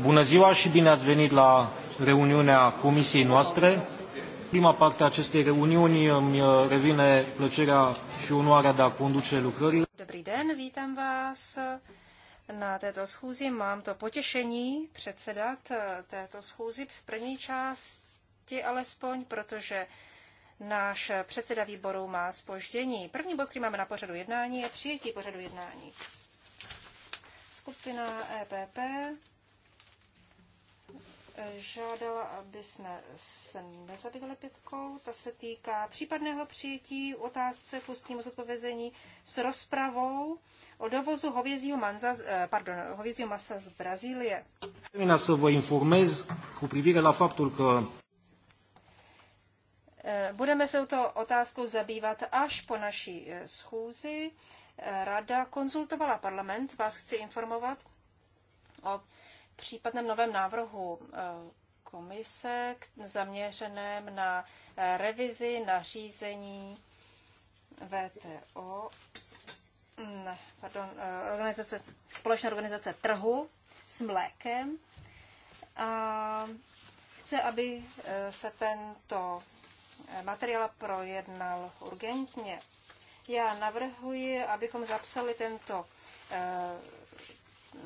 Bună ziua și bine ați venit la reuniunea comisiei noastre. Prima parte a acestei reuniuni îmi uh, revine plăcerea și onoarea de a conduce lucrările. Dobrý den, vítam vás na této schůzi. Mám to potěšení předsedat uh, této schůzi v první části alespoň, protože náš předseda výboru má spoždění. První bod, který máme na pořadu jednání, je přijetí pořadu jednání. Skupina EPP žádala, aby jsme se nezabývali pětkou. To se týká případného přijetí otázce k ústnímu zodpovězení s rozpravou o dovozu hovězího, manza, eh, pardon, hovězího masa z Brazílie. Eh, budeme se to otázkou zabývat až po naší eh, schůzi. Rada konzultovala parlament, vás chci informovat o případném novém návrhu eh, komise zaměřeném na eh, revizi nařízení VTO, ne, pardon, eh, organizace, společné organizace trhu s mlékem. A chce, aby se tento materiál projednal urgentně. Já navrhuji, abychom zapsali tento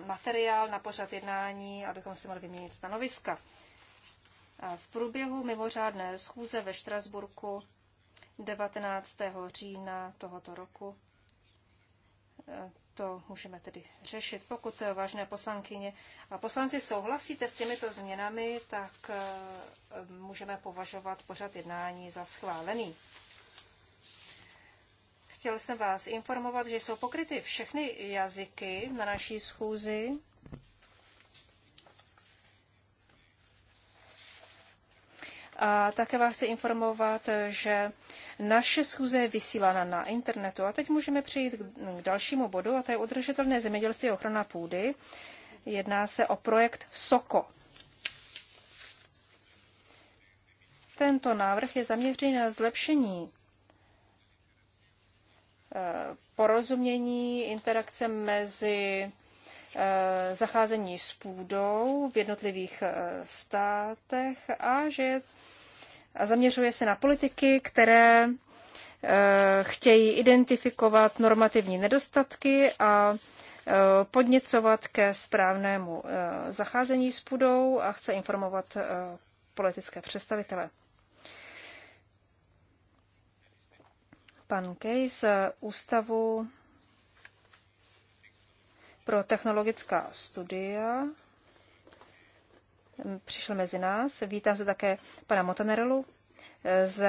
materiál na pořad jednání, abychom si mohli vyměnit stanoviska. V průběhu mimořádné schůze ve Štrasburku 19. října tohoto roku e, to můžeme tedy řešit. Pokud, e, vážné poslankyně a poslanci, souhlasíte s těmito změnami, tak e, můžeme považovat pořad jednání za schválený. Chtěl jsem vás informovat, že jsou pokryty všechny jazyky na naší schůzi. A také vás chci informovat, že naše schůze je vysílána na internetu. A teď můžeme přejít k dalšímu bodu, a to je udržitelné zemědělství a ochrana půdy. Jedná se o projekt SOKO. Tento návrh je zaměřený na zlepšení porozumění, interakce mezi eh, zacházení s půdou v jednotlivých eh, státech a že a zaměřuje se na politiky, které eh, chtějí identifikovat normativní nedostatky a podněcovat ke správnému zacházení s půdou a chce informovat politické představitele. pan Kej z Ústavu pro technologická studia přišel mezi nás. Vítám se také pana Motanerelu z,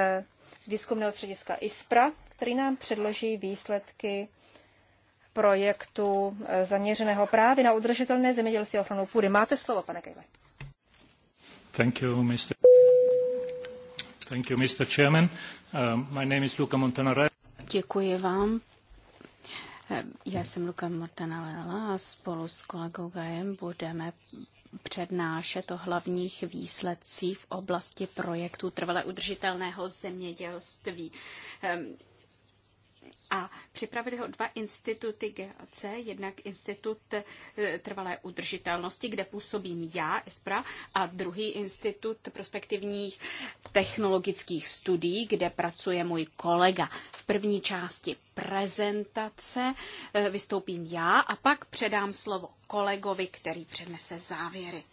z výzkumného střediska ISPRA, který nám předloží výsledky projektu zaměřeného právě na udržitelné zemědělství a ochranu půdy. Máte slovo, pane Kejle. Thank you, Mr. Thank you, Mr. Chairman. Uh, my name is Luca Montanare. Děkuji vám. Já jsem Luka Mortanalela a spolu s kolegou Gajem budeme přednášet o hlavních výsledcích v oblasti projektu trvale udržitelného zemědělství a připravili ho dva instituty GAC, jednak institut eh, trvalé udržitelnosti, kde působím já, ESPRA, a druhý institut prospektivních technologických studií, kde pracuje můj kolega. V první části prezentace eh, vystoupím já a pak předám slovo kolegovi, který přednese závěry.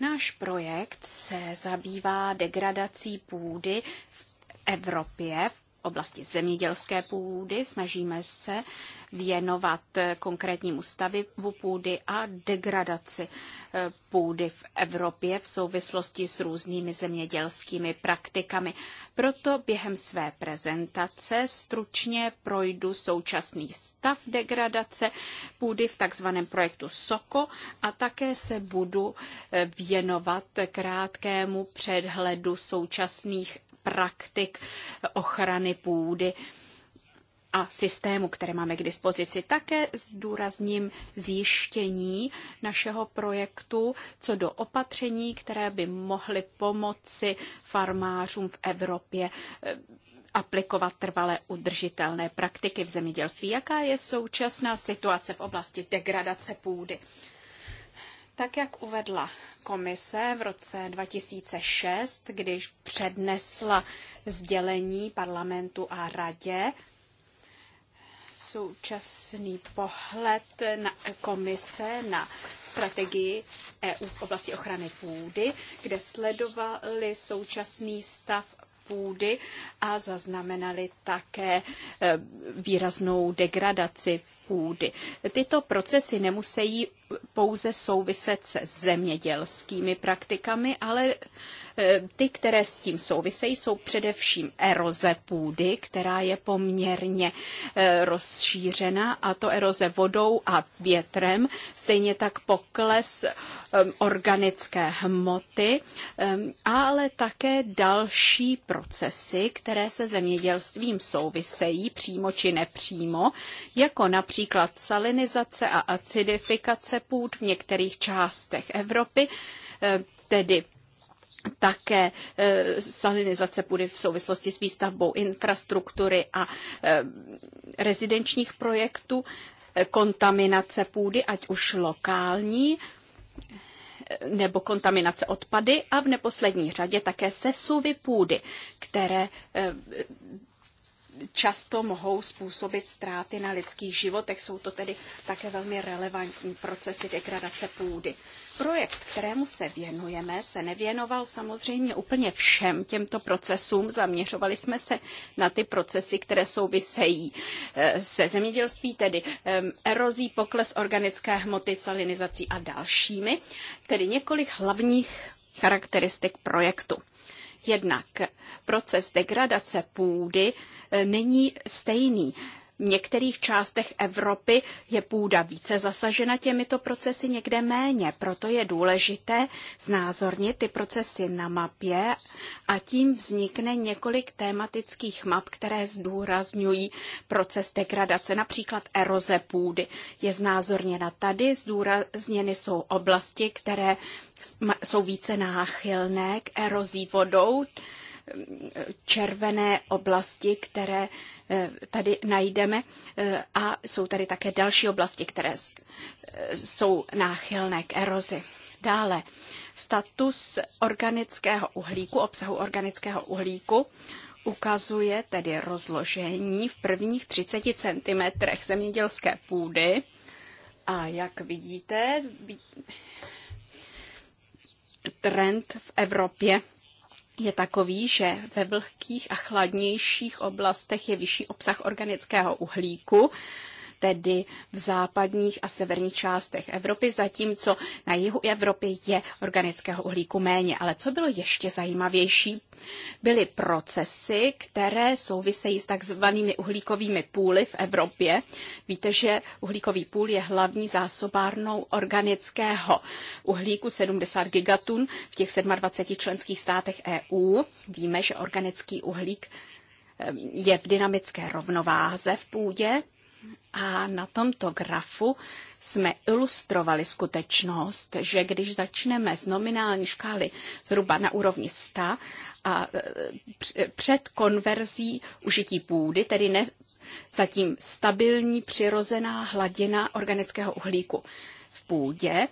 Náš projekt se zabývá degradací půdy v Evropě v oblasti zemědělské půdy. Snažíme se věnovat eh, konkrétnímu stavu půdy a degradaci eh, půdy v Evropě v souvislosti s různými zemědělskými praktikami. Proto během své prezentace stručně projdu současný stav degradace půdy v takzvaném projektu SOKO a také se budu eh, věnovat krátkému předhledu současných praktik ochrany půdy a systému, které máme k dispozici. Také zdůrazním zjištění našeho projektu co do opatření, které by mohly pomoci farmářům v Evropě eh, aplikovat trvalé udržitelné praktiky v zemědělství. Jaká je současná situace v oblasti degradace půdy? Tak, jak uvedla komise v roce 2006, když přednesla sdělení parlamentu a radě, současný pohled na komise na strategii EU v oblasti ochrany půdy, kde sledovali současný stav půdy a zaznamenali také eh, výraznou degradaci půdy. Tyto procesy nemusí pouze souviset se zemědělskými praktikami, ale e, ty, které s tím souvisejí, jsou především eroze půdy, která je poměrně e, rozšířena, a to eroze vodou a větrem, stejně tak pokles e, organické hmoty, ale také další procesy, které se zemědělstvím souvisejí, přímo či nepřímo, jako například salinizace a acidifikace koncentrace půd v některých částech Evropy, eh, tedy také eh, salinizace půdy v souvislosti s výstavbou infrastruktury a eh, rezidenčních projektů, kontaminace půdy, ať už lokální, nebo kontaminace odpady a v neposlední řadě také sesuvy půdy, které často mohou způsobit ztráty na lidských životech. Jsou to tedy také velmi relevantní procesy degradace půdy. Projekt, kterému se věnujeme, se nevěnoval samozřejmě úplně všem těmto procesům. Zaměřovali jsme se na ty procesy, které souvisejí eh, se zemědělství, tedy ehm, erozí, pokles organické hmoty, salinizací a dalšími, tedy několik hlavních charakteristik projektu. Jednak eh, proces degradace půdy není stejný. V některých částech Evropy je půda více zasažena těmito procesy, někde méně. Proto je důležité znázornit ty procesy na mapě a tím vznikne několik tématických map, které zdůrazňují proces degradace, například eroze půdy. Je znázorněna tady, zdůrazněny jsou oblasti, které jsou více náchylné k erozí vodou, červené oblasti, které eh, tady najdeme eh, a jsou tady také další oblasti, které eh, jsou náchylné k erozi. Dále status organického uhlíku, obsahu organického uhlíku ukazuje tedy rozložení v prvních 30 cm zemědělské půdy. A jak vidíte, trend v Evropě je takový, že ve vlhkých a chladnějších oblastech je vyšší obsah organického uhlíku, tedy v západních a severních částech Evropy, zatímco na jihu Evropy je organického uhlíku méně. Ale co bylo ještě zajímavější, byly procesy, které souvisejí s takzvanými uhlíkovými půly v Evropě. Víte, že uhlíkový půl je hlavní zásobárnou organického uhlíku 70 gigatun v těch 27 členských státech EU. Víme, že organický uhlík ehm, je v dynamické rovnováze v půdě a na tomto grafu jsme ilustrovali skutečnost, že když začneme z nominální škály zhruba na úrovni 100 a e, před konverzí užití půdy, tedy ne zatím stabilní přirozená hladina organického uhlíku v půdě,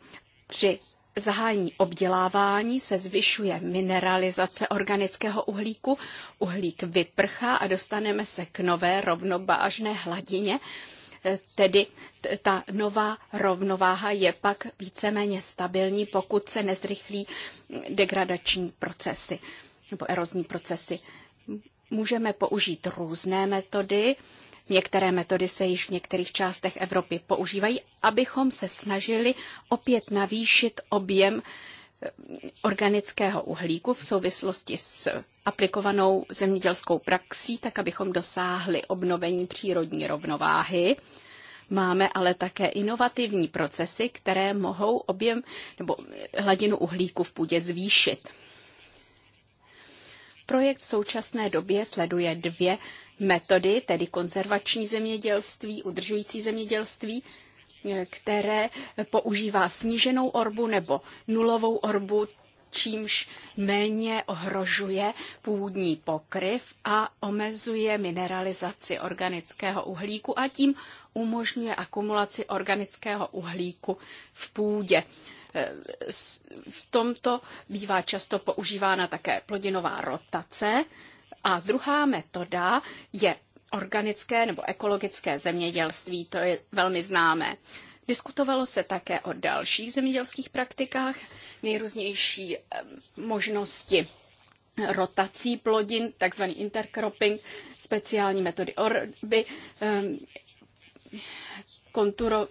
při zahájení obdělávání se zvyšuje mineralizace organického uhlíku, uhlík vyprchá a dostaneme se k nové rovnobážné hladině, e, tedy ta nová rovnováha je pak víceméně stabilní, pokud se nezrychlí degradační procesy nebo erozní procesy. Můžeme použít různé metody, Některé metody se již v některých částech Evropy používají, abychom se snažili opět navýšit objem eh, organického uhlíku v souvislosti s aplikovanou zemědělskou praxí, tak abychom dosáhli obnovení přírodní rovnováhy. Máme ale také inovativní procesy, které mohou objem nebo eh, hladinu uhlíku v půdě zvýšit. Projekt v současné době sleduje dvě metody, tedy konzervační zemědělství, udržující zemědělství, eh, které používá sníženou orbu nebo nulovou orbu, čímž méně ohrožuje půdní pokryv a omezuje mineralizaci organického uhlíku a tím umožňuje akumulaci organického uhlíku v půdě. Eh, v tomto bývá často používána také plodinová rotace, a druhá metoda je organické nebo ekologické zemědělství, to je velmi známé. Diskutovalo se také o dalších zemědělských praktikách, nejrůznější eh, možnosti rotací plodin, takzvaný intercropping, speciální metody orby, eh, konturo,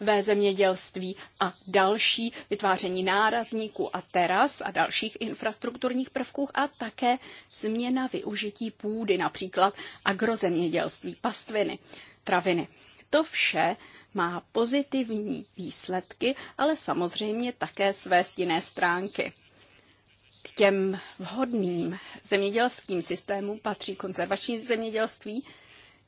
ve zemědělství a další vytváření nárazníků a teras a dalších infrastrukturních prvků a také změna využití půdy, například agrozemědělství, pastviny, traviny. To vše má pozitivní výsledky, ale samozřejmě také své stinné stránky. K těm vhodným zemědělským systémům patří konzervační zemědělství,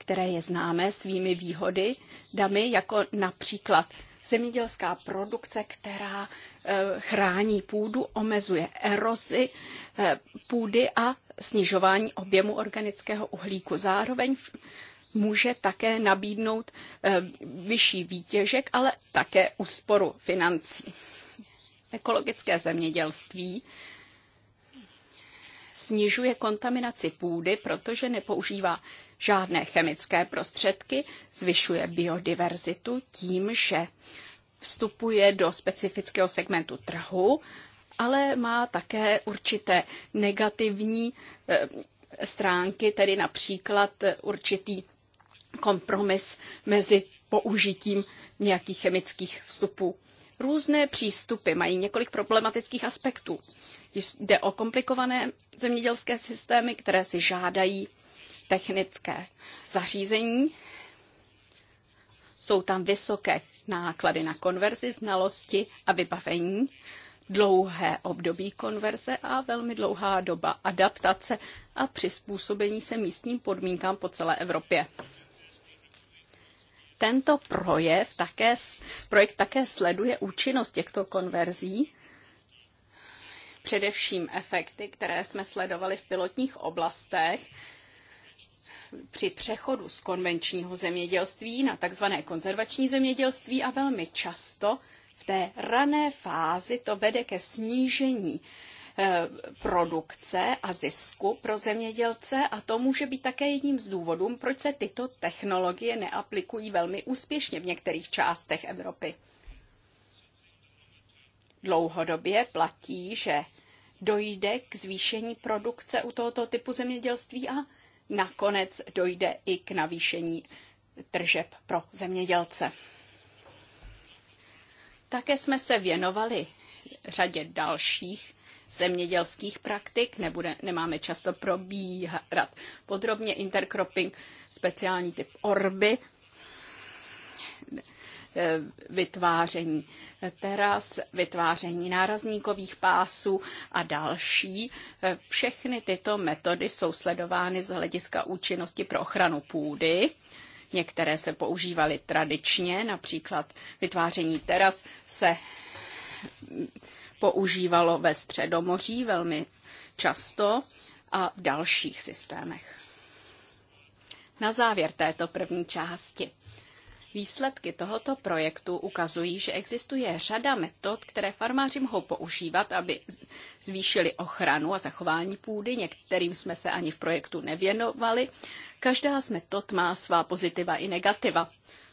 které je známé svými výhody, dami jako například zemědělská produkce, která eh, chrání půdu, omezuje erozi eh, půdy a snižování objemu organického uhlíku. Zároveň může také nabídnout eh, vyšší výtěžek, ale také úsporu financí. Ekologické zemědělství snižuje kontaminaci půdy, protože nepoužívá žádné chemické prostředky, zvyšuje biodiverzitu tím, že vstupuje do specifického segmentu trhu, ale má také určité negativní eh, stránky, tedy například eh, určitý kompromis mezi použitím nějakých chemických vstupů. Různé přístupy mají několik problematických aspektů. Jde o komplikované zemědělské systémy, které si žádají technické zařízení. Jsou tam vysoké náklady na konverzi, znalosti a vybavení, dlouhé období konverze a velmi dlouhá doba adaptace a přizpůsobení se místním podmínkám po celé Evropě tento projev také, projekt také sleduje účinnost těchto konverzí, především efekty, které jsme sledovali v pilotních oblastech, při přechodu z konvenčního zemědělství na tzv. konzervační zemědělství a velmi často v té rané fázi to vede ke snížení eh, produkce a zisku pro zemědělce a to může být také jedním z důvodů, proč se tyto technologie neaplikují velmi úspěšně v některých částech Evropy. Dlouhodobě platí, že dojde k zvýšení produkce u tohoto typu zemědělství a nakonec dojde i k navýšení tržeb pro zemědělce. Také jsme se věnovali řadě dalších zemědělských praktik, nebude, nemáme často probíhat podrobně intercropping, speciální typ orby, Eh, vytváření teras, vytváření nárazníkových pásů a další. Eh, všechny tyto metody jsou sledovány z hlediska účinnosti pro ochranu půdy. Některé se používaly tradičně, například vytváření teras se používalo ve Středomoří velmi často a v dalších systémech. Na závěr této první části Výsledky tohoto projektu ukazují, že existuje řada metod, které farmáři mohou používat, aby zvýšili ochranu a zachování půdy. Některým jsme se ani v projektu nevěnovali. Každá z metod má svá pozitiva i negativa.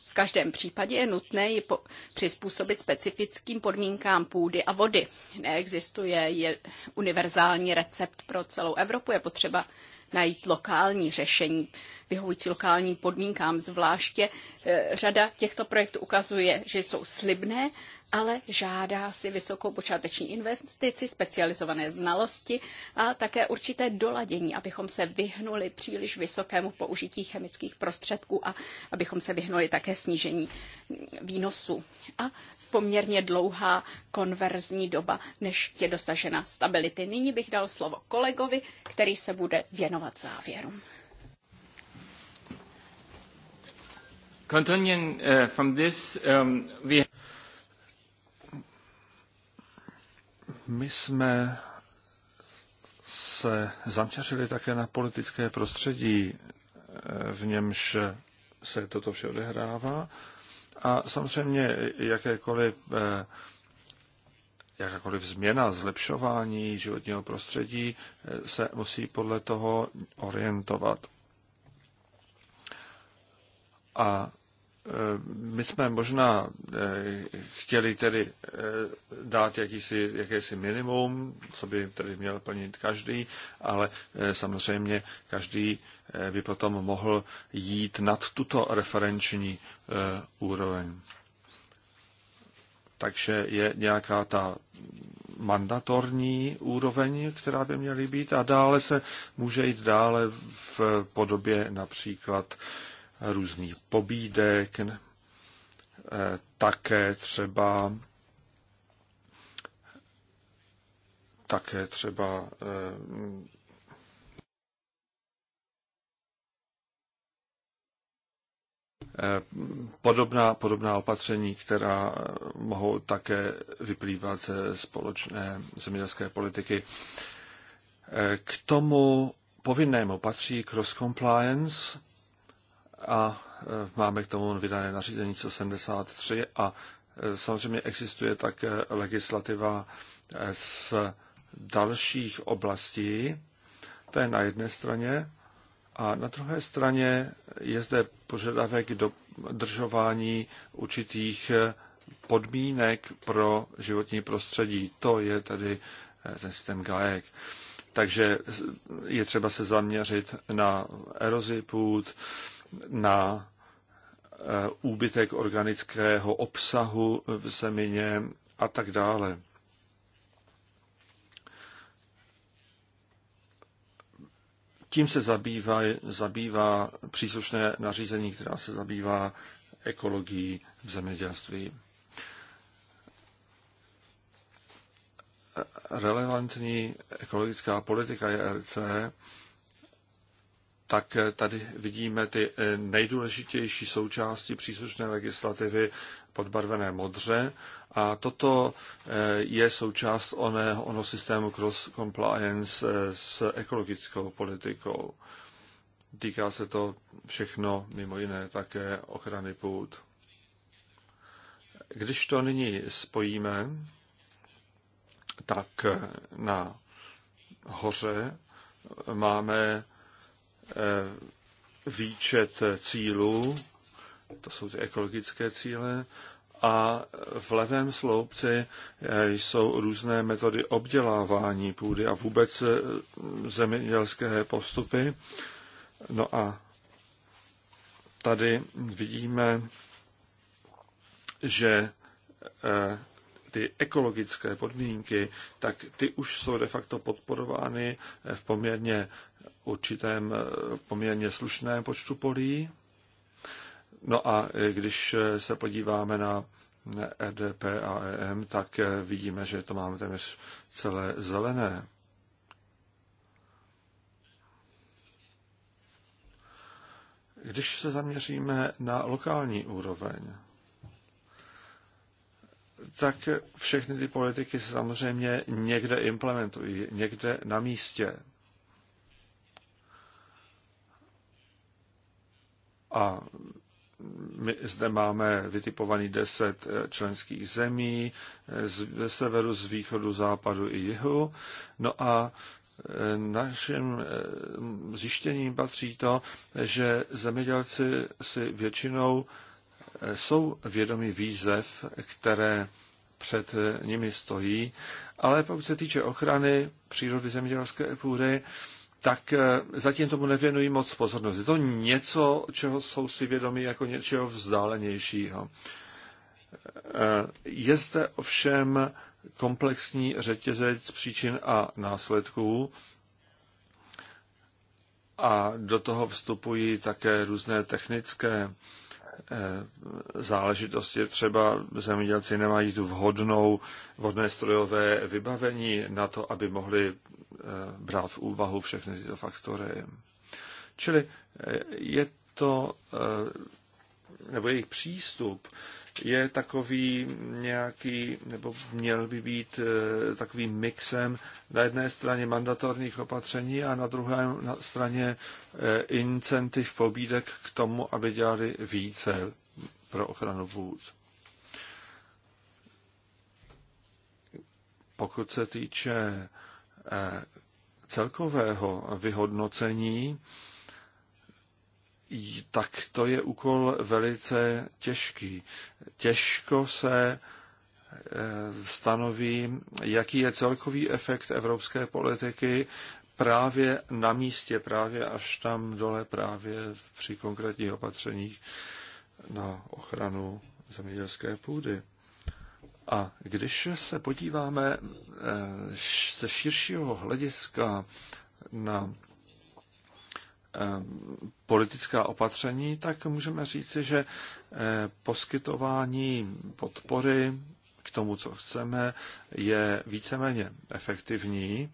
V každém případě je nutné ji po- přizpůsobit specifickým podmínkám půdy a vody. Neexistuje je univerzální recept pro celou Evropu, je potřeba najít lokální řešení, vyhovující lokálním podmínkám. Zvláště eh, řada těchto projektů ukazuje, že jsou slibné, ale žádá si vysokou počáteční investici, specializované znalosti a také určité doladění, abychom se vyhnuli příliš vysokému použití chemických prostředků a abychom se vyhnuli také snížení výnosu. A poměrně dlouhá konverzní doba, než je dosažena stability. Nyní bych dal slovo kolegovi, který se bude věnovat závěrům. Continuing uh, eh, from this, um, we... My jsme se zaměřili také na politické prostředí, eh, v němž se toto vše odehrává a samozřejmě jakékoliv, eh, jakákoliv změna, zlepšování životního prostředí eh, se musí podle toho orientovat. A eh, my jsme možná chtěli tedy dát jakýsi, jakési minimum, co by tedy měl plnit každý, ale samozřejmě každý Eh, by potom mohl jít nad tuto referenční eh, úroveň. Takže je nějaká ta mandatorní úroveň, která by měly být a dále se může jít dále v podobě například různých pobídek, eh, také třeba také třeba Eh, podobná, podobná opatření, která eh, mohou také vyplývat ze společné zemědělské politiky. Eh, k tomu povinnému patří cross-compliance a máme k tomu vydané nařízení 73 a samozřejmě existuje také legislativa z dalších oblastí. To je na jedné straně. A na druhé straně je zde požadavek do držování určitých podmínek pro životní prostředí. To je tedy eh, ten systém GAEK. Takže je třeba se zaměřit na erozi půd, na eh, úbytek organického obsahu v zemině a tak dále. Tím se zabývá, zabývá příslušné nařízení, která se zabývá ekologií v zemědělství. Relevantní ekologická politika JRC, tak tady vidíme ty nejdůležitější součásti příslušné legislativy podbarvené modře a toto eh, je součást oného, ono systému cross compliance eh, s ekologickou politikou. Týká se to všechno, mimo jiné také ochrany půd. Když to nyní spojíme, tak eh, na hoře máme výčet cílů, to jsou ty ekologické cíle, a v levém sloupci eh, jsou různé metody obdělávání půdy a vůbec eh, zemědělské postupy. No a tady vidíme, že eh, ty ekologické podmínky, tak ty už jsou de facto podporovány v poměrně určitém, v poměrně slušném počtu polí. No a e, když e, se podíváme na RDP e, a EM, tak vidíme, že to máme téměř celé zelené. Když se zaměříme na lokální úroveň, tak všechny ty politiky se samozřejmě někde implementují, někde na místě. A my zde máme vytipovaný deset eh, členských zemí, eh, ze severu, z východu, západu i jihu. No a eh, našim zjištěním patří to, že zemědělci si většinou jsou vědomi výzev, které před nimi stojí, ale pokud se týče ochrany přírody zemědělské půdy, tak eh, zatím tomu nevěnují moc pozornost. Je to něco, čeho jsou si vědomi jako něčeho vzdálenějšího. Eh, je zde ovšem komplexní řetězec příčin a následků a do toho vstupují také různé technické Eh, záležitosti. Třeba zemědělci nemají tu vhodnou, vhodné strojové vybavení na to, aby mohli eh, brát v úvahu všechny tyto faktory. Čili eh, je to, nebo jejich přístup je takový nějaký, nebo měl by být eh, takovým mixem na jedné straně mandatorních opatření a na druhé straně eh, incentiv pobídek k tomu, aby dělali více pro ochranu vůd. Pokud se týče eh, celkového vyhodnocení, tak to je úkol velice těžký. Těžko se e, stanoví, jaký je celkový efekt evropské politiky právě na místě, právě až tam dole, právě při konkrétních opatřeních na ochranu zemědělské půdy. A když se podíváme e, ze širšího hlediska na Eh, politická opatření, tak můžeme říci, že eh, poskytování podpory k tomu, co chceme, je víceméně efektivní.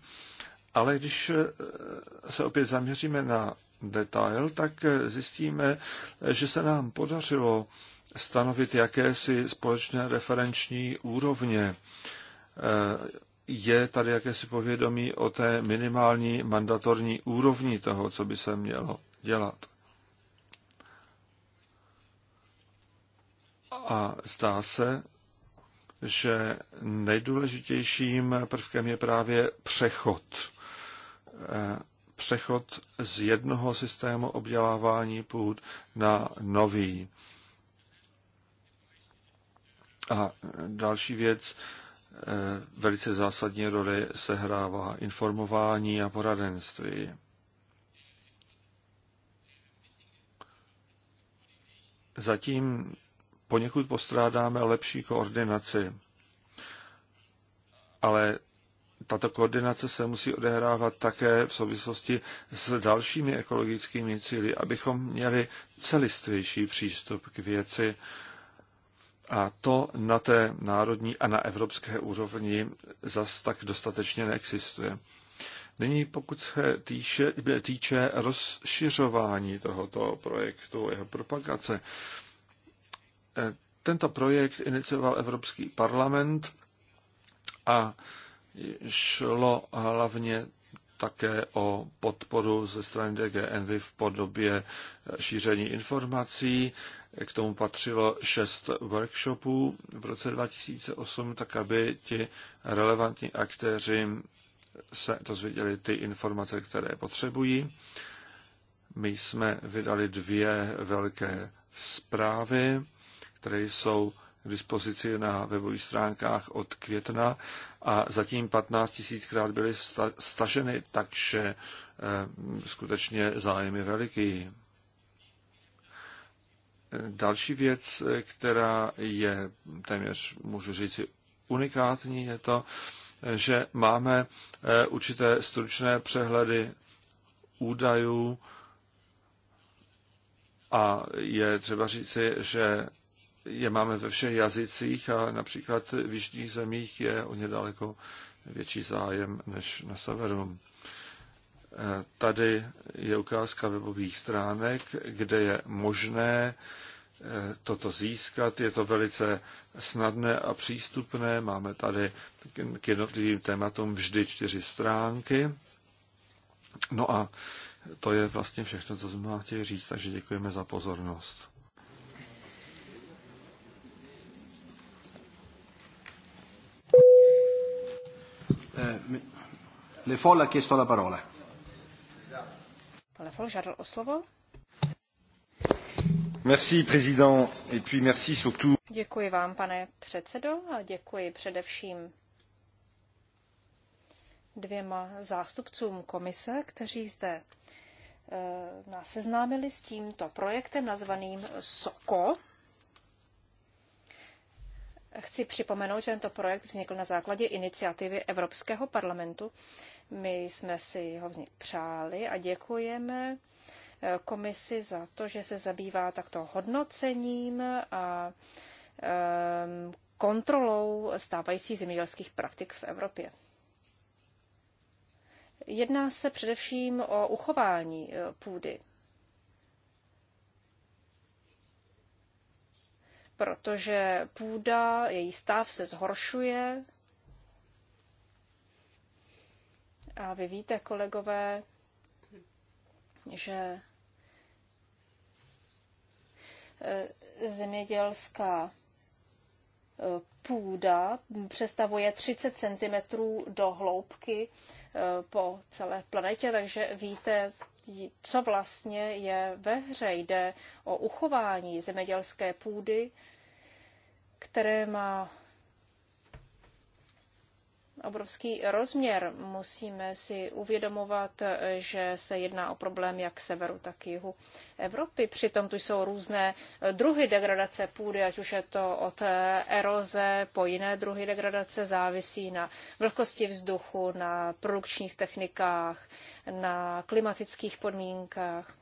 Ale když eh, se opět zaměříme na detail, tak zjistíme, že se nám podařilo stanovit jakési společné referenční úrovně je tady jakési povědomí o té minimální mandatorní úrovni toho, co by se mělo dělat. A zdá se, že nejdůležitějším prvkem je právě přechod. Eh, přechod z jednoho systému obdělávání půd na nový. A další věc, Eh, velice zásadní roli sehrává informování a poradenství. Zatím poněkud postrádáme lepší koordinaci, ale tato koordinace se musí odehrávat také v souvislosti s dalšími ekologickými cíly, abychom měli celistvější přístup k věci a to na té národní a na evropské úrovni zas tak dostatečně neexistuje. Nyní, pokud se týče, týče rozšiřování tohoto projektu, jeho propagace, eh, tento projekt inicioval Evropský parlament a šlo hlavně také o podporu ze strany DGNV v podobě šíření informací k tomu patřilo šest workshopů v roce 2008, tak aby ti relevantní aktéři se dozvěděli ty informace, které potřebují. My jsme vydali dvě velké zprávy, které jsou k dispozici na webových stránkách od května a zatím 15 tisíckrát byly staženy, takže eh, skutečně zájem je veliký. Další věc, která je téměř, můžu říct, unikátní, je to, že máme eh, určité stručné přehledy údajů a je třeba říci, že je máme ve všech jazycích a například v jižních zemích je o ně daleko větší zájem než na severu. Tady je ukázka webových stránek, kde je možné eh, toto získat. Je to velice snadné a přístupné. Máme tady k jednotlivým tématům vždy čtyři stránky. No a to je vlastně všechno, co jsme chtěli říct, takže děkujeme za pozornost. Eh, Le Folla ha chiesto la parola. Lefol žádal o slovo. Merci, président, et puis merci surtout. Děkuji vám, pane předsedo, a děkuji především dvěma zástupcům komise, kteří zde eh, nás seznámili s tímto projektem nazvaným SOKO. Chci připomenout, že tento projekt vznikl na základě iniciativy Evropského parlamentu my jsme si ho vznik přáli a děkujeme eh, komisi za to, že se zabývá takto hodnocením a ehm, kontrolou stávajících zemědělských praktik v Evropě. Jedná se především o uchování eh, půdy, protože půda, její stav se zhoršuje A vy víte, kolegové, že eh, zemědělská eh, půda představuje 30 cm do hloubky eh, po celé planetě, takže víte, co vlastně je ve hře. Jde o uchování zemědělské půdy, které má obrovský rozměr. Musíme si uvědomovat, že se jedná o problém jak severu, tak jihu Evropy. Přitom tu jsou různé druhy degradace půdy, ať už je to od eroze po jiné druhy degradace, závisí na vlhkosti vzduchu, na produkčních technikách, na klimatických podmínkách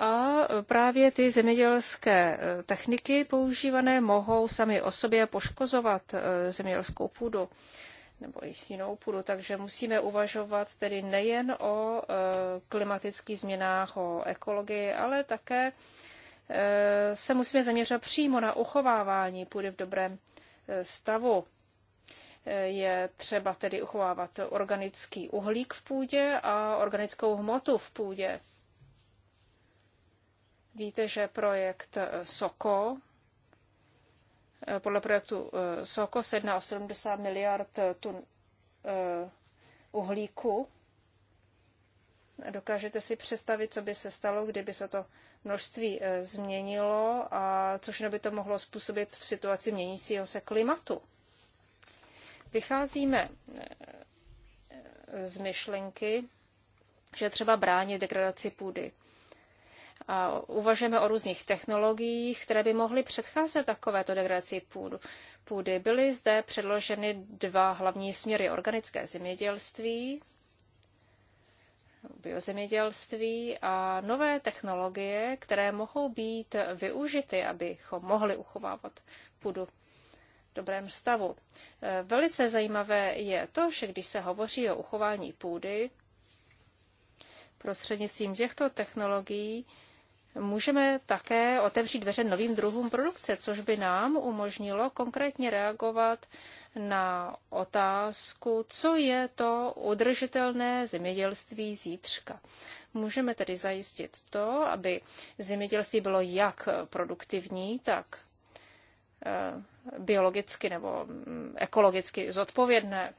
a právě ty zemědělské eh, techniky používané mohou sami o sobě poškozovat eh, zemědělskou půdu nebo i jinou půdu. Takže musíme uvažovat tedy nejen o eh, klimatických změnách, o ekologii, ale také se musíme zaměřit přímo na uchovávání půdy v dobrém stavu. Je třeba tedy uchovávat organický uhlík v půdě a organickou hmotu v půdě. Víte, že projekt eh, SOKO, eh, podle projektu eh, SOKO se jedná o 70 miliard tun uhlíku. Dokážete si představit, co by se stalo, kdyby se to množství změnilo a což by to mohlo způsobit v situaci měnícího se klimatu. Vycházíme z myšlenky, že třeba bránit degradaci půdy uvažujeme o různých technologiích, které by mohly předcházet takovéto degradaci půdy. Byly zde předloženy dva hlavní směry organické zemědělství, biozemědělství a nové technologie, které mohou být využity, abychom mohli uchovávat půdu v dobrém stavu. E, velice zajímavé je to, že když se hovoří o uchování půdy, prostřednictvím těchto technologií můžeme také otevřít dveře novým druhům produkce, což by nám umožnilo konkrétně reagovat na otázku, co je to udržitelné zemědělství zítřka. Můžeme tedy zajistit to, aby zemědělství bylo jak produktivní, tak eh, biologicky nebo mm, ekologicky zodpovědné.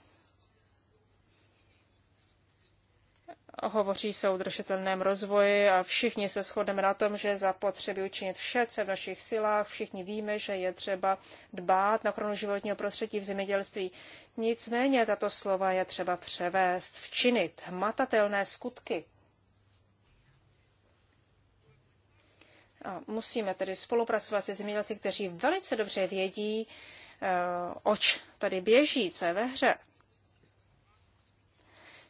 hovoří se o udržitelném rozvoji a všichni se shodneme na tom, že za potřeby učinit vše, co je v našich silách. Všichni víme, že je třeba dbát na ochranu životního prostředí v zemědělství. Nicméně tato slova je třeba převést, včinit hmatatelné skutky. A musíme tedy spolupracovat se zemědělci, kteří velice dobře vědí, eh, oč tady běží, co je ve hře.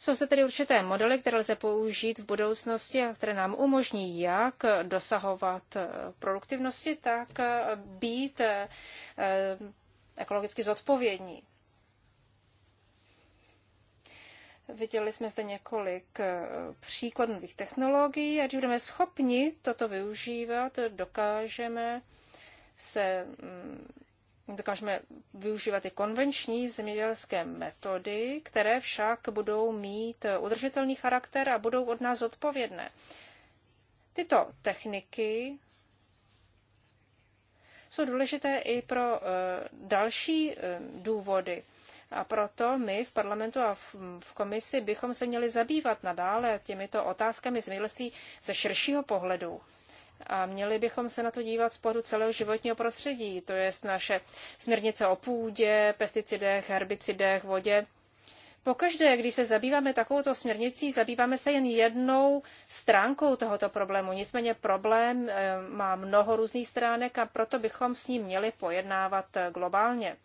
Jsou zde tedy určité modely, které lze použít v budoucnosti a které nám umožní jak dosahovat eh, produktivnosti, tak eh, být eh, ekologicky zodpovědní. Viděli jsme zde několik příkladů nových technologií a když budeme schopni toto využívat, dokážeme se mm, dokážeme využívat i konvenční zemědělské metody, které však budou mít udržitelný charakter a budou od nás odpovědné. Tyto techniky jsou důležité i pro eh, další eh, důvody. A proto my v parlamentu a v komisi bychom se měli zabývat nadále těmito otázkami zemědělství ze širšího pohledu a měli bychom se na to dívat z pohledu celého životního prostředí, to je naše směrnice o půdě, pesticidech, herbicidech, vodě. Pokaždé, když se zabýváme takovouto směrnicí, zabýváme se jen jednou stránkou tohoto problému. Nicméně problém eh, má mnoho různých stránek a proto bychom s ním měli pojednávat eh, globálně.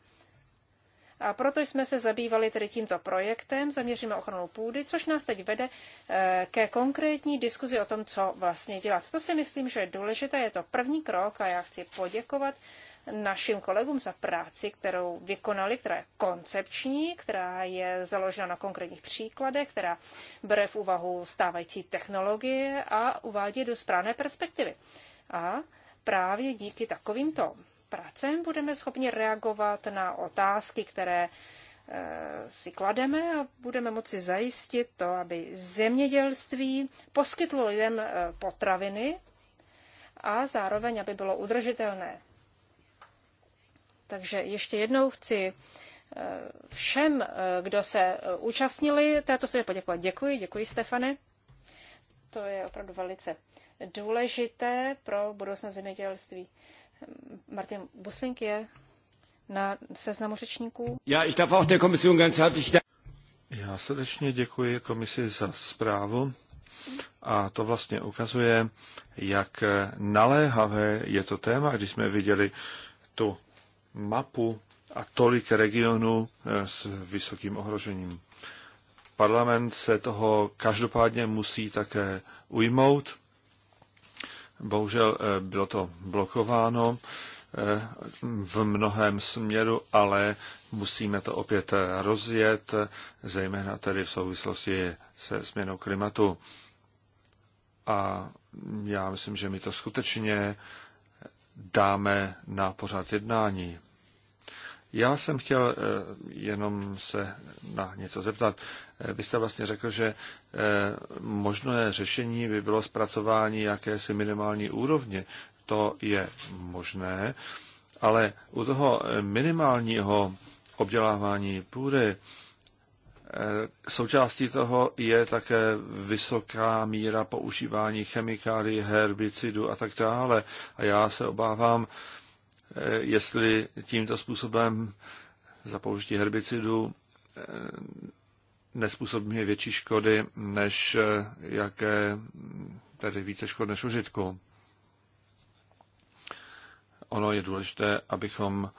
A proto jsme se zabývali tedy tímto projektem, zaměříme ochranu půdy, což nás teď vede eh, ke konkrétní diskuzi o tom, co vlastně dělat. To si myslím, že je důležité, je to první krok a já chci poděkovat našim kolegům za práci, kterou vykonali, která je koncepční, která je založena na konkrétních příkladech, která bere v úvahu stávající technologie a uvádí do správné perspektivy. A právě díky takovýmto práce budeme schopni reagovat na otázky, které eh, si klademe a budeme moci zajistit to, aby zemědělství poskytlo lidem eh, potraviny a zároveň, aby bylo udržitelné. Takže ještě jednou chci eh, všem, kdo se účastnili této se poděkovat. Děkuji, děkuji Stefane. To je opravdu velice důležité pro budoucnost zemědělství. Martin Buslink je na seznamu řečníků. Já, ich darf auch der Kommission ganz herzlich Já srdečně děkuji komisi za zprávu a to vlastně ukazuje, jak naléhavé je to téma, když jsme viděli tu mapu a tolik regionů eh, s vysokým ohrožením. Parlament se toho každopádně musí také ujmout Bohužel eh, bylo to blokováno eh, v mnohem směru, ale musíme to opět rozjet, zejména tedy v souvislosti se změnou klimatu. A já myslím, že my to skutečně dáme na pořád jednání. Já jsem chtěl eh, jenom se na něco zeptat. Eh, vy jste vlastně řekl, že eh, možné řešení by bylo zpracování jakési minimální úrovně. To je možné, ale u toho minimálního obdělávání půdy Součástí toho je také vysoká míra používání chemikálií, herbicidů a tak dále. A já se obávám, Eh, jestli tímto způsobem za použití herbicidů eh, nespůsobí větší škody, než eh, jaké, hm, tedy více škod než užitku. Ono je důležité, abychom,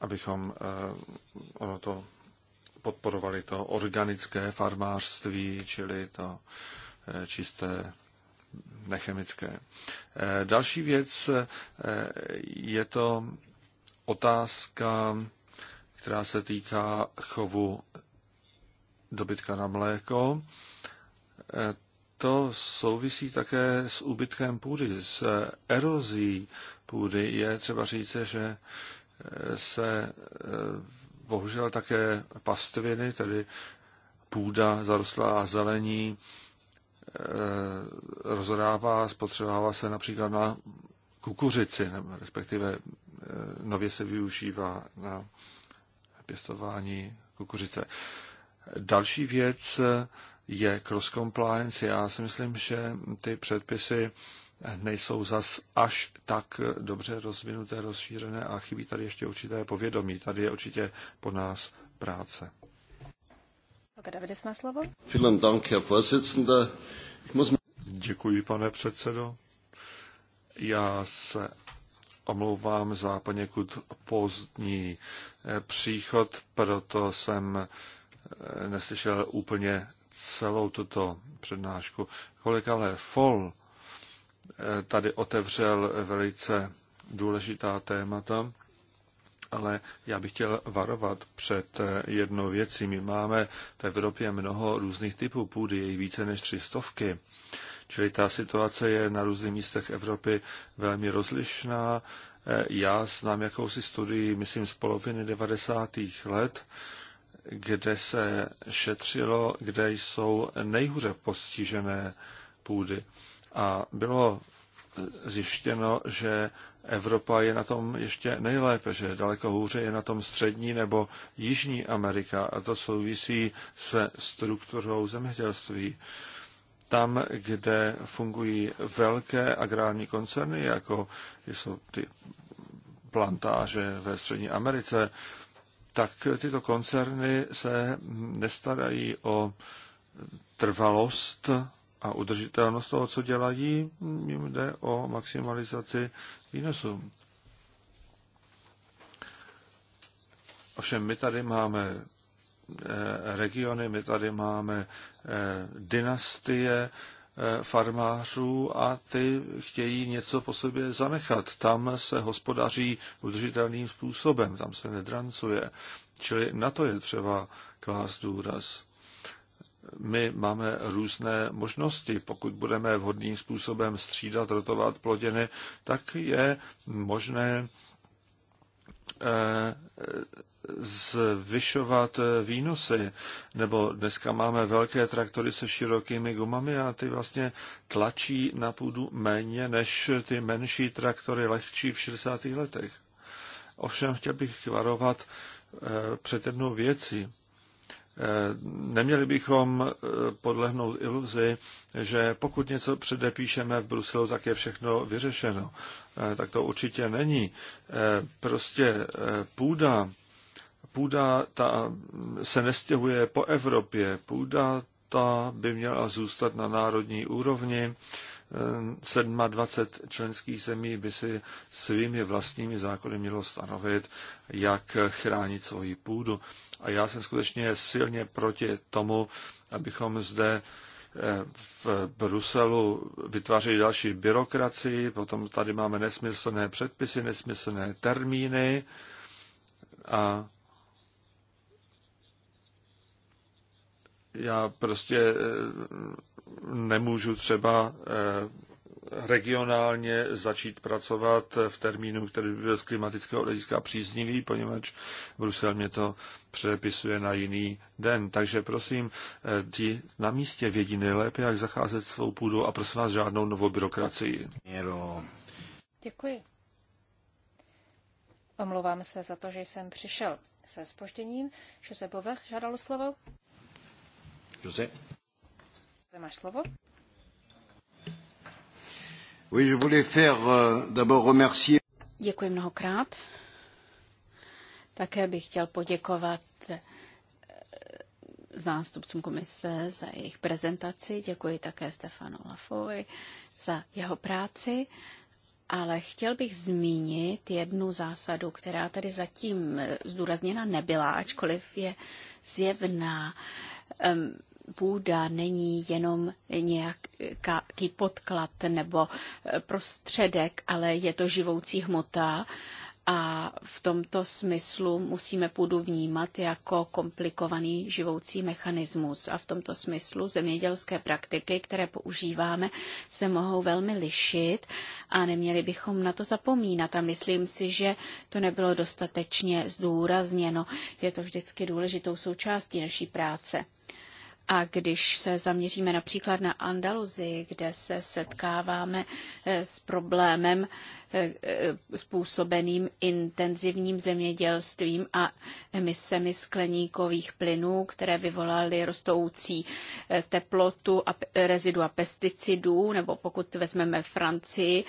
abychom ono to podporovali to organické farmářství, čili to čisté nechemické. Eh, další věc eh, je to otázka, která se týká chovu dobytka na mléko. Eh, to souvisí také s úbytkem půdy, s erozí půdy. Je třeba říct, že se bohužel také pastviny, tedy půda zarostlá a zelení, Eh, rozhodává, spotřebává se například na kukuřici, nebo respektive eh, nově se využívá na pěstování kukuřice. Další věc eh, je cross-compliance. Já si myslím, že ty předpisy nejsou zas až tak dobře rozvinuté, rozšířené a chybí tady ještě určité povědomí. Tady je určitě po nás práce. Davides má slovo. Vielen Dank, Herr Vorsitzender. Děkuji, pane předsedo. Já se omlouvám za poněkud pozdní eh, příchod, proto jsem eh, neslyšel úplně celou tuto přednášku. Kolega Le Foll eh, tady otevřel velice důležitá témata ale já bych chtěl varovat před eh, jednou věcí. My máme v Evropě mnoho různých typů půdy, je více než tři stovky. Čili ta situace je na různých místech Evropy velmi rozlišná. Eh, já znám jakousi studii, myslím, z poloviny 90. let, kde se šetřilo, kde jsou nejhůře postižené půdy. A bylo zjištěno, že Evropa je na tom ještě nejlépe, že daleko hůře je na tom střední nebo jižní Amerika a to souvisí se strukturou zemědělství. Tam, kde fungují velké agrární koncerny, jako jsou ty plantáže ve Střední Americe, tak tyto koncerny se nestarají o trvalost a udržitelnost toho, co dělají, jim jde o maximalizaci výnosů. Ovšem my tady máme eh, regiony, my tady máme eh, dynastie eh, farmářů a ty chtějí něco po sobě zanechat. Tam se hospodaří udržitelným způsobem, tam se nedrancuje. Čili na to je třeba klást důraz my máme různé možnosti. Pokud budeme vhodným způsobem střídat, rotovat plodiny, tak je možné eh, zvyšovat výnosy. Nebo dneska máme velké traktory se širokými gumami a ty vlastně tlačí na půdu méně než ty menší traktory lehčí v 60. letech. Ovšem chtěl bych varovat eh, před jednou věcí. Eh, neměli bychom eh, podlehnout iluzi, že pokud něco předepíšeme v Bruselu, tak je všechno vyřešeno. Eh, tak to určitě není. Prostě půda, půda ta se nestěhuje po Evropě. Půda ta by měla zůstat na národní úrovni 27 eh, členských zemí by si svými vlastními zákony mělo stanovit, jak chránit svoji půdu. A já jsem skutečně silně proti tomu, abychom zde eh, v Bruselu vytvářejí další byrokracii, potom tady máme nesmyslné předpisy, nesmyslné termíny a já prostě eh, nemůžu třeba eh, regionálně začít pracovat v termínu, který by byl z klimatického hlediska příznivý, poněvadž Brusel mě to přepisuje na jiný den. Takže prosím, eh, ti na místě vědí nejlépe, jak zacházet svou půdu a prosím vás žádnou novou byrokracii. Děkuji. Omlouvám se za to, že jsem přišel se spožděním. Josep Bovech žádal slovo. Jose. Máš slovo? Oui, je voulais faire euh, d'abord remercier. Děkuji mnohokrát. Také bych chtěl poděkovat eh, zástupcům komise za jejich prezentaci. Děkuji také Stefanu Lafovi za jeho práci. Ale chtěl bych zmínit jednu zásadu, která tady zatím eh, zdůrazněna nebyla, ačkoliv je zjevná. Um, půda není jenom nějaký podklad nebo prostředek, ale je to živoucí hmota a v tomto smyslu musíme půdu vnímat jako komplikovaný živoucí mechanismus. A v tomto smyslu zemědělské praktiky, které používáme, se mohou velmi lišit a neměli bychom na to zapomínat. A myslím si, že to nebylo dostatečně zdůrazněno. Je to vždycky důležitou součástí naší práce. A když se zaměříme například na Andaluzii, kde se setkáváme eh, s problémem Eh, eh, způsobeným intenzivním zemědělstvím a emisemi skleníkových plynů, které vyvolaly rostoucí eh, teplotu a rezidua pesticidů, nebo pokud vezmeme Francii,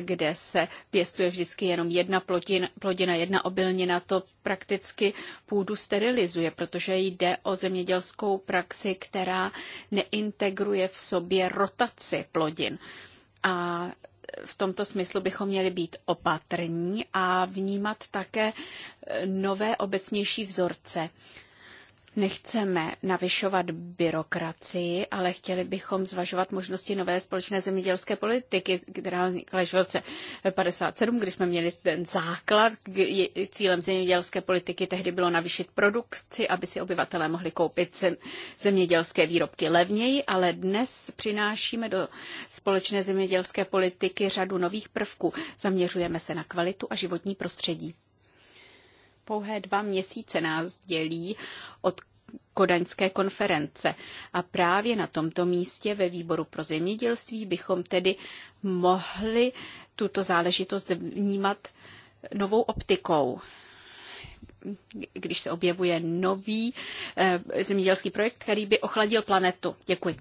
kde se pěstuje vždycky jenom jedna plodina, plodina jedna obilnina, to prakticky půdu sterilizuje, protože jde o zemědělskou praxi, která neintegruje v sobě rotaci plodin. A v tomto smyslu bychom měli být opatrní a vnímat také eh, nové obecnější vzorce. Nechceme navyšovat byrokracii, ale chtěli bychom zvažovat možnosti nové společné zemědělské politiky, která vznikla v roce 57, když jsme měli ten základ. Cílem zemědělské politiky tehdy bylo navýšit produkci, aby si obyvatelé mohli koupit zemědělské výrobky levněji, ale dnes přinášíme do společné zemědělské politiky řadu nových prvků. Zaměřujeme se na kvalitu a životní prostředí pouhé dva měsíce nás dělí od kodaňské konference. A právě na tomto místě ve výboru pro zemědělství bychom tedy mohli tuto záležitost vnímat novou optikou když se objevuje nový eh, zemědělský projekt, který by ochladil planetu. Děkuji.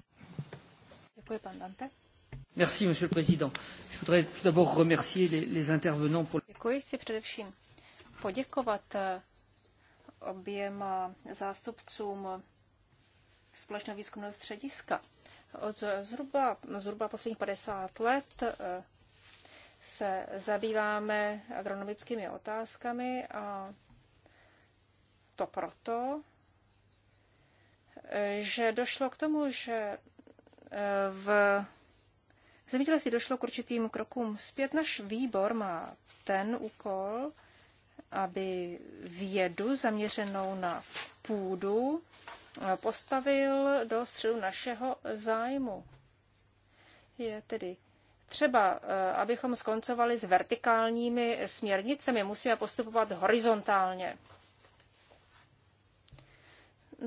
Děkuji, pan Dante. Merci, monsieur le président. Je voudrais tout d'abord remercier les, les intervenants pour... Děkuji, si především poděkovat eh, oběma zástupcům Společného výzkumného střediska. Od zhruba, zhruba posledních 50 let eh, se zabýváme agronomickými otázkami a to proto, eh, že došlo k tomu, že v zemědělství došlo k určitým krokům zpět. Náš výbor má ten úkol, aby vědu zaměřenou na půdu eh, postavil do středu našeho zájmu. Je tedy třeba, eh, abychom skoncovali s vertikálními směrnicemi, musíme postupovat horizontálně.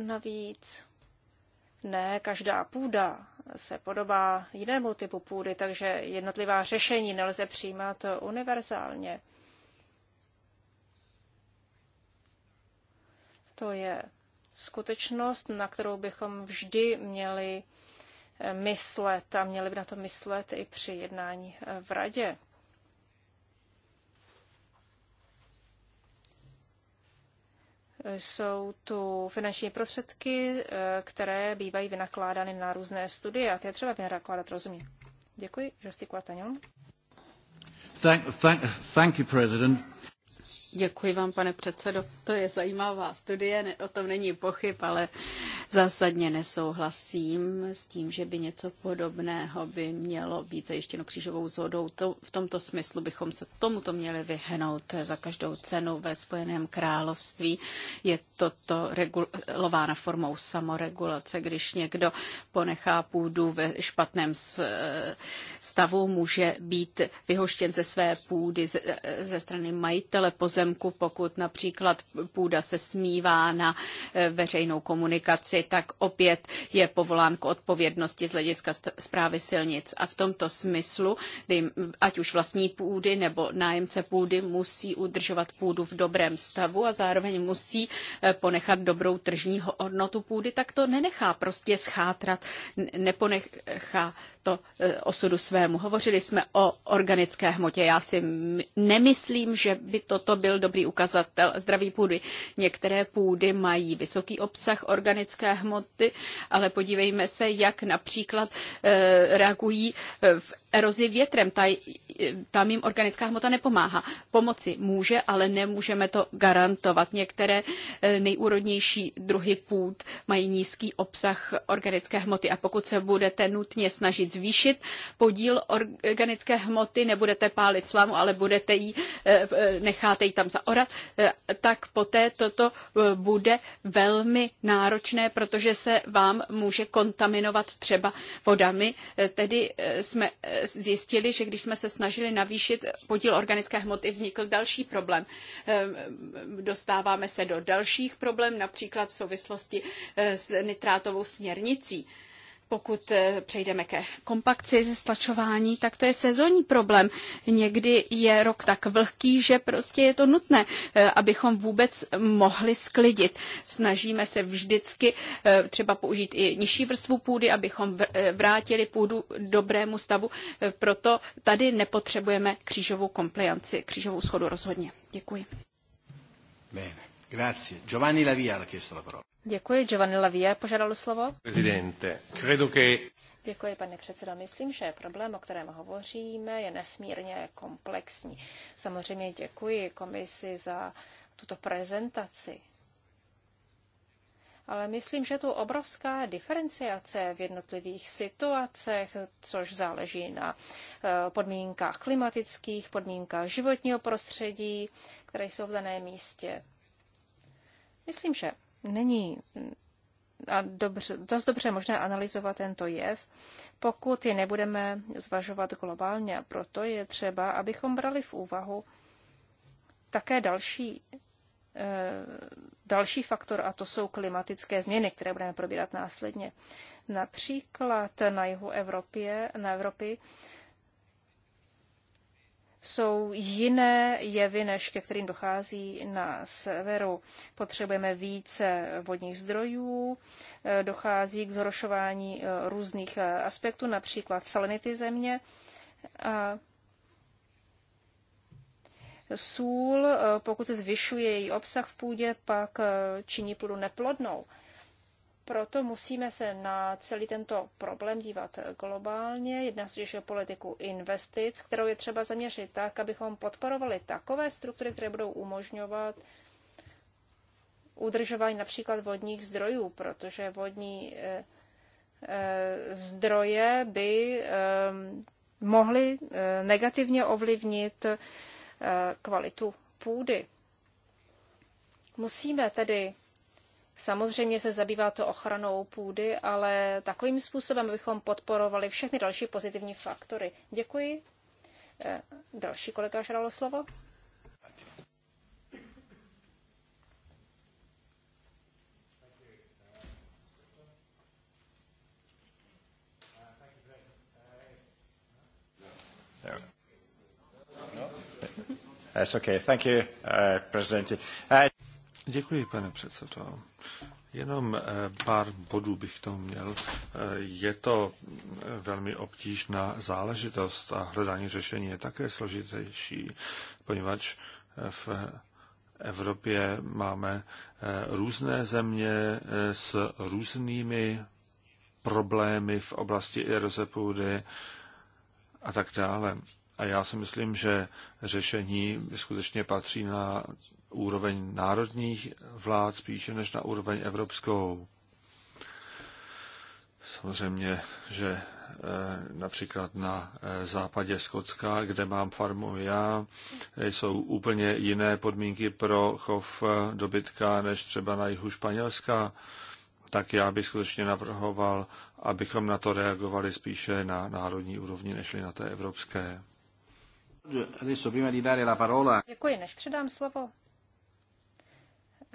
Navíc ne každá půda se podobá jinému typu půdy, takže jednotlivá řešení nelze přijímat univerzálně. To je skutečnost, na kterou bychom vždy měli eh, myslet a měli by na to myslet i při jednání eh, v radě. Jsou tu finanční prostředky, eh, které bývají vynakládány na různé studie a ty je třeba vynakládat rozumně. Děkuji, Josti Quataňon. Thank, thank, thank you, President. Děkuji vám, pane předsedo. To je zajímavá studie, ne, o tom není pochyb, ale zásadně nesouhlasím s tím, že by něco podobného by mělo být zajištěno křížovou zhodou. To, v tomto smyslu bychom se tomuto měli vyhnout za každou cenu ve Spojeném království. Je toto regulována formou samoregulace. Když někdo ponechá půdu ve špatném stavu, může být vyhoštěn ze své půdy ze, ze strany majitele pozemku pozemku, pokud například půda se smívá na eh, veřejnou komunikaci, tak opět je povolán k odpovědnosti z hlediska zprávy silnic. A v tomto smyslu, ať už vlastní půdy nebo nájemce půdy, musí udržovat půdu v dobrém stavu a zároveň musí eh, ponechat dobrou tržní hodnotu půdy, tak to nenechá prostě schátrat, neponechá to eh, osudu svému. Hovořili jsme o organické hmotě. Já si nemyslím, že by toto byl byl dobrý ukazatel zdraví půdy. Některé půdy mají vysoký obsah organické hmoty, ale podívejme se, jak například eh, reagují eh, v erozi větrem. Ta, tam jim organická hmota nepomáhá. Pomoci může, ale nemůžeme to garantovat. Některé e, nejúrodnější druhy půd mají nízký obsah organické hmoty a pokud se budete nutně snažit zvýšit podíl organické hmoty, nebudete pálit slamu, ale budete jí, e, e, necháte ji tam zaorat, tak poté toto bude velmi náročné, protože se vám může kontaminovat třeba vodami. Tedy jsme zjistili, že když jsme se snažili navýšit podíl organické hmoty, vznikl další problém. Ehm, dostáváme se do dalších problémů, například v souvislosti eh, s nitrátovou směrnicí. Pokud eh, přejdeme ke kompakci, stlačování, tak to je sezónní problém. Někdy je rok tak vlhký, že prostě je to nutné, eh, abychom vůbec mohli sklidit. Snažíme se vždycky eh, třeba použít i nižší vrstvu půdy, abychom vrátili půdu dobrému stavu. Proto tady nepotřebujeme křížovou komplianci, křížovou schodu rozhodně. Děkuji. Bene. Grazie. Giovanni Lavia ha chiesto la parola. Děkuji. Giovanni Lavia požádal slovo. Presidente, credo che... Děkuji, pane předsedo. Myslím, že problém, o kterém hovoříme, je nesmírně komplexní. Samozřejmě děkuji komisi za tuto prezentaci. Ale myslím, že tu obrovská diferenciace v jednotlivých situacích, což záleží na eh, podmínkách klimatických, podmínkách životního prostředí, které jsou v daném místě. Myslím, že není a dobře, dost dobře možné analyzovat tento jev, pokud je nebudeme zvažovat globálně. A proto je třeba, abychom brali v úvahu také další, e, další faktor, a to jsou klimatické změny, které budeme probírat následně. Například na jihu Evropě, na Evropy jsou jiné jevy, než ke kterým dochází na severu. Potřebujeme více vodních zdrojů, eh, dochází k zhoršování eh, různých eh, aspektů, například salinity země. A sůl, pokud se zvyšuje její obsah v půdě, pak činí půdu neplodnou. Proto musíme se na celý tento problém dívat globálně. Jedná se o politiku investic, kterou je třeba zaměřit tak, abychom podporovali takové struktury, které budou umožňovat udržování například vodních zdrojů, protože vodní eh, eh, zdroje by eh, mohly negativně ovlivnit kvalitu půdy. Musíme tedy Samozřejmě se zabývá to ochranou půdy, ale takovým způsobem bychom podporovali všechny další pozitivní faktory. Děkuji. Eh, další kolega žralo slovo. That's okay. Thank you, uh, President. Uh, Děkuji, pane předsedo. Jenom eh, pár bodů bych tomu měl. Eh, je to eh, velmi obtížná záležitost a hledání řešení je také složitější, poněvadž v Evropě máme různé země s různými problémy v oblasti eroze půdy a tak dále. A já si myslím, že řešení skutečně patří na úroveň národních vlád spíše než na úroveň evropskou. Samozřejmě, že eh, například na eh, západě Skotska, kde mám farmu já, eh, jsou úplně jiné podmínky pro chov dobytka než třeba na jihu Španělska, tak já bych skutečně navrhoval, abychom na to reagovali spíše na národní úrovni, než na té evropské. Děkuji, než předám slovo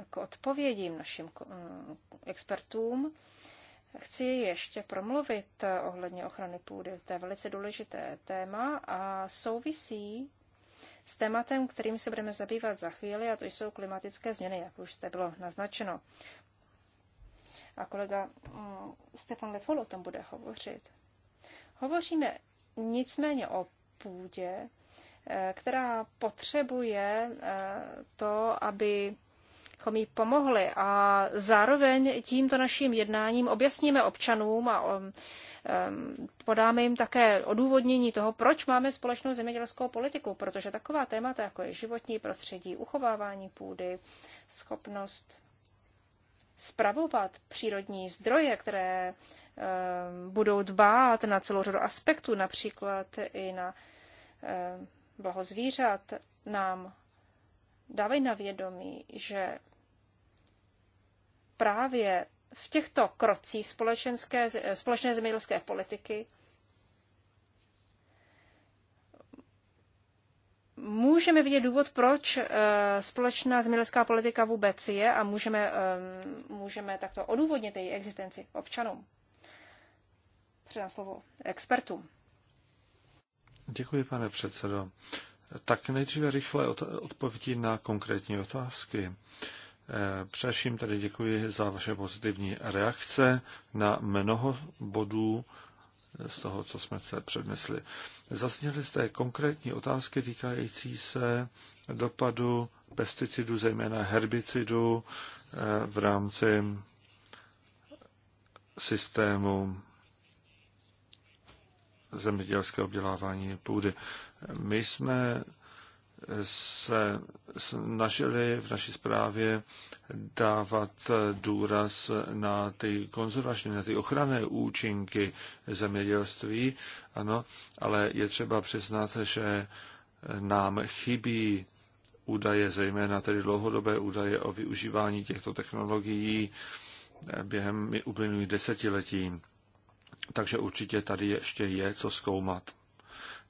k odpovědím našim mm, expertům. Chci ještě promluvit eh, ohledně ochrany půdy. To je velice důležité téma a souvisí s tématem, kterým se budeme zabývat za chvíli, a to jsou klimatické změny, jak už jste bylo naznačeno. A kolega mm, Stefan Lefol o tom bude hovořit. Hovoříme nicméně o půdě, eh, která potřebuje eh, to, aby abychom jí pomohli. A zároveň tímto naším jednáním objasníme občanům a um, um, podáme jim také odůvodnění toho, proč máme společnou zemědělskou politiku, protože taková témata, jako je životní prostředí, uchovávání půdy, schopnost spravovat přírodní zdroje, které um, budou dbát na celou řadu aspektů, například i na blaho zvířat, nám dávají na vědomí, že právě v těchto krocích společenské, společné zemědělské politiky můžeme vidět důvod, proč eh, společná zemědělská politika vůbec je a můžeme, eh, můžeme takto odůvodnit její existenci občanům. Předám slovo expertům. Děkuji, pane předsedo. Tak nejdříve rychle odpovědí na konkrétní otázky. Především tady děkuji za vaše pozitivní reakce na mnoho bodů z toho, co jsme se přednesli. Zasněli jste konkrétní otázky týkající se dopadu pesticidů, zejména herbicidů v rámci systému zemědělského obdělávání půdy. My jsme se snažili v naší zprávě dávat důraz na ty konzervační, na ty ochranné účinky zemědělství, ano, ale je třeba přiznat, že nám chybí údaje, zejména tedy dlouhodobé údaje o využívání těchto technologií během uplynulých desetiletí. Takže určitě tady ještě je co zkoumat.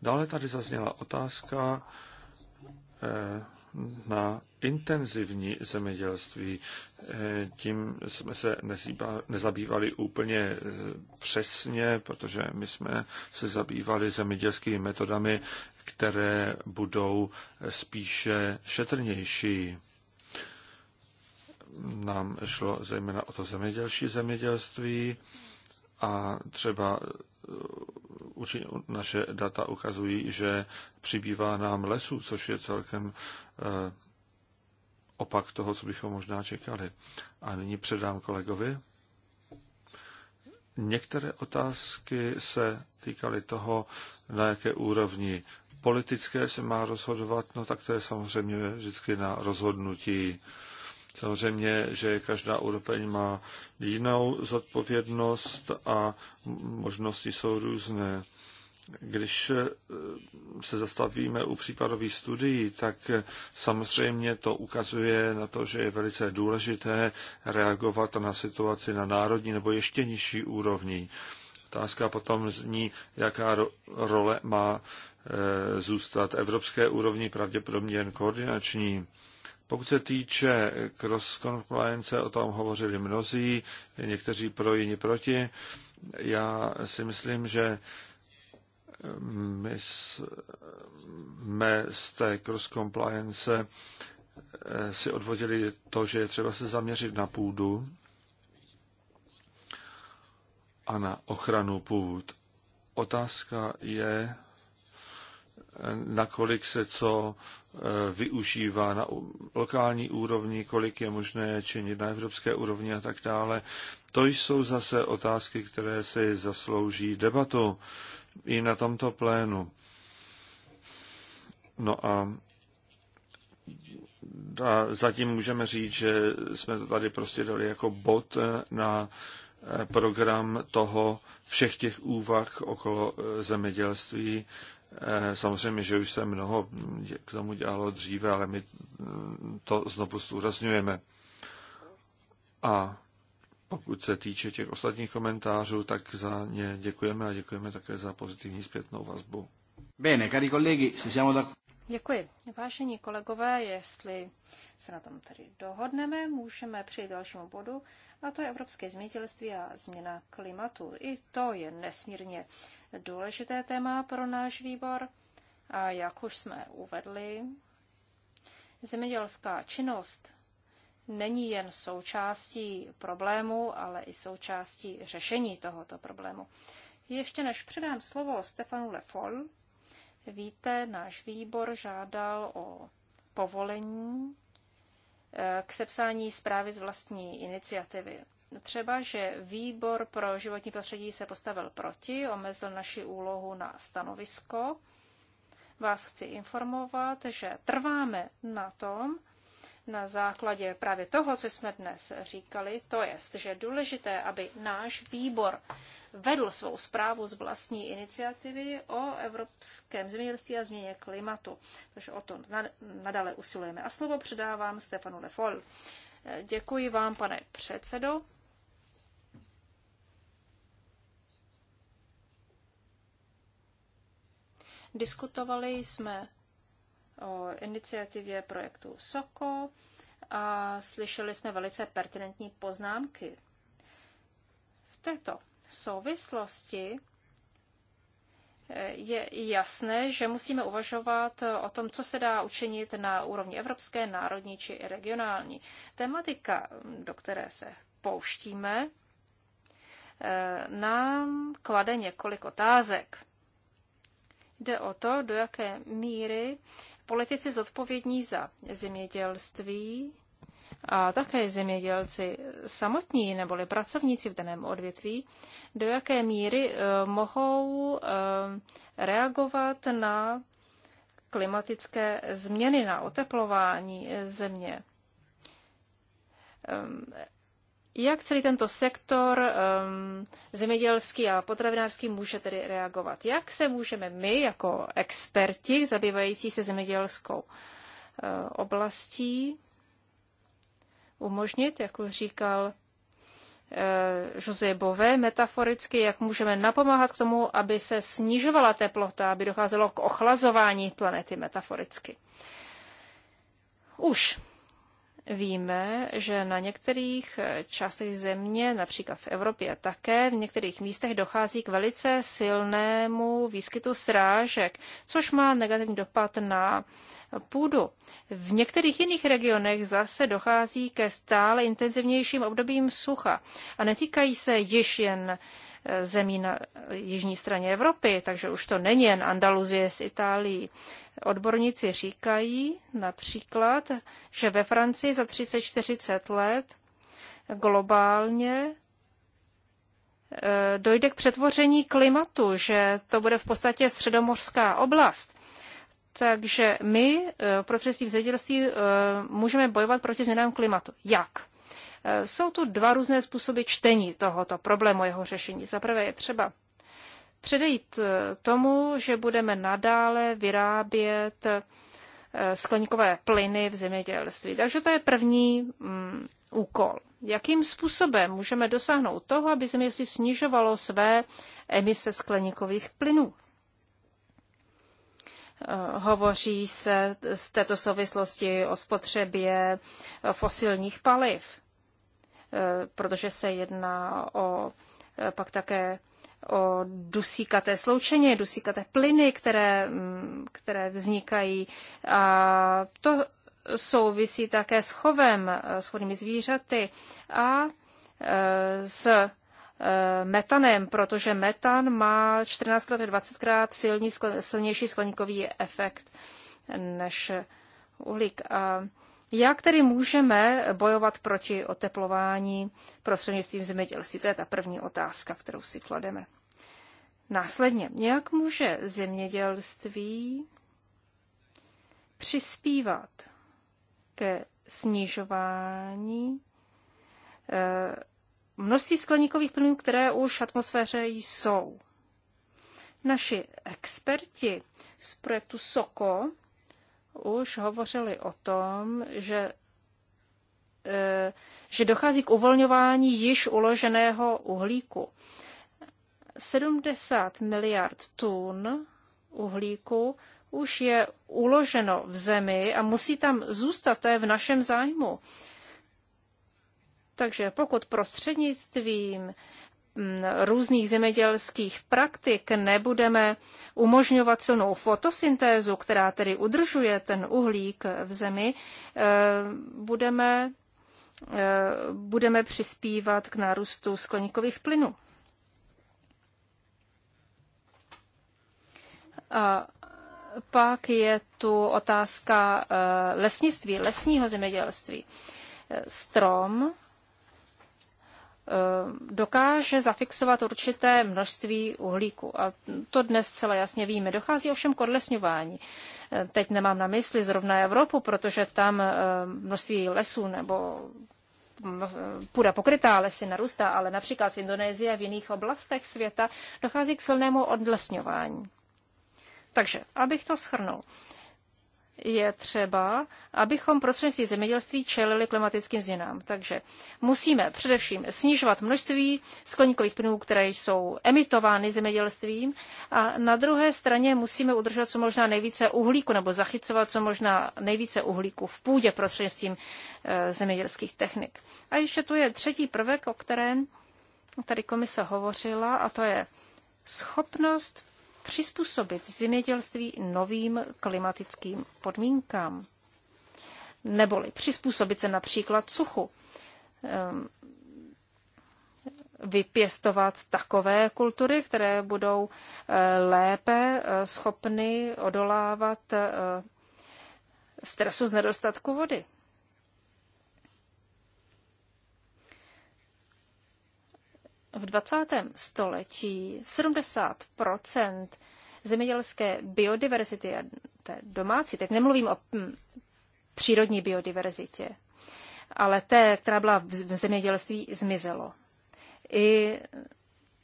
Dále tady zazněla otázka, Eh, na intenzivní zemědělství. Eh, tím jsme se nezabývali úplně eh, přesně, protože my jsme se zabývali zemědělskými metodami, které budou spíše šetrnější. Nám šlo zejména o to zemědělší zemědělství a třeba naše data ukazují, že přibývá nám lesů, což je celkem eh, opak toho, co bychom možná čekali. A nyní předám kolegovi. Některé otázky se týkaly toho, na jaké úrovni politické se má rozhodovat, no tak to je samozřejmě vždycky na rozhodnutí Samozřejmě, že každá úroveň má jinou zodpovědnost a možnosti jsou různé. Když eh, se zastavíme u případových studií, tak eh, samozřejmě to ukazuje na to, že je velice důležité reagovat na situaci na národní nebo ještě nižší úrovni. Otázka potom zní, jaká role má eh, zůstat evropské úrovni, pravděpodobně jen koordinační. Pokud se týče cross-compliance, o tom hovořili mnozí, někteří pro, jiní proti. Já si myslím, že my jsme z té cross-compliance eh, si odvodili to, že je třeba se zaměřit na půdu a na ochranu půd. Otázka je, nakolik se co eh, využívá na lokální úrovni, kolik je možné činit na evropské úrovni a tak dále. To jsou zase otázky, které si zaslouží debatu i na tomto plénu. No a a zatím můžeme říct, že jsme to tady prostě dali jako bod eh, na eh, program toho všech těch úvah okolo zemědělství Eh, samozřejmě, že už se mnoho k tomu dělalo dříve, ale my mm, to znovu zdůrazňujeme. A pokud se týče těch ostatních komentářů, tak za ně děkujeme a děkujeme také za pozitivní zpětnou vazbu. Bene, cari colleghi, se siamo da... Děkuji. Vážení kolegové, jestli se na tom tedy dohodneme, můžeme přijít dalšímu bodu, a to je evropské změnitelství a změna klimatu. I to je nesmírně důležité téma pro náš výbor. A jak už jsme uvedli, zemědělská činnost není jen součástí problému, ale i součástí řešení tohoto problému. Ještě než předám slovo Stefanu Lefol, víte, náš výbor žádal o povolení Eh, k sepsání zprávy z vlastní iniciativy. Třeba, že výbor pro životní prostředí se postavil proti, omezil naši úlohu na stanovisko. Vás chci informovat, že trváme na tom, na základě právě toho, co jsme dnes říkali, to je, že je důležité, aby náš výbor vedl svou zprávu z vlastní iniciativy o evropském zemědělství a změně klimatu. Takže o to nadále usilujeme. A slovo předávám Stefanu Lefol. Děkuji vám, pane předsedo. Diskutovali jsme o iniciativě projektu SOKO a slyšeli jsme velice pertinentní poznámky. V této souvislosti eh, je jasné, že musíme uvažovat o tom, co se dá učinit na úrovni evropské, národní či regionální. Tematika, do které se pouštíme, eh, nám klade několik otázek. Jde o to, do jaké míry politici zodpovědní za zemědělství a také zemědělci samotní neboli pracovníci v daném odvětví, do jaké míry eh, mohou eh, reagovat na klimatické změny, na oteplování eh, země ehm, jak celý tento sektor um, zemědělský a potravinářský může tedy reagovat? Jak se můžeme my, jako experti zabývající se zemědělskou uh, oblastí, umožnit, jak už říkal eh, José Bové metaforicky, jak můžeme napomáhat k tomu, aby se snižovala teplota, aby docházelo k ochlazování planety metaforicky. Už Víme, že na některých částech země, například v Evropě také, v některých místech dochází k velice silnému výskytu srážek, což má negativní dopad na půdu. V některých jiných regionech zase dochází ke stále intenzivnějším obdobím sucha a netýkají se již jen zemí na jižní straně Evropy, takže už to není jen Andaluzie s Itálií. Odborníci říkají například, že ve Francii za 30-40 let globálně eh, dojde k přetvoření klimatu, že to bude v podstatě středomořská oblast. Takže my eh, prostřednictvím zemědělství eh, můžeme bojovat proti změnám klimatu. Jak? Eh, jsou tu dva různé způsoby čtení tohoto problému, jeho řešení. Za prvé je třeba předejít eh, tomu, že budeme nadále vyrábět eh, skleníkové plyny v zemědělství. Takže to je první mm, úkol. Jakým způsobem můžeme dosáhnout toho, aby zemědělství snižovalo své emise skleníkových plynů? Hovoří se z této souvislosti o spotřebě fosilních paliv. Eh, protože se jedná o eh, pak také o dusíkaté sloučeně, dusíkaté plyny, které, mm, které vznikají. A to souvisí také s chovem, eh, s chodnými zvířaty a s metanem, protože metan má 14x 20krát silnější skleníkový efekt než uhlík. A jak tedy můžeme bojovat proti oteplování prostřednictvím zemědělství? To je ta první otázka, kterou si klademe. Následně, jak může zemědělství přispívat ke snižování eh, množství skleníkových plynů, které už v atmosféře jsou. Naši experti z projektu SOKO už hovořili o tom, že e, že dochází k uvolňování již uloženého uhlíku. 70 miliard tun uhlíku už je uloženo v zemi a musí tam zůstat, to je v našem zájmu. Takže pokud prostřednictvím Mm, různých zemědělských praktik nebudeme umožňovat silnou fotosyntézu, která tedy udržuje ten uhlík v zemi, eh, budeme, eh, budeme přispívat k nárůstu skleníkových plynů. A pak je tu otázka eh, lesnictví, lesního zemědělství. Strom Eh, dokáže zafixovat určité množství uhlíku. A to dnes celé jasně víme. Dochází ovšem k odlesňování. Eh, teď nemám na mysli zrovna Evropu, protože tam eh, množství lesů nebo půda pokrytá lesy narůstá, ale například v Indonésii a v jiných oblastech světa dochází k silnému odlesňování. Takže, abych to shrnul je třeba, abychom prostřednictvím zemědělství čelili klimatickým změnám. Takže musíme především snižovat množství skleníkových plynů, které jsou emitovány zemědělstvím a na druhé straně musíme udržovat co možná nejvíce uhlíku nebo zachycovat co možná nejvíce uhlíku v půdě prostřednictvím eh, zemědělských technik. A ještě tu je třetí prvek, o kterém tady komise hovořila, a to je schopnost přizpůsobit zemědělství novým klimatickým podmínkám. Neboli přizpůsobit se například suchu, ehm, vypěstovat takové kultury, které budou eh, lépe eh, schopny odolávat eh, stresu z nedostatku vody. v 20. století 70 zemědělské biodiverzity a té domácí, teď nemluvím o hm, přírodní biodiverzitě, ale té, která byla v zemědělství, zmizelo. I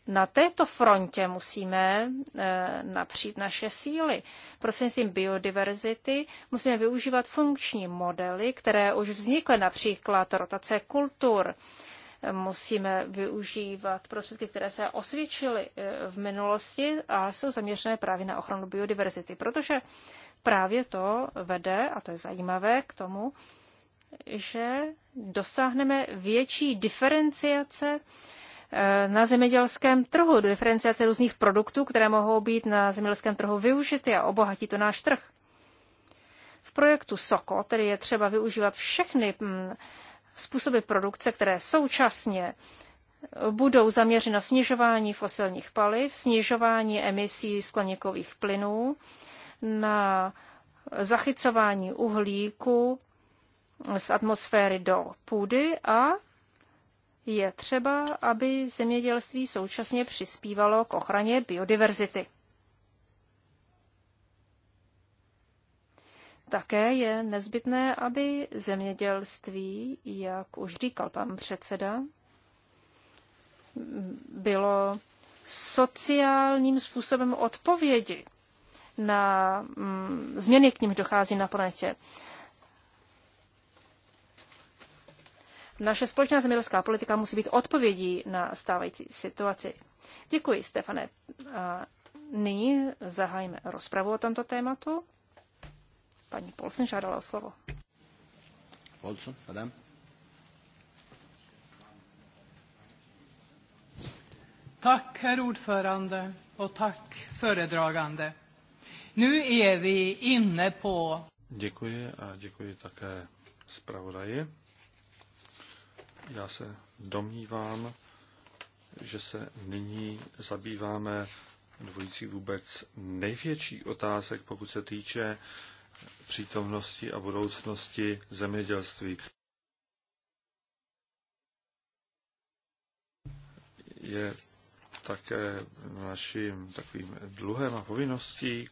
na této frontě musíme eh, napřít naše síly. Prostřednictvím biodiverzity musíme využívat funkční modely, které už vznikly, například rotace kultur, Musíme využívat prostředky, které se osvědčily eh, v minulosti a jsou zaměřené právě na ochranu biodiverzity, protože právě to vede, a to je zajímavé, k tomu, že dosáhneme větší diferenciace eh, na zemědělském trhu, diferenciace různých produktů, které mohou být na zemědělském trhu využity a obohatí to náš trh. V projektu SOKO tedy je třeba využívat všechny mm, způsoby produkce, které současně budou zaměřeny na snižování fosilních paliv, snižování emisí skleníkových plynů, na zachycování uhlíku z atmosféry do půdy a je třeba, aby zemědělství současně přispívalo k ochraně biodiverzity. Také je nezbytné, aby zemědělství, jak už říkal pan předseda, bylo sociálním způsobem odpovědi na mm, změny, k nímž dochází na planetě. Naše společná zemědělská politika musí být odpovědí na stávající situaci. Děkuji, Stefane. A nyní zahájíme rozpravu o tomto tématu. Paní Polsen žádala o slovo. Polsen, Adam. Tak, herr ordförande, och tack, föredragande. Nu är vi inne på... Děkuji a děkuji také zpravodaji. Já se domnívám, že se nyní zabýváme dvojící vůbec největší otázek, pokud se týče přítomnosti a budoucnosti zemědělství. Je také naším takovým dluhem a povinností,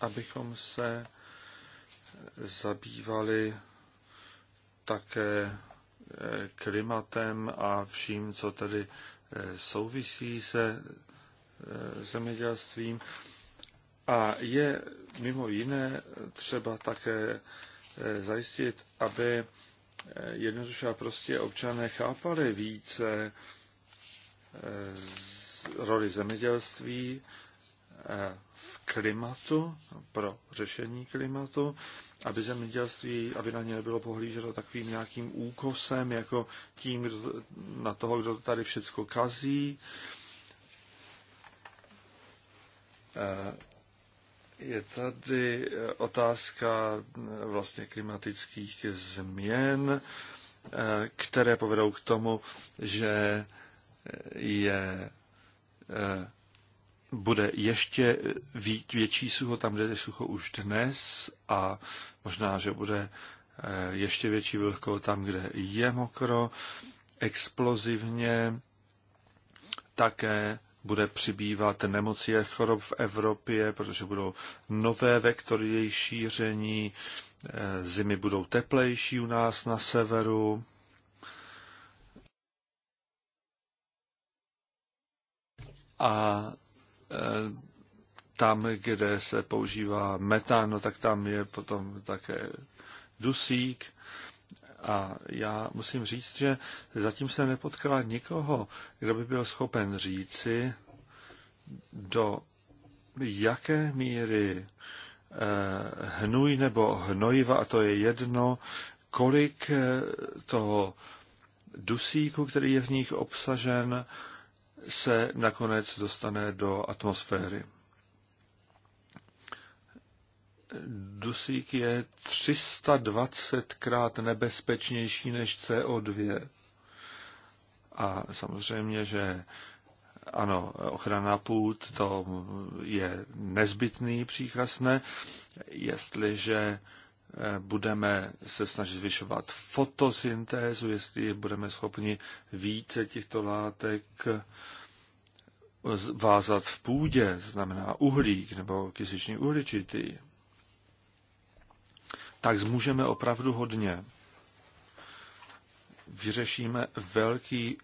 abychom se zabývali také eh, klimatem a vším, co tedy eh, souvisí se eh, zemědělstvím. A je mimo jiné třeba také eh, zajistit, aby eh, jednoduše a prostě občané chápali více eh, roli zemědělství v klimatu, pro řešení klimatu, aby zemědělství, aby na ně nebylo pohlíženo takovým nějakým úkosem, jako tím, kdo, na toho, kdo tady všecko kazí. Je tady eh, otázka eh, vlastně klimatických změn, eh, které povedou k tomu, že je, bude ještě větší sucho tam, kde je sucho už dnes a možná, že bude ještě větší vlhko tam, kde je mokro, explozivně také bude přibývat nemocí a chorob v Evropě, protože budou nové vektory její šíření, eh, zimy budou teplejší u nás na severu. A eh, tam, kde se používá metán, no, tak tam je potom také dusík. A já musím říct, že zatím se nepotkala nikoho, kdo by byl schopen říci, do jaké míry eh, hnůj nebo hnojiva, a to je jedno, kolik eh, toho dusíku, který je v nich obsažen, se nakonec dostane do atmosféry dusík je 320 krát nebezpečnější než CO2. A samozřejmě, že ano, ochrana půd to je nezbytný příkaz, ne? Jestliže eh, budeme se snažit zvyšovat fotosyntézu, jestli budeme schopni více těchto látek eh, vázat v půdě, znamená uhlík nebo kysiční uhličitý, tak zmůžeme opravdu hodně. Vyřešíme velký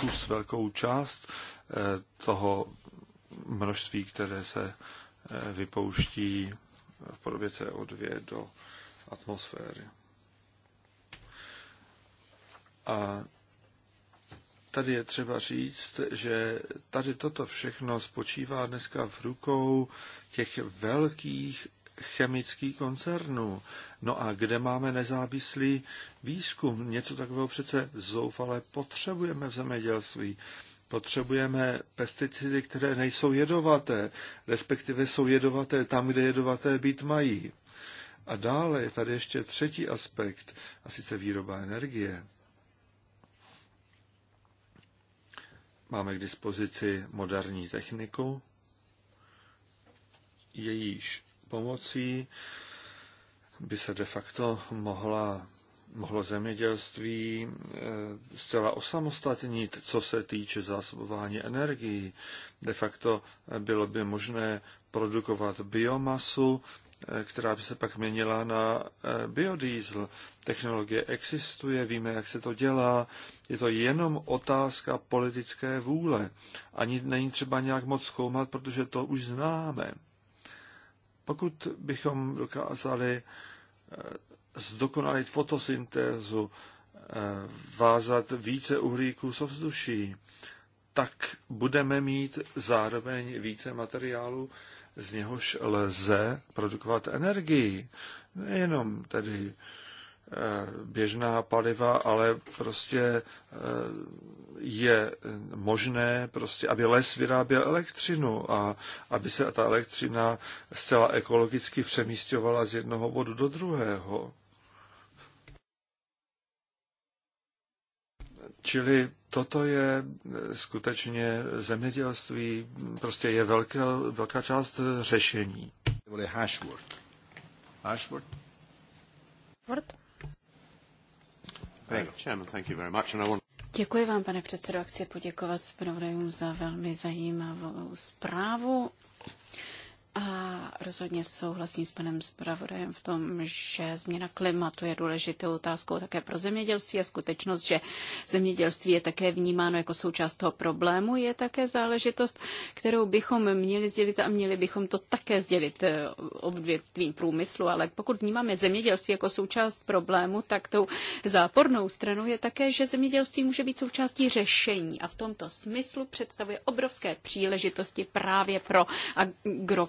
kus, velkou část eh, toho množství, které se eh, vypouští v podobě CO2 do atmosféry. A tady je třeba říct, že tady toto všechno spočívá dneska v rukou těch velkých chemický koncernů. No a kde máme nezávislý výzkum? Něco takového přece zoufale potřebujeme v zemědělství. Potřebujeme pesticidy, které nejsou jedovaté, respektive jsou jedovaté tam, kde jedovaté být mají. A dále je tady ještě třetí aspekt, a sice výroba energie. Máme k dispozici moderní techniku, jejíž pomocí by se de facto mohla, mohlo zemědělství eh, zcela osamostatnit, co se týče zásobování energií. De facto eh, bylo by možné produkovat biomasu, eh, která by se pak měnila na biodiesel. Technologie existuje, víme, jak se to dělá. Je to jenom otázka politické vůle. Ani není třeba nějak moc zkoumat, protože to už známe. Pokud bychom dokázali eh, zdokonalit fotosyntézu, eh, vázat více uhlíků z ovzduší, tak budeme mít zároveň více materiálu, z něhož lze produkovat energii. Nejenom tedy Eh, běžná paliva, ale prostě eh, je možné, prostě, aby les vyráběl elektřinu a aby se ta elektřina zcela ekologicky přemístěvala z jednoho bodu do druhého. Čili toto je eh, skutečně zemědělství, prostě je velká, velká část řešení. Hashword. Hashword. Děkuji vám, pane předsedo, a chci poděkovat zpravodajům za velmi zajímavou zprávu a rozhodně souhlasím s panem zpravodajem v tom, že změna klimatu je důležitou otázkou také pro zemědělství a skutečnost, že zemědělství je také vnímáno jako součást toho problému, je také záležitost, kterou bychom měli sdělit a měli bychom to také sdělit eh, odvětvím průmyslu, ale pokud vnímáme zemědělství jako součást problému, tak tou zápornou stranou je také, že zemědělství může být součástí řešení a v tomto smyslu představuje obrovské příležitosti právě pro agro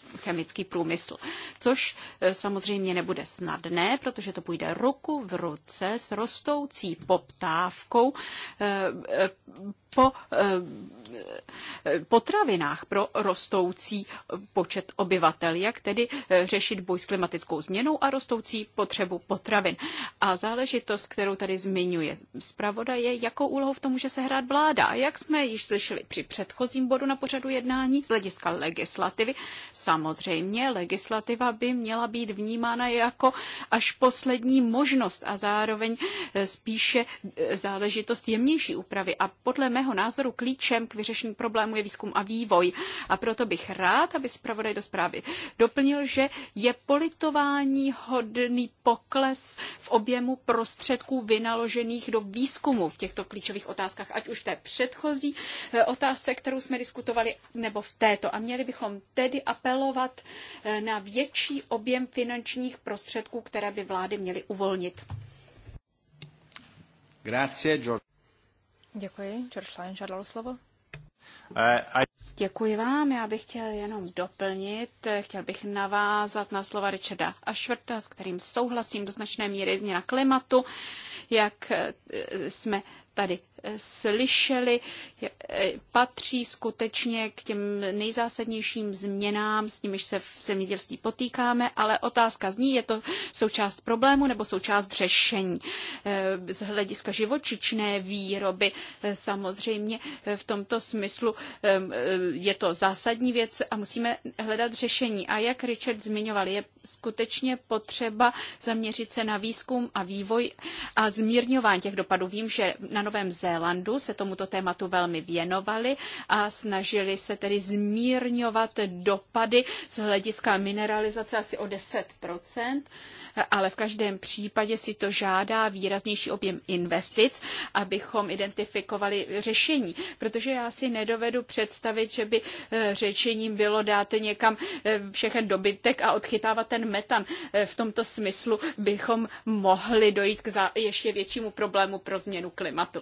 chemický průmysl. Což e, samozřejmě nebude snadné, protože to půjde ruku v ruce s rostoucí poptávkou e, e, po potravinách pro rostoucí počet obyvatel, jak tedy řešit boj s klimatickou změnou a rostoucí potřebu potravin. A záležitost, kterou tady zmiňuje zpravoda, je, jakou úlohu v tom může sehrát vláda. A jak jsme již slyšeli při předchozím bodu na pořadu jednání z hlediska legislativy, sam Samozřejmě legislativa by měla být vnímána jako až poslední možnost a zároveň eh, spíše eh, záležitost jemnější úpravy. A podle mého názoru klíčem k vyřešení problému je výzkum a vývoj. A proto bych rád, aby zpravodaj do zprávy doplnil, že je politování hodný pokles v objemu prostředků vynaložených do výzkumu v těchto klíčových otázkách, ať už té předchozí eh, otázce, kterou jsme diskutovali, nebo v této. A měli bychom tedy apelovat apelovat eh, na větší objem finančních prostředků, které by vlády měly uvolnit. Grazie, George. Děkuji. George Lyon žádal slovo. Eh, Děkuji vám. Já bych chtěl jenom doplnit, chtěl bych navázat na slova Richarda Ashworta, s kterým souhlasím do značné míry změna klimatu, jak eh, jsme tady slyšeli, e, patří skutečně k těm nejzásadnějším změnám, s nimiž se v zemědělství potýkáme, ale otázka zní, je to součást problému nebo součást řešení. E, z hlediska živočičné výroby e, samozřejmě v tomto smyslu je to zásadní věc a musíme hledat řešení. A jak Richard zmiňoval, je skutečně potřeba zaměřit se na výzkum a vývoj a zmírňování těch dopadů. Vím, že na Novém Zélandu Zélandu se tomuto tématu velmi věnovali a snažili se tedy zmírňovat dopady z hlediska mineralizace asi o 10%, ale v každém případě si to žádá výraznější objem investic, abychom identifikovali řešení. Protože já si nedovedu představit, že by eh, řešením bylo dát někam eh, všechen dobytek a odchytávat ten metan. Eh, v tomto smyslu bychom mohli dojít k ještě většímu problému pro změnu klimatu.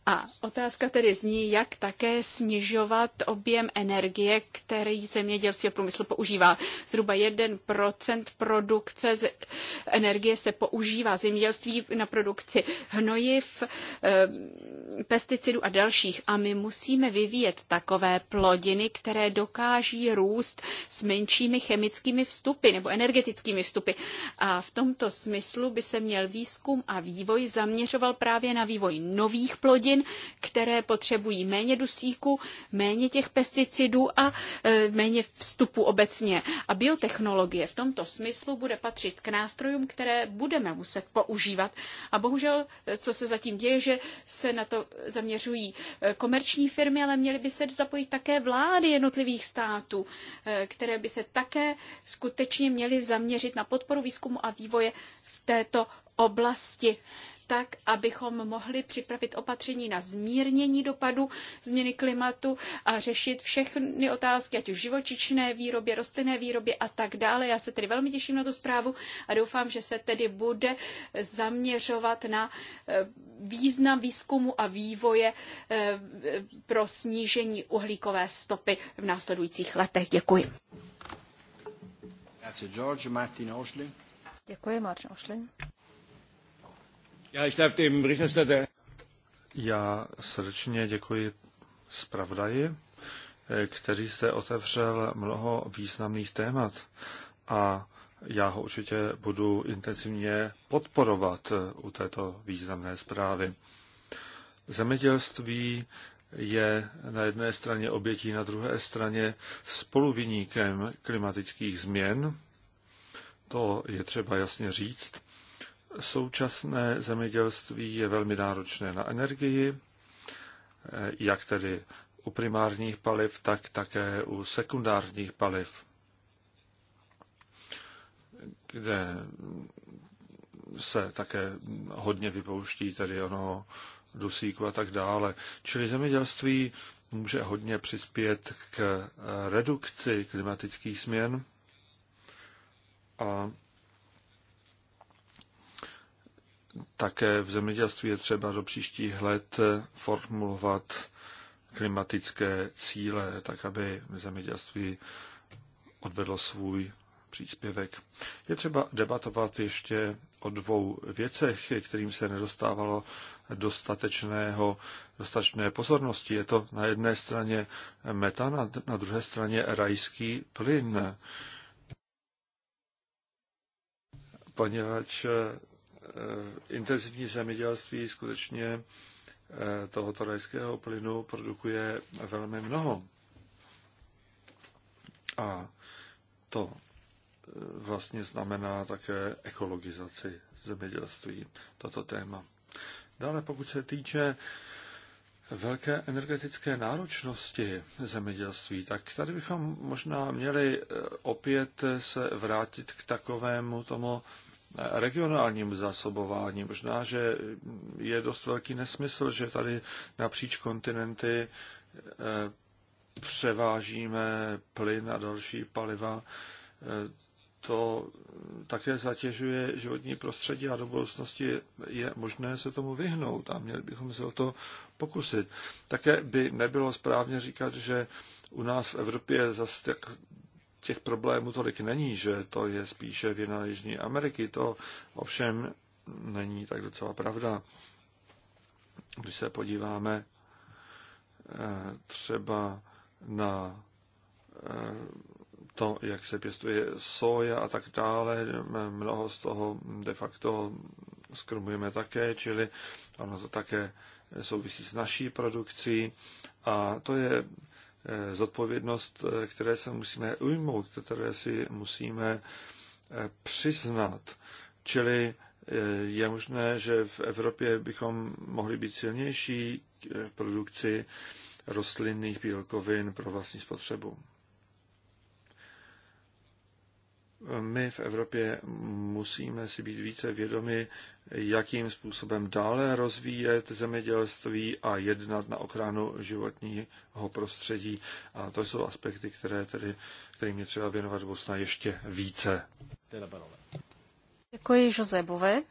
A otázka tedy zní, jak také snižovat objem energie, který zemědělství a průmysl používá. Zhruba 1% produkce z energie se používá zemědělství na produkci hnojiv, eh, pesticidů a dalších. A my musíme vyvíjet takové plodiny, které dokáží růst s menšími chemickými vstupy nebo energetickými vstupy. A v tomto smyslu by se měl výzkum a vývoj zaměřoval právě na vývoj nových plodin, rodin, které potřebují méně dusíku, méně těch pesticidů a e, méně vstupu obecně. A biotechnologie v tomto smyslu bude patřit k nástrojům, které budeme muset používat. A bohužel, e, co se zatím děje, že se na to zaměřují e, komerční firmy, ale měly by se zapojit také vlády jednotlivých států, které by se také skutečně měly zaměřit na podporu výzkumu a vývoje v této oblasti tak, abychom mohli připravit opatření na zmírnění dopadu změny klimatu a řešit všechny otázky, ať už živočišné výrobě, rostlinné výrobě a tak dále. Já se tedy velmi těším na tu zprávu a doufám, že se tedy bude zaměřovat na eh, význam výzkumu a vývoje eh, pro snížení uhlíkové stopy v následujících letech. Děkuji. Děkuji, Martin Ošlin. Já srdečně děkuji zpravdaji, který se otevřel mnoho významných témat a já ho určitě budu intenzivně podporovat u této významné zprávy. Zemědělství je na jedné straně obětí, na druhé straně spoluviníkem klimatických změn. To je třeba jasně říct. Současné zemědělství je velmi náročné na energii, jak tedy u primárních paliv, tak také u sekundárních paliv, kde se také hodně vypouští tedy ono dusíku a tak dále. Čili zemědělství může hodně přispět k redukci klimatických změn a Také v zemědělství je třeba do příštích let formulovat klimatické cíle, tak aby zemědělství odvedlo svůj příspěvek. Je třeba debatovat ještě o dvou věcech, kterým se nedostávalo dostatečného, dostatečné pozornosti. Je to na jedné straně metan na druhé straně rajský plyn. Poněvadž Eh, intenzivní zemědělství skutečně eh, tohoto rajského plynu produkuje velmi mnoho. A to eh, vlastně znamená také ekologizaci zemědělství, toto téma. Dále, pokud se týče velké energetické náročnosti zemědělství, tak tady bychom možná měli opět se vrátit k takovému tomu regionálním zásobování. Možná, že je dost velký nesmysl, že tady napříč kontinenty eh, převážíme plyn a další paliva. Eh, to také zatěžuje životní prostředí a do budoucnosti je možné se tomu vyhnout a měli bychom se o to pokusit. Také by nebylo správně říkat, že u nás v Evropě zase tak těch problémů tolik není, že to je spíše věna Jižní Ameriky. To ovšem není tak docela pravda. Když se podíváme eh, třeba na eh, to, jak se pěstuje soja a tak dále, mnoho z toho de facto skrmujeme také, čili ono to také souvisí s naší produkcí a to je Eh, zodpovědnost, eh, které se musíme ujmout, které si musíme eh, přiznat. Čili je možné, že v Evropě bychom mohli být silnější v produkci rostlinných bílkovin pro vlastní spotřebu. my v Evropě musíme si být více vědomi, jakým způsobem dále rozvíjet zemědělství a jednat na ochranu životního prostředí. A to jsou aspekty, které tedy, kterým je třeba věnovat Bosna ještě více. Děkuji Josebové.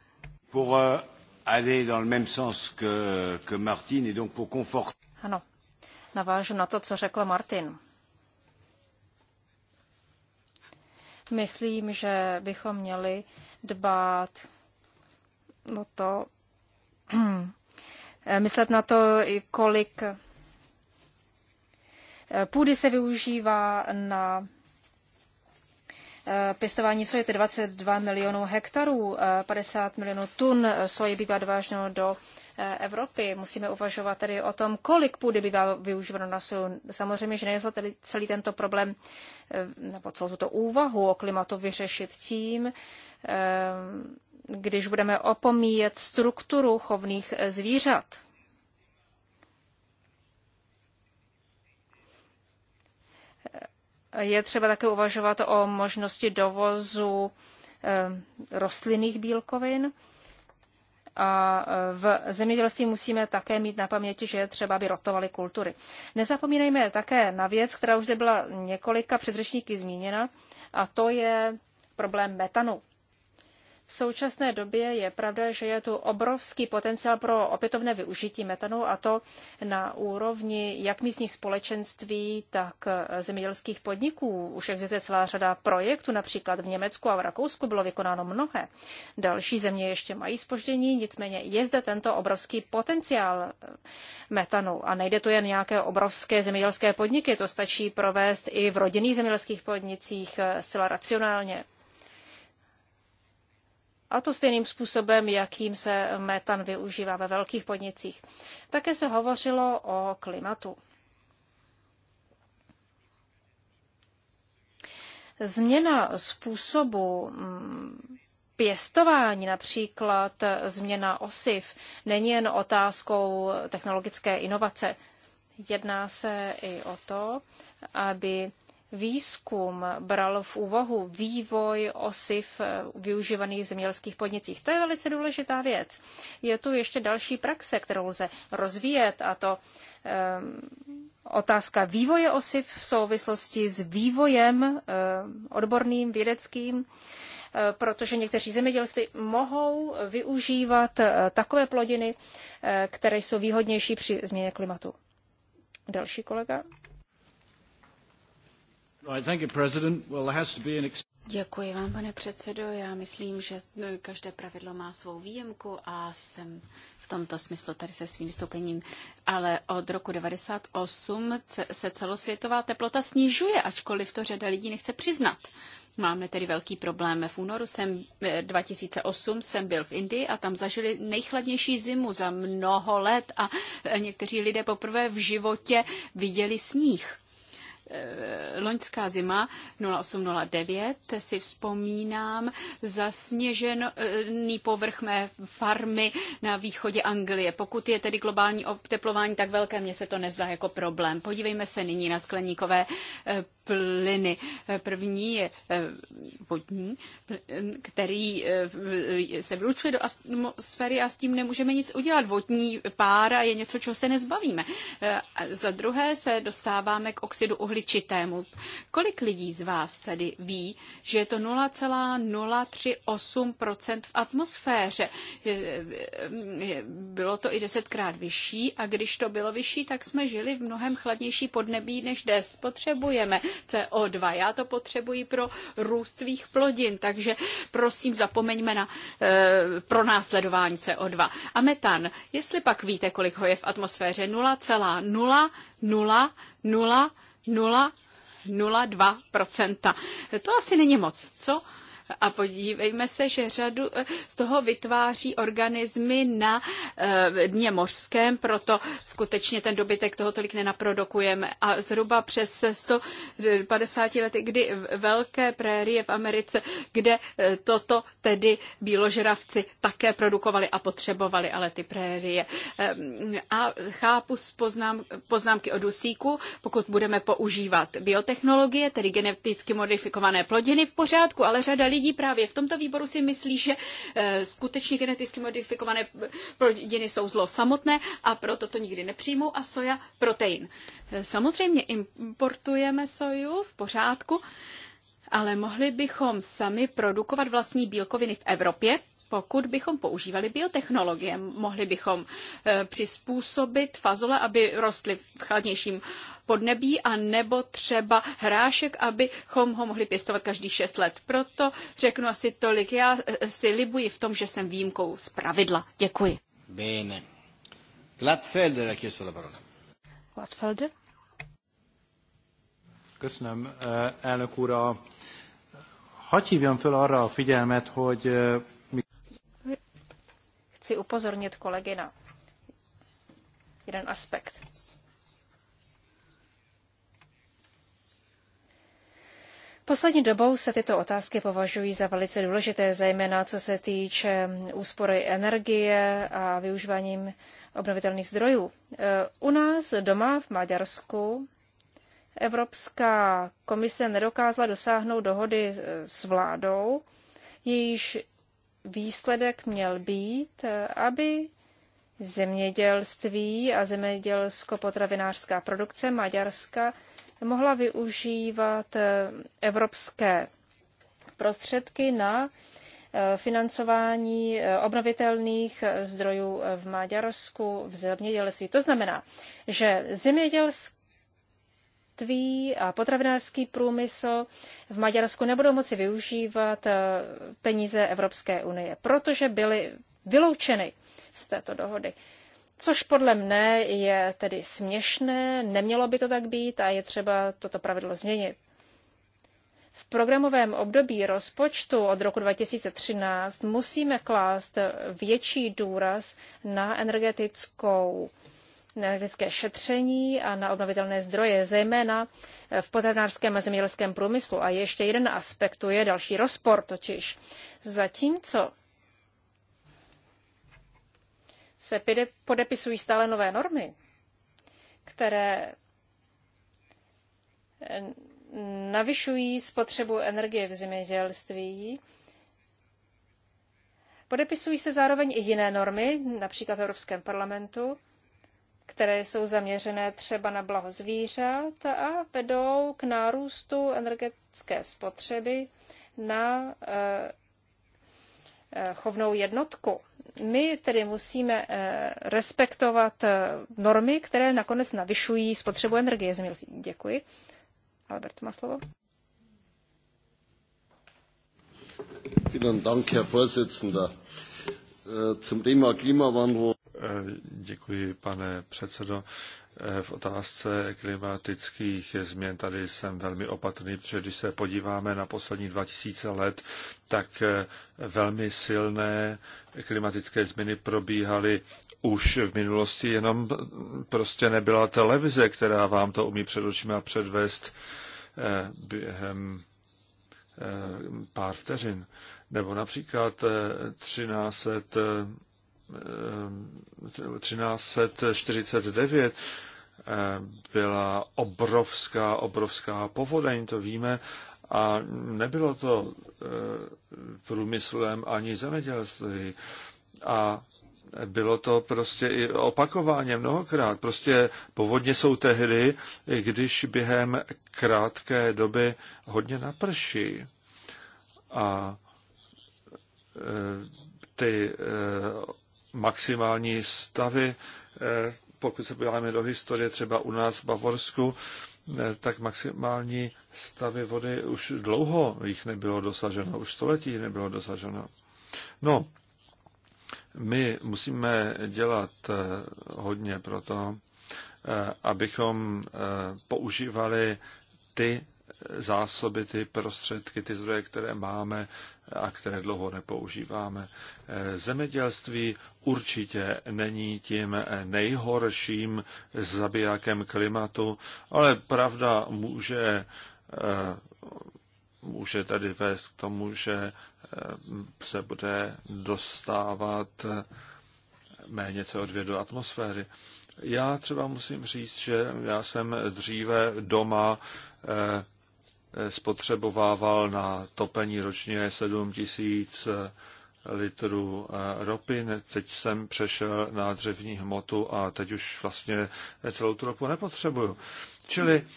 Pour euh, aller dans le même sens que, que Martin et donc pour conforter. Ano, navážu na to, co řekl Martin Myslím, že bychom měli dbát o to, myslet na to, kolik eh, půdy se využívá na eh, pěstování soje, to 22 milionů hektarů, 50 eh, milionů tun soje bývá dováženo do E, Evropy. Musíme uvažovat tedy o tom, kolik půdy bylo využíváno na silu. Samozřejmě, že nejde tedy celý tento problém e, nebo celou tuto úvahu o klimatu vyřešit tím, e, když budeme opomíjet strukturu chovných zvířat. Je třeba také uvažovat o možnosti dovozu rostlinných bílkovin a e, v zemědělství musíme také mít na paměti, že třeba by rotovaly kultury. Nezapomínejme také na věc, která už zde byla několika předřečníky zmíněna, a to je problém metanu. V současné době je pravda, že je tu obrovský potenciál pro opětovné využití metanu a to na úrovni jak místních společenství, tak eh, zemědělských podniků. Už existuje celá řada projektů, například v Německu a v Rakousku bylo vykonáno mnohé. Další země ještě mají spoždění, nicméně je zde tento obrovský potenciál eh, metanu a nejde to jen nějaké obrovské zemědělské podniky, to stačí provést i v rodinných zemědělských podnicích eh, zcela racionálně. A to stejným způsobem, jakým se metan využívá ve velkých podnicích. Také se hovořilo o klimatu. Změna způsobu mm, pěstování, například změna osiv, není jen otázkou technologické inovace. Jedná se i o to, aby výzkum bral v úvahu vývoj osiv využívaných v zemědělských podnicích. To je velice důležitá věc. Je tu ještě další praxe, kterou lze rozvíjet a to um, otázka vývoje osiv v souvislosti s vývojem um, odborným, vědeckým, ehm, protože někteří zemědělci mohou využívat eh, takové plodiny, eh, které jsou výhodnější při změně klimatu. Další kolega. Děkuji vám, pane předsedo. Já myslím, že každé pravidlo má svou výjimku a jsem v tomto smyslu tady se svým vystoupením. Ale od roku 1998 se celosvětová teplota snižuje, ačkoliv to řada lidí nechce přiznat. Máme tedy velký problém. V únoru jsem, 2008 eh, jsem byl v Indii a tam zažili nejchladnější zimu za mnoho let a eh, někteří lidé poprvé v životě viděli sníh. Eh, loňská zima 0809 si vzpomínám zasněžený povrch mé farmy na východě Anglie. Pokud je tedy globální oteplování tak velké, mně se to nezdá jako problém. Podívejme se nyní na skleníkové eh, plyny. Eh, první je vodní, který se vlučuje do atmosféry a s tím nemůžeme nic udělat. Vodní pára je něco, čeho se nezbavíme. za druhé se dostáváme k oxidu uhlí cvičitému. Kolik lidí z vás tedy ví, že je to 0,038% v atmosféře? Bylo to i desetkrát vyšší a když to bylo vyšší, tak jsme žili v mnohem chladnější podnebí, než dnes potřebujeme CO2. Já to potřebuji pro růst svých plodin, takže prosím zapomeňme na e, eh, pronásledování CO2. A metan, jestli pak víte, kolik ho je v atmosféře, 0,000 0,02%. To asi není moc, co? A podívejme se, že řadu eh, z toho vytváří organismy na eh, dně mořském, proto skutečně ten dobytek toho tolik nenaprodukujeme. A zhruba přes 150 eh, lety, kdy velké prérie v Americe, kde toto tedy bíložravci také produkovali a potřebovali, ale ty prérie. A chápu z poznám, poznámky o dusíku, pokud budeme používat biotechnologie, tedy geneticky modifikované plodiny v pořádku, ale řada lidí lidí právě v tomto výboru si myslí, že eh, skutečně geneticky modifikované plodiny jsou zlo samotné a proto to nikdy nepřijmou a soja protein. Eh, samozřejmě importujeme soju v pořádku, ale mohli bychom sami produkovat vlastní bílkoviny v Evropě, pokud bychom používali biotechnologie. Mohli bychom eh, přizpůsobit fazole, aby rostly v chladnějším podnebí, a nebo třeba hrášek, abychom ho mohli pěstovat každý šest let. Proto řeknu asi tolik. Já eh, si libuji v tom, že jsem výjimkou z pravidla. Děkuji. Bene. Gladfelder jak chiesto la parola. Gladfelder. Köszönöm, eh, elnök úr. Hadd hívjam fel arra a figyelmet, hogy chci upozornit kolegy na jeden aspekt. Poslední dobou se tyto otázky považují za velice důležité, zejména co se týče úspory energie a využíváním obnovitelných zdrojů. U nás doma v Maďarsku Evropská komise nedokázala dosáhnout dohody s vládou, jejíž výsledek měl být, eh, aby zemědělství a zemědělsko-potravinářská produkce Maďarska mohla využívat eh, evropské prostředky na eh, financování obnovitelných zdrojů v Maďarsku v zemědělství. To znamená, že zemědělské zemědělství a potravinářský průmysl v Maďarsku nebudou moci využívat eh, peníze Evropské unie, protože byly vyloučeny z této dohody. Což podle mne je tedy směšné, nemělo by to tak být a je třeba toto pravidlo změnit. V programovém období rozpočtu od roku 2013 musíme klást větší důraz na energetickou na energetické šetření a na obnovitelné zdroje, zejména v potravinářském a zemědělském průmyslu. A ještě jeden aspekt, to je další rozpor totiž. Zatímco se podepisují stále nové normy, které navyšují spotřebu energie v zemědělství, Podepisují se zároveň i jiné normy, například v Evropském parlamentu, které jsou zaměřené třeba na blaho zvířat a vedou k nárůstu energetické spotřeby na eh, eh, chovnou jednotku. My tedy musíme eh, respektovat normy, které nakonec navyšují spotřebu energie. Děkuji. Albert má slovo. Vielen Dank, Herr Vorsitzender. Äh, zum Thema Klimawandel Eh, děkuji, pane předsedo. Eh, v otázce klimatických změn tady jsem velmi opatrný, protože když se podíváme na poslední 2000 let, tak eh, velmi silné klimatické změny probíhaly už v minulosti, jenom prostě nebyla televize, která vám to umí před očima předvést během pár vteřin. Nebo například 1300 1349 eh, byla obrovská, obrovská povodeň, to víme, a nebylo to eh, průmyslem ani zemědělství. A bylo to prostě i opakováně mnohokrát. Prostě povodně jsou tehdy, když během krátké doby hodně naprší. A eh, ty maximální stavy. Eh, pokud se podíváme do historie, třeba u nás v Bavorsku, eh, tak maximální stavy vody už dlouho jich nebylo dosaženo, už století nebylo dosaženo. No, my musíme dělat eh, hodně pro to, abychom používali ty zásoby, ty prostředky, ty zdroje, které máme a které dlouho nepoužíváme. Zemědělství určitě není tím nejhorším zabijákem klimatu, ale pravda může může tady vést k tomu, že se bude dostávat méně CO2 do atmosféry. Já třeba musím říct, že já jsem dříve doma eh, Eh, spotřebovával na topení ročně 7 tisíc eh, litrů eh, ropy. Teď jsem přešel na dřevní hmotu a teď už vlastně celou tu ropu nepotřebuju. Čili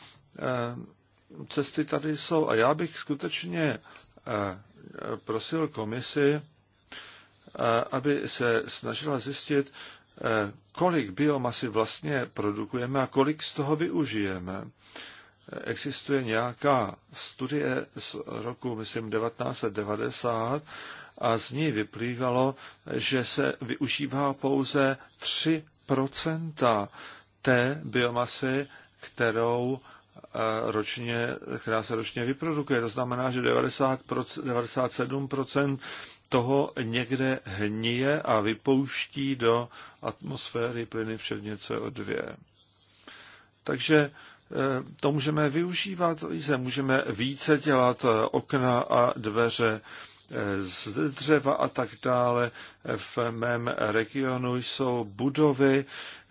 cesty tady jsou a já bych skutečně prosil komisi, aby se snažila zjistit, kolik biomasy vlastně produkujeme a kolik z toho využijeme existuje nějaká studie z roku, myslím, 1990 a z ní vyplývalo, že se využívá pouze 3 té biomasy, kterou eh, ročně, která se ročně vyprodukuje. To znamená, že 90%, 97% toho někde hníje a vypouští do atmosféry plyny včetně CO2. Takže Eh, to můžeme využívat, se můžeme více dělat eh, okna a dveře eh, z dřeva a tak dále. V mém regionu jsou budovy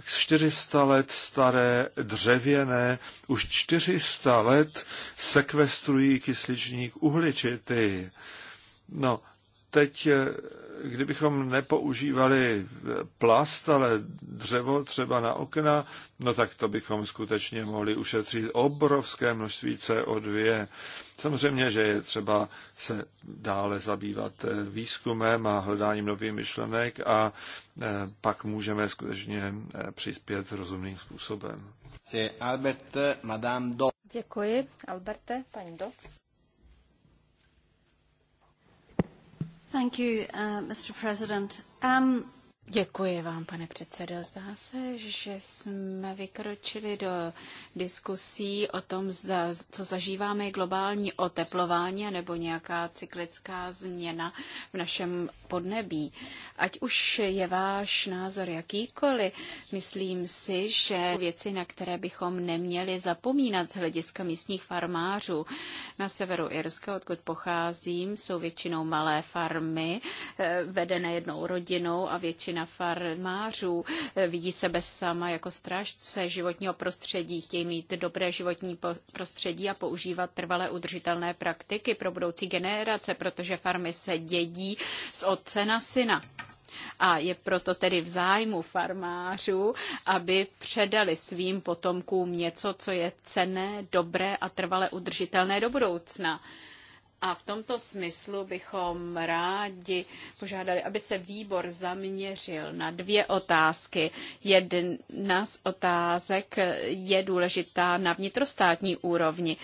400 let staré dřevěné, už 400 let sekvestrují kysličník uhličitý. No, teď kdybychom nepoužívali plast, ale dřevo třeba na okna, no tak to bychom skutečně mohli ušetřit obrovské množství CO2. Samozřejmě, že je třeba se dále zabývat eh, výzkumem a hledáním nových myšlenek a eh, pak můžeme skutečně eh, přispět rozumným způsobem. Dot. Děkuji, Alberte, paní Dot. Thank you, uh, Mr. President. Um... Děkuji vám, pane předsedo. Zdá se, že jsme vykročili do diskusí o tom, zda, co zažíváme, globální oteplování nebo nějaká cyklická změna v našem podnebí. Ať už je váš názor jakýkoliv, myslím si, že věci, na které bychom neměli zapomínat z hlediska místních farmářů na severu Irska, odkud pocházím, jsou většinou malé farmy, eh, vedené jednou rodinou a většina farmářů eh, vidí sebe sama jako strážce životního prostředí, chtějí mít dobré životní prostředí a používat trvalé udržitelné praktiky pro budoucí generace, protože farmy se dědí z otce na syna. A je proto tedy v zájmu farmářů, aby předali svým potomkům něco, co je cené, dobré a trvale udržitelné do budoucna. A v tomto smyslu bychom rádi požádali, aby se výbor zaměřil na dvě otázky. Jedna z otázek je důležitá na vnitrostátní úrovni.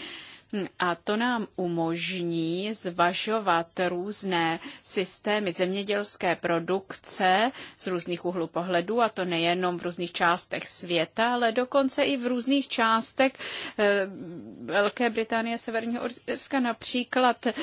A to nám umožní zvažovat různé systémy zemědělské produkce z různých úhlů pohledu, a to nejenom v různých částech světa, ale dokonce i v různých částech eh, Velké Británie, Severního Orska. Například eh,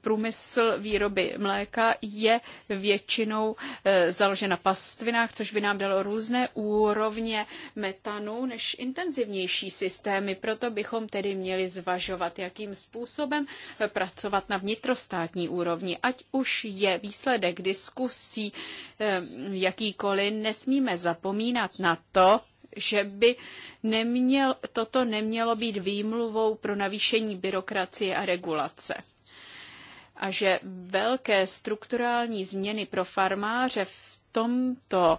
průmysl výroby mléka je většinou eh, založen na pastvinách, což by nám dalo různé úrovně metanu než intenzivnější systémy. Proto bychom tedy měli zvažovat uvažovat, jakým způsobem pracovat na vnitrostátní úrovni. Ať už je výsledek diskusí eh, jakýkoliv, nesmíme zapomínat na to, že by neměl, toto nemělo být výmluvou pro navýšení byrokracie a regulace a že velké strukturální změny pro farmáře v tomto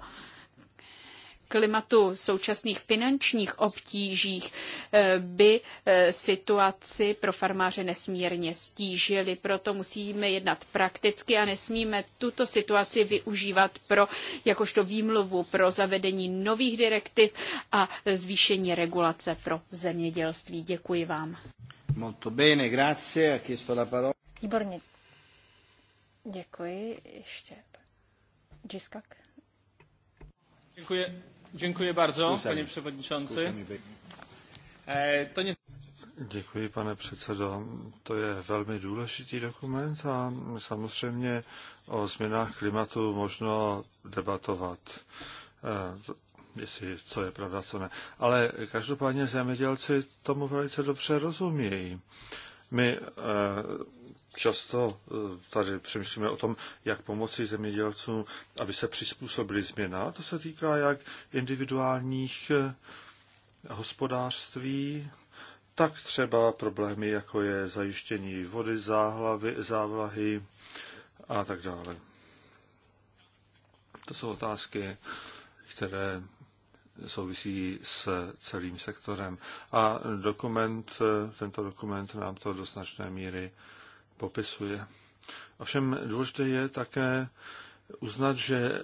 klimatu současných finančních obtížích eh, by eh, situaci pro farmáře nesmírně stížily. Proto musíme jednat prakticky a nesmíme tuto situaci využívat pro jakožto výmluvu pro zavedení nových direktiv a zvýšení regulace pro zemědělství. Děkuji vám. Molto bene, grazie. Ha chiesto la parola. Výborně. Děkuji. Ještě. Giskak. Děkuji. Dziękuję bardzo, panie e, przewodniczący. To nie... Děkuji, pane předsedo. To je velmi důležitý dokument a samozřejmě o změnách klimatu možno debatovat, e, jestli co je pravda, co ne. Ale každopádně zemědělci tomu velice dobře rozumějí. My e, často eh, tady přemýšlíme o tom, jak pomoci zemědělcům, aby se přizpůsobili změna. To se týká jak individuálních eh, hospodářství, tak třeba problémy, jako je zajištění vody, záhlavy, závlahy a tak dále. To jsou otázky, které souvisí s celým sektorem. A dokument, eh, tento dokument nám to do značné míry popisuje. Ovšem důležité je také uznat, že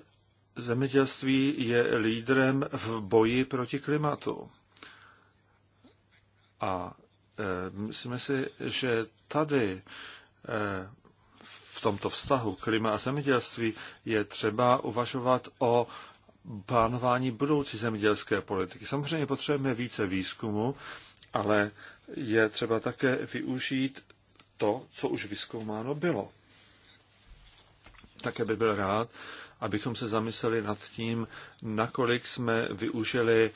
zemědělství je lídrem v boji proti klimatu. A e, myslíme si, že tady e, v tomto vztahu klima a zemědělství je třeba uvažovat o plánování budoucí zemědělské politiky. Samozřejmě potřebujeme více výzkumu, ale je třeba také využít to, co už vyskoumáno bylo. Také by byl rád, abychom se zamysleli nad tím, nakolik jsme využili,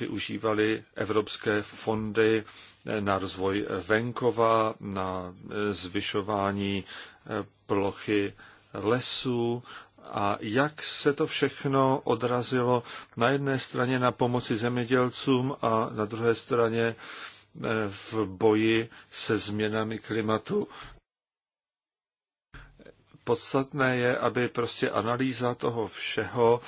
využívali evropské fondy na rozvoj venkova, na zvyšování eh, plochy lesů a jak se to všechno odrazilo na jedné straně na pomoci zemědělcům a na druhé straně Eh, v boji se změnami klimatu. Podstatné je, aby prostě analýza toho všeho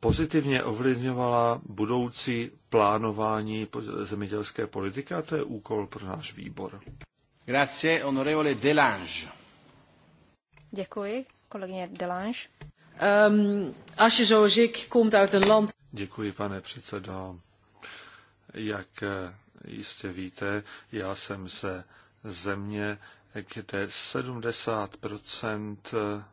pozitivně ovlivňovala budoucí plánování zemědělské politiky a to je úkol pro náš výbor. Grazie, onorevole Delange. Děkuji, kolegyně Delange. Um, als je zoals land... Děkuji, pane předsedo. Jak eh, jistě víte, já jsem ze země, kde 70 eh,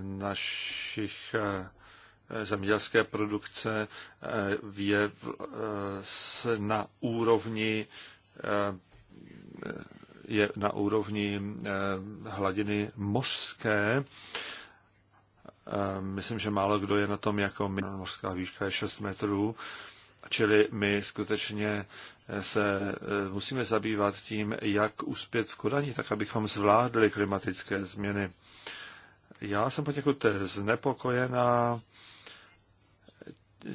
našich eh, zemědělské produkce eh, je na úrovni je na úrovni hladiny mořské Ehm, myslím, že málo kdo je na tom jako my. Mořská výška je 6 metrů, čili my skutečně eh, se eh, musíme zabývat tím, jak uspět v Kodani, tak abychom zvládli klimatické změny. Já jsem poněkud znepokojená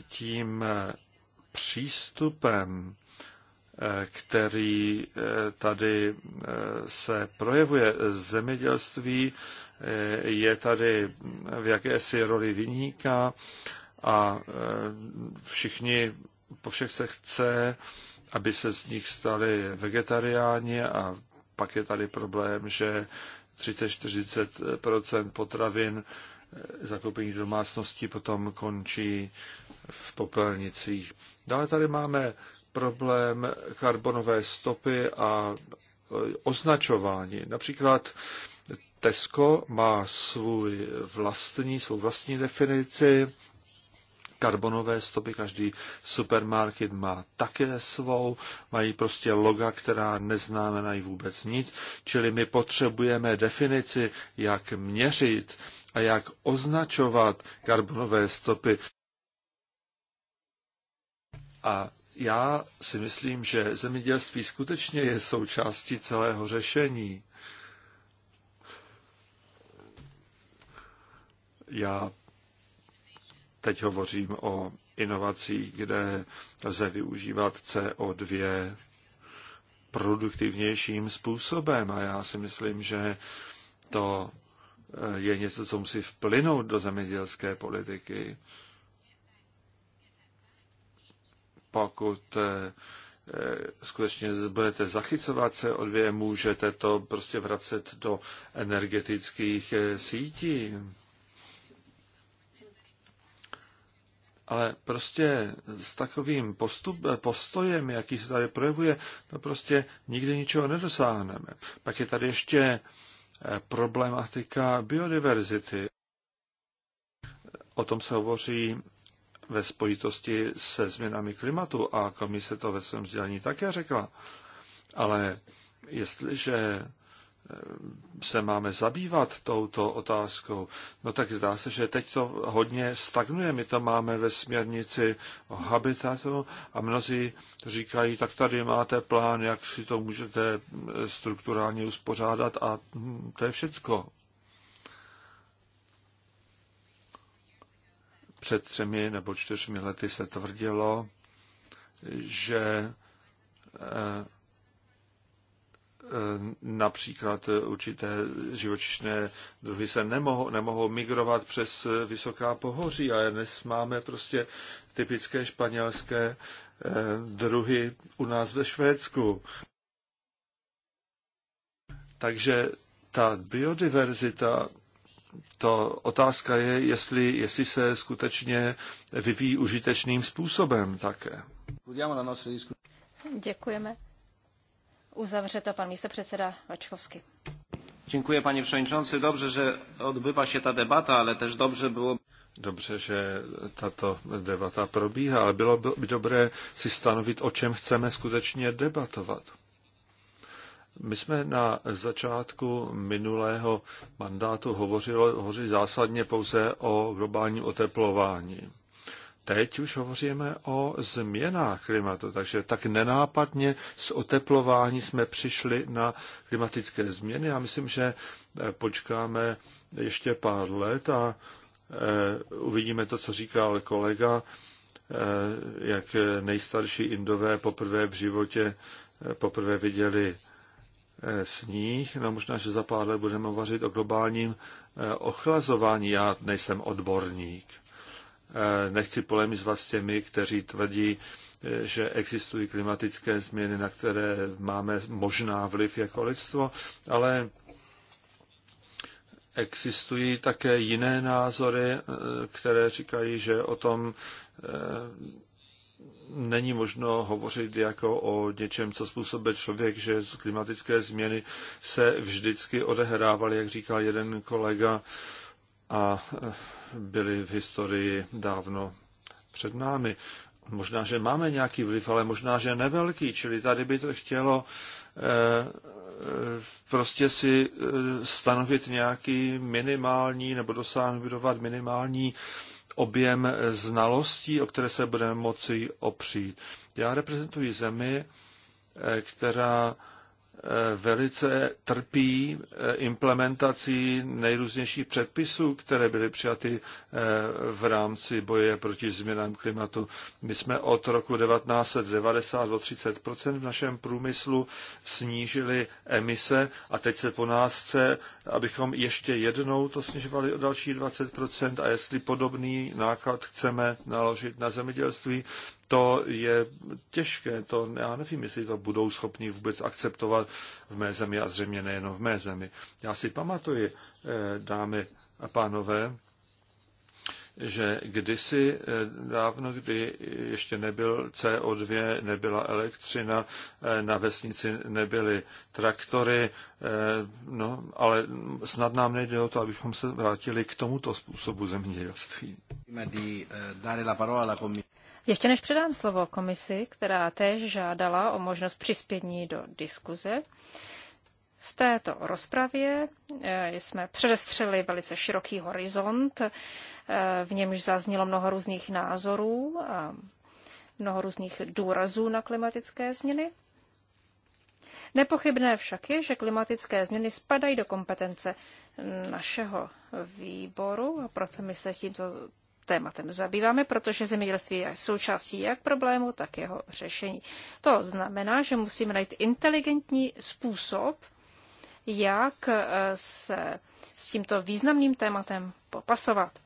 tím eh, přístupem, který tady se projevuje zemědělství, je tady v jakési roli vyníka a e, všichni po všech se chce, aby se z nich stali vegetariáni a pak je tady problém, že 30-40 potravin e, zakoupených domácností potom končí v popelnicích. Dále tady máme problém karbonové stopy a e, označování. Například Tesco má svůj vlastní, svou vlastní definici karbonové stopy, každý supermarket má také svou, mají prostě loga, která neznamenají vůbec nic, čili my potřebujeme definici, jak měřit a jak označovat karbonové stopy. A já si myslím, že zemědělství skutečně je součástí celého řešení. Já teď hovořím o inovacích, kde lze využívat CO2 produktivnějším způsobem. A já si myslím, že to eh, je něco, co musí vplynout do zemědělské politiky. Pokud eh, eh, skutečně budete zachycovat o dvě, můžete to prostě vracet do energetických sítí. ale prostě s takovým postup, postojem, jaký se tady projevuje, no prostě nikdy ničeho nedosáhneme. Pak je tady ještě eh, problematika biodiverzity. O tom se hovoří ve spojitosti se změnami klimatu a komise to ve svém sdělení také řekla. Ale jestliže Eh, se máme zabývat touto otázkou, no tak zdá se, že teď to hodně stagnuje. My to máme ve směrnici o habitatu a mnozí říkají, tak tady máte plán, jak si to můžete eh, strukturálně uspořádat a hm, to je všecko. Před třemi nebo čtyřmi lety se tvrdilo, že eh, Eh, například určité živočišné druhy se nemohou, nemohou migrovat přes vysoká pohoří, ale dnes máme prostě typické španělské eh, druhy u nás ve Švédsku. Takže ta biodiverzita, to otázka je, jestli, jestli se skutečně vyvíjí užitečným způsobem také. Děkujeme uzavře to pan místopředseda Vačkovský. Dziękuję panie przewodniczący. Dobrze, że odbywa się ta debata, ale też dobrze bylo, Dobře, že tato debata probíhá, ale bylo by dobré si stanovit, o čem chceme skutečně debatovat. My jsme na začátku minulého mandátu hovořili, hovořili zásadně pouze o globálním oteplování teď už hovoříme o změnách klimatu, takže tak nenápadně z oteplování jsme přišli na klimatické změny. Já myslím, že eh, počkáme ještě pár let a eh, uvidíme to, co říkal kolega, eh, jak nejstarší indové poprvé v životě poprvé viděli sníh. No možná, že za pár let budeme hovořit o globálním ochlazování. Já nejsem odborník. Nechci polemizovat s těmi, kteří tvrdí, že existují klimatické změny, na které máme možná vliv jako lidstvo, ale existují také jiné názory, e, které říkají, že o tom e, není možno hovořit jako o něčem, co způsobuje člověk, že klimatické změny se vždycky odehrávaly, jak říkal jeden kolega, a eh, byly v historii dávno před námi. Možná, že máme nějaký vliv, ale možná, že nevelký, čili tady by to chtělo eh, eh, prostě si stanovit nějaký minimální nebo dosáhnout minimální objem znalostí, o které se budeme moci opřít. Já reprezentuji zemi, která velice trpí eh, implementací nejrůznějších předpisů, které byly přijaty eh, v rámci boje proti změnám klimatu. My jsme od roku 1990 o 30 v našem průmyslu snížili emise a teď se po nás chce, abychom ještě jednou to snižovali o další 20 a jestli podobný náklad chceme naložit na zemědělství, to je těžké, to já nevím, jestli to budou schopni vůbec akceptovat v mé zemi a zřejmě nejenom v mé zemi. Já si pamatuji, eh, dámy a pánové, že kdysi eh, dávno, kdy ještě nebyl CO2, nebyla elektřina, eh, na vesnici nebyly traktory, no, ale snad nám nejde o to, abychom se vrátili k tomuto způsobu zemědělství. Ještě než předám slovo komisi, která též žádala o možnost přispění do diskuze, v této rozpravě eh, jsme předestřeli velice široký horizont, eh, v němž zaznělo mnoho různých názorů a mnoho různých důrazů na klimatické změny. Nepochybné však je, že klimatické změny spadají do kompetence našeho výboru a proto my se tímto tématem zabýváme, protože zemědělství je součástí jak problému, tak jeho řešení. To znamená, že musíme najít inteligentní způsob, jak eh, se s tímto významným tématem popasovat.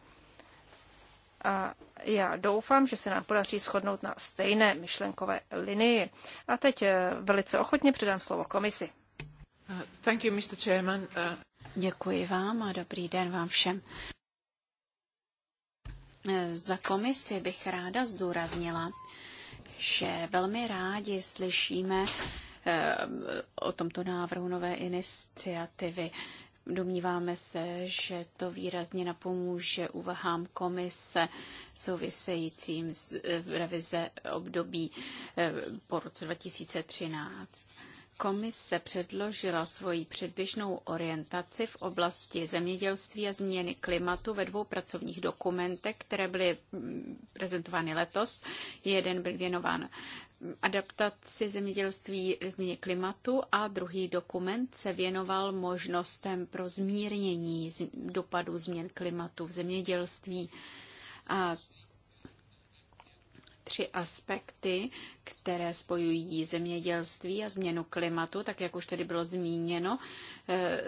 A já doufám, že se nám podaří shodnout na stejné myšlenkové linii. A teď eh, velice ochotně předám slovo komisi. Uh, thank you, Mr. Chairman. Uh, Děkuji vám a dobrý den vám všem. E, za komisi bych ráda zdůraznila, že velmi rádi slyšíme e, o tomto návrhu nové iniciativy. Domníváme se, že to výrazně napomůže uvahám komise souvisejícím s e, revize období po roce 2013. Komise předložila svoji předběžnou orientaci v oblasti zemědělství a změny klimatu ve dvou pracovních dokumentech, které byly mm, prezentovány letos. Jeden byl věnován mm, adaptaci zemědělství změně klimatu a druhý dokument se věnoval možnostem pro zmírnění dopadů změn klimatu v zemědělství. A tři aspekty, které spojují zemědělství a změnu klimatu, tak jak už tady bylo zmíněno, eh,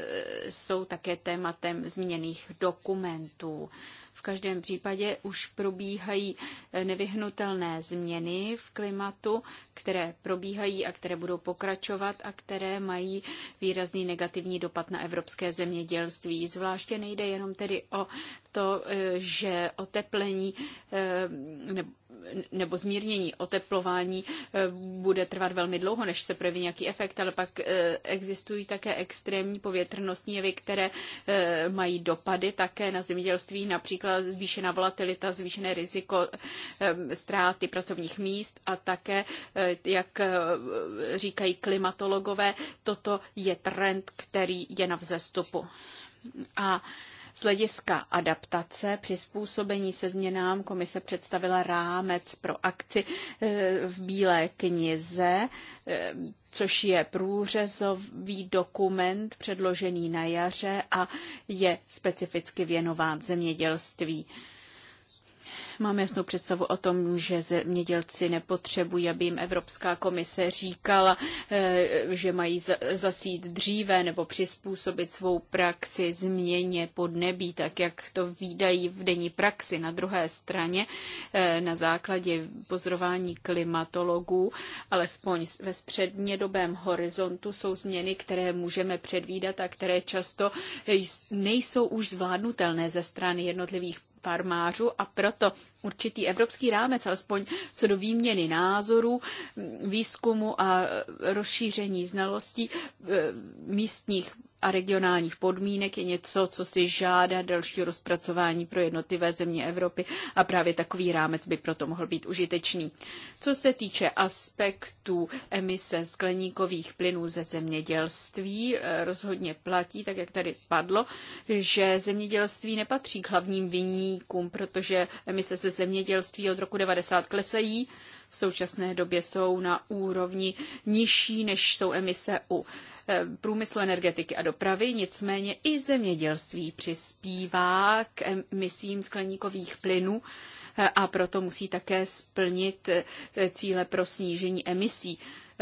jsou také tématem zmíněných dokumentů. V každém případě už probíhají eh, nevyhnutelné změny v klimatu, které probíhají a které budou pokračovat a které mají výrazný negativní dopad na evropské zemědělství. Zvláště nejde jenom tedy o to, eh, že oteplení nebo zmírnění oteplování Eh, bude trvat velmi dlouho, než se projeví nějaký efekt, ale pak eh, existují také extrémní povětrnostní jevy, které eh, mají dopady také na zemědělství, například zvýšená volatilita, zvýšené riziko ztráty pracovních míst a také, jak říkají klimatologové, toto je trend, který je na vzestupu. A z hlediska adaptace, přizpůsobení se změnám komise představila rámec pro akci eh, v Bílé knize, eh, což je průřezový dokument předložený na jaře a je specificky věnován zemědělství. Máme jasnou představu o tom, že zemědělci nepotřebují, aby jim Evropská komise říkala, eh, že mají zasít dříve nebo přizpůsobit svou praxi změně podnebí, tak jak to výdají v denní praxi. Na druhé straně, eh, na základě pozorování klimatologů, alespoň ve střednědobém horizontu jsou změny, které můžeme předvídat a které často eh, nejsou už zvládnutelné ze strany jednotlivých farmářů a proto určitý evropský rámec, alespoň co do výměny názorů, výzkumu a e, rozšíření znalostí e, místních a regionálních podmínek je něco, co si žádá další rozpracování pro jednotlivé země Evropy a právě takový rámec by proto mohl být užitečný. Co se týče aspektů emise skleníkových plynů ze zemědělství, eh, rozhodně platí, tak jak tady padlo, že zemědělství nepatří k hlavním viníkům, protože emise ze zemědělství od roku 90 klesají, v současné době jsou na úrovni nižší, než jsou emise u E, průmyslu, energetiky a dopravy, nicméně i zemědělství přispívá k emisím skleníkových plynů e, a proto musí také splnit e, cíle pro snížení emisí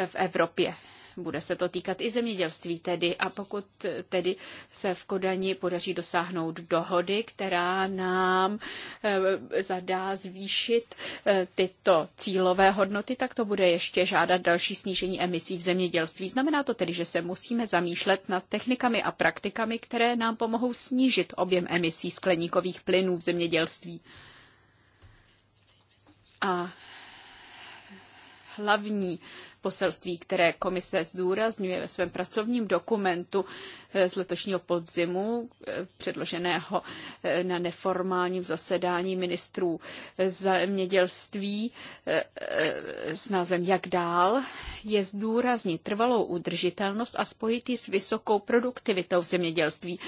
v Evropě. Bude se to týkat i zemědělství tedy a pokud tedy se v Kodani podaří dosáhnout dohody, která nám eh, zadá zvýšit eh, tyto cílové hodnoty, tak to bude ještě žádat další snížení emisí v zemědělství. Znamená to tedy, že se musíme zamýšlet nad technikami a praktikami, které nám pomohou snížit objem emisí skleníkových plynů v zemědělství. A hlavní poselství, které komise zdůrazňuje ve svém pracovním dokumentu eh, z letošního podzimu, eh, předloženého eh, na neformálním zasedání ministrů zemědělství s názvem Jak dál, je zdůraznit trvalou udržitelnost a spojitý s vysokou produktivitou v zemědělství.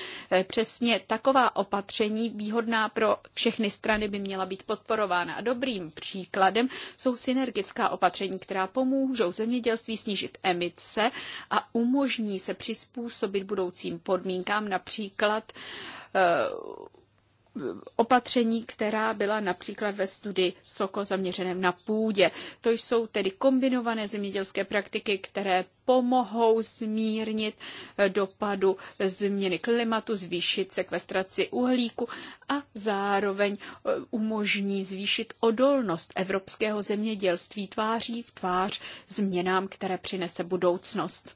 Přesně taková opatření výhodná pro všechny strany by měla být podporována. A dobrým příkladem jsou synergická opatření, která pomůžou zemědělství, snížit emice a umožní se přizpůsobit budoucím podmínkám, například uh, opatření, která byla například ve studii SOKO zaměřeném na půdě. To jsou tedy kombinované zemědělské praktiky, které pomohou zmírnit eh, dopadu změny klimatu, zvýšit sekvestraci uhlíku a zároveň eh, umožní zvýšit odolnost evropského zemědělství tváří v tvář změnám, které přinese budoucnost.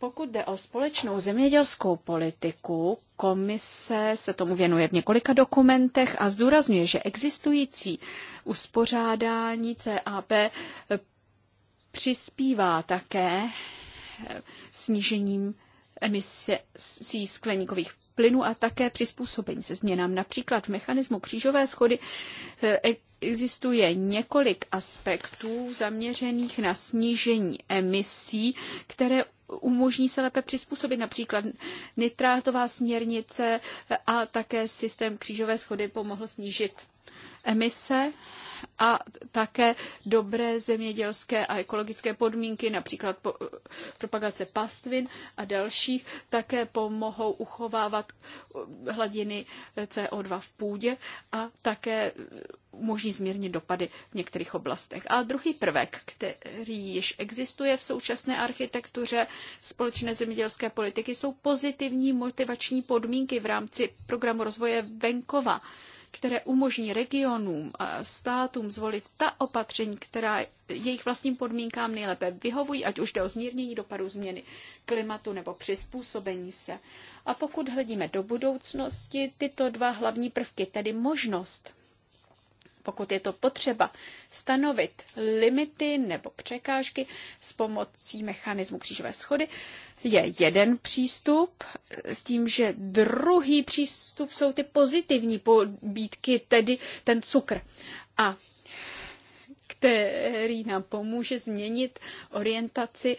Pokud jde o společnou zemědělskou politiku, komise se tomu věnuje v několika dokumentech a zdůrazňuje, že existující uspořádání CAP eh, přispívá také eh, snížením emisí skleníkových plynů a také přizpůsobení se změnám. Například v mechanismu křížové schody eh, e-, existuje několik aspektů zaměřených na snížení emisí, které umožní se lépe přizpůsobit například nitrátová směrnice a také systém křížové schody pomohl snížit emise a také dobré zemědělské a ekologické podmínky, například propagace pastvin a dalších, také pomohou uchovávat hladiny CO2 v půdě a také umožní zmírnit dopady v některých oblastech. A druhý prvek, který již existuje v současné architektuře společné zemědělské politiky, jsou pozitivní motivační podmínky v rámci programu rozvoje venkova které umožní regionům a státům zvolit ta opatření, která jejich vlastním podmínkám nejlépe vyhovují, ať už jde o zmírnění dopadu změny klimatu nebo přizpůsobení se. A pokud hledíme do budoucnosti, tyto dva hlavní prvky, tedy možnost pokud je to potřeba, stanovit limity nebo překážky s pomocí mechanismu křížové schody, je jeden přístup, s tím, že druhý přístup jsou ty pozitivní pobídky, tedy ten cukr. A který nám pomůže změnit orientaci.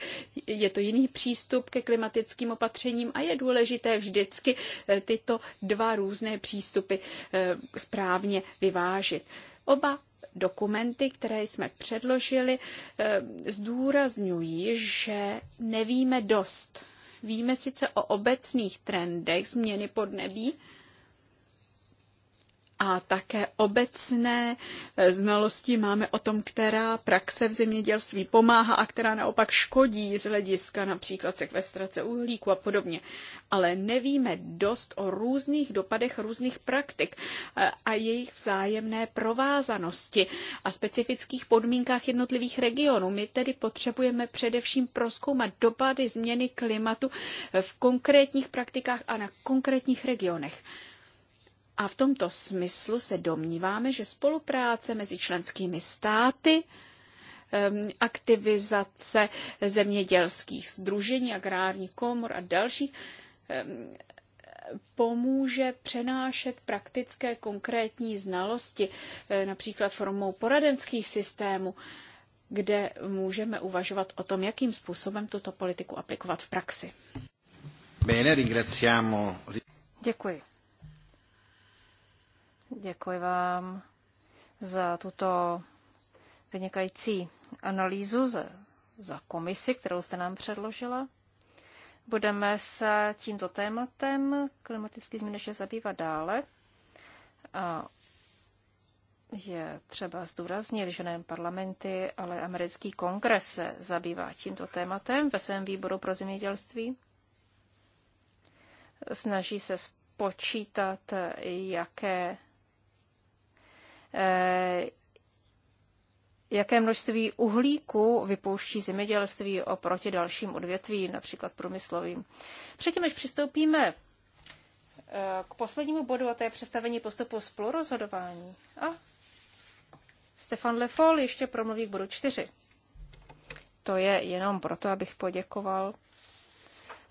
Je to jiný přístup ke klimatickým opatřením a je důležité vždycky eh, tyto dva různé přístupy eh, správně vyvážit. Oba dokumenty, které jsme předložili, eh, zdůrazňují, že nevíme dost. Víme sice o obecných trendech změny podnebí, a také obecné eh, znalosti máme o tom, která praxe v zemědělství pomáhá a která naopak škodí z hlediska například sekvestrace uhlíku a podobně. Ale nevíme dost o různých dopadech různých praktik eh, a jejich vzájemné provázanosti a specifických podmínkách jednotlivých regionů. My tedy potřebujeme především proskoumat dopady změny klimatu v konkrétních praktikách a na konkrétních regionech. A v tomto smyslu se domníváme, že spolupráce mezi členskými státy ehm, aktivizace zemědělských združení, agrárních komor a dalších ehm, pomůže přenášet praktické konkrétní znalosti, eh, například formou poradenských systémů, kde můžeme uvažovat o tom, jakým způsobem tuto politiku aplikovat v praxi. Děkuji. Děkuji vám za tuto vynikající analýzu, za, za komisi, kterou jste nám předložila. Budeme se tímto tématem klimatický změny ještě zabývat dále. A je třeba zdůraznit, že nejen parlamenty, ale americký kongres se zabývá tímto tématem ve svém výboru pro zemědělství. Snaží se spočítat, jaké Eh, jaké množství uhlíku vypouští zemědělství oproti dalším odvětvím, například průmyslovým. Předtím, než přistoupíme eh, k poslednímu bodu, a to je představení postupu spolurozhodování. A Stefan Lefol ještě promluví k bodu čtyři. To je jenom proto, abych poděkoval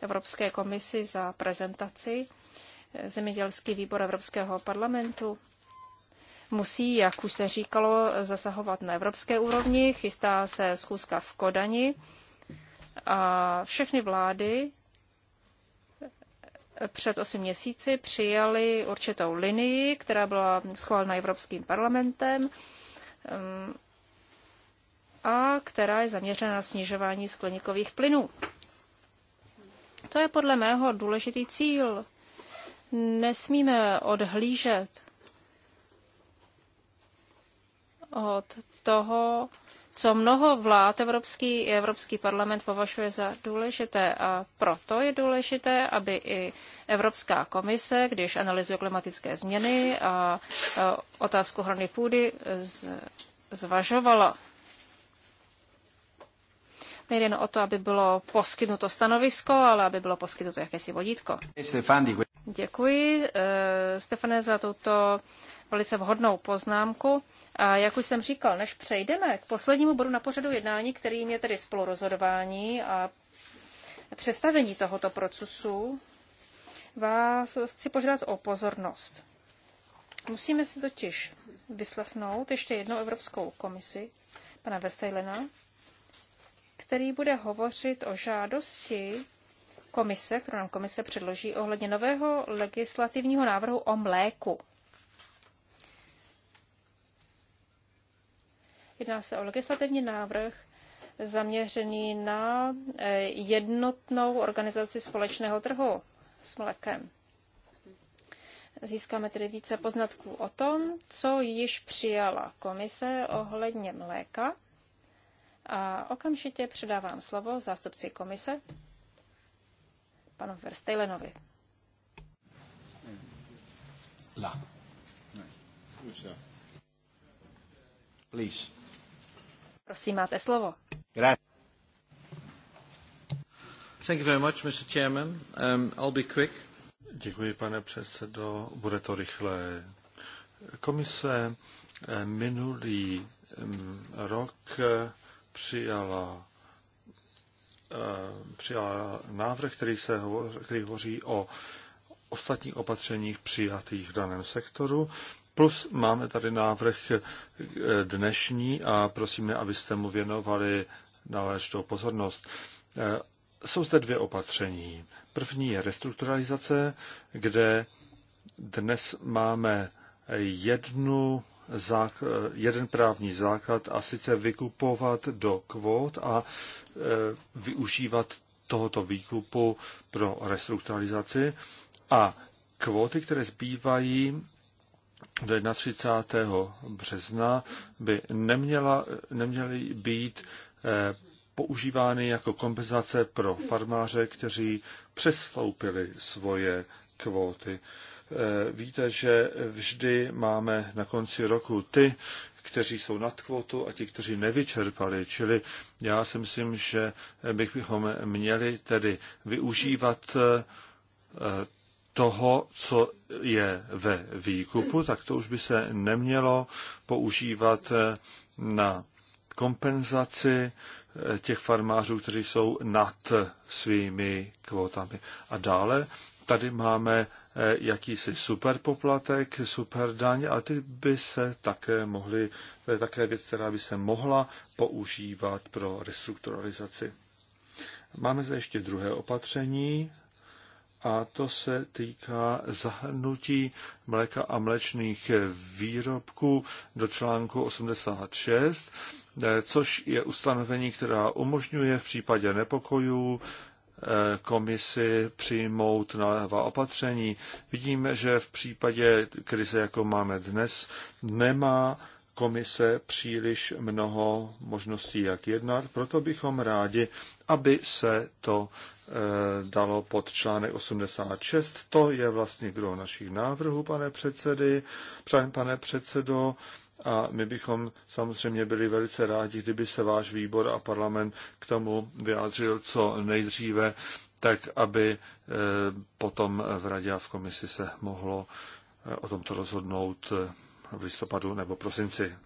Evropské komisi za prezentaci zemědělský výbor Evropského parlamentu musí, jak už se říkalo, zasahovat na evropské úrovni. Chystá se schůzka v Kodani a všechny vlády před 8 měsíci přijali určitou linii, která byla schválena Evropským parlamentem um, a která je zaměřena na snižování skleníkových plynů. To je podle mého důležitý cíl. Nesmíme odhlížet od toho, co mnoho vlád Evropský i Evropský parlament považuje za důležité. A proto je důležité, aby i Evropská komise, když analyzuje klimatické změny a otázku hrany půdy, zvažovala. Nejde jen o to, aby bylo poskytnuto stanovisko, ale aby bylo poskytnuto jakési vodítko. Děkuji, eh, Stefane, za tuto velice vhodnou poznámku. A jak už jsem říkal, než přejdeme k poslednímu bodu na pořadu jednání, kterým je tedy spolurozhodování a představení tohoto procesu, vás chci požádat o pozornost. Musíme si totiž vyslechnout ještě jednou Evropskou komisi, pana Vestajlena, který bude hovořit o žádosti komise, kterou nám komise předloží ohledně nového legislativního návrhu o mléku. Jedná se o legislativní návrh zaměřený na eh, jednotnou organizaci společného trhu s mlékem. Získáme tedy více poznatků o tom, co již přijala komise ohledně mléka. A okamžitě předávám slovo zástupci komise, panu Verstejlenovi. La. Please. Prosím, máte slovo. Thank you very much, Mr. Chairman. Um, I'll be quick. Děkuji, pane předsedo. Bude to rychlé. Komise eh, minulý mm, rok přijala eh, přijala návrh, který, se hovoří, který hovoří o ostatních opatřeních přijatých v daném sektoru Plus máme tady návrh dnešní a prosíme, abyste mu věnovali náležitou pozornost. Eh, jsou zde dvě opatření. První je restrukturalizace, kde dnes máme jednu zák- jeden právní základ a sice vykupovat do kvót a e, využívat tohoto výkupu pro restrukturalizaci a kvóty, které zbývají, do 31. března by neměla, neměly být eh, používány jako kompenzace pro farmáře, kteří přestoupili svoje kvóty. Eh, víte, že vždy máme na konci roku ty, kteří jsou nad kvotu a ti, kteří nevyčerpali. Čili já si myslím, že bychom měli tedy využívat eh, toho, co je ve výkupu, tak to už by se nemělo používat eh, na kompenzaci eh, těch farmářů, kteří jsou nad svými kvotami. A dále tady máme eh, jakýsi superpoplatek, superdaň, a ty by se také mohly, to je také věc, která by se mohla používat pro restrukturalizaci. Máme zde ještě druhé opatření, a to se týká zahrnutí mléka a mlečných výrobků do článku 86, eh, což je ustanovení, která umožňuje v případě nepokojů eh, komisi přijmout naléhavá opatření. Vidíme, že v případě krize, jako máme dnes, nemá komise příliš mnoho možností, jak jednat, proto bychom rádi, aby se to e, dalo pod článek 86. To je vlastně kdo našich návrhů, pane předsedy, pane předsedo, a my bychom samozřejmě byli velice rádi, kdyby se váš výbor a parlament k tomu vyjádřil co nejdříve, tak aby e, potom v radě a v komisi se mohlo e, o tomto rozhodnout v listopadu nebo prosinci.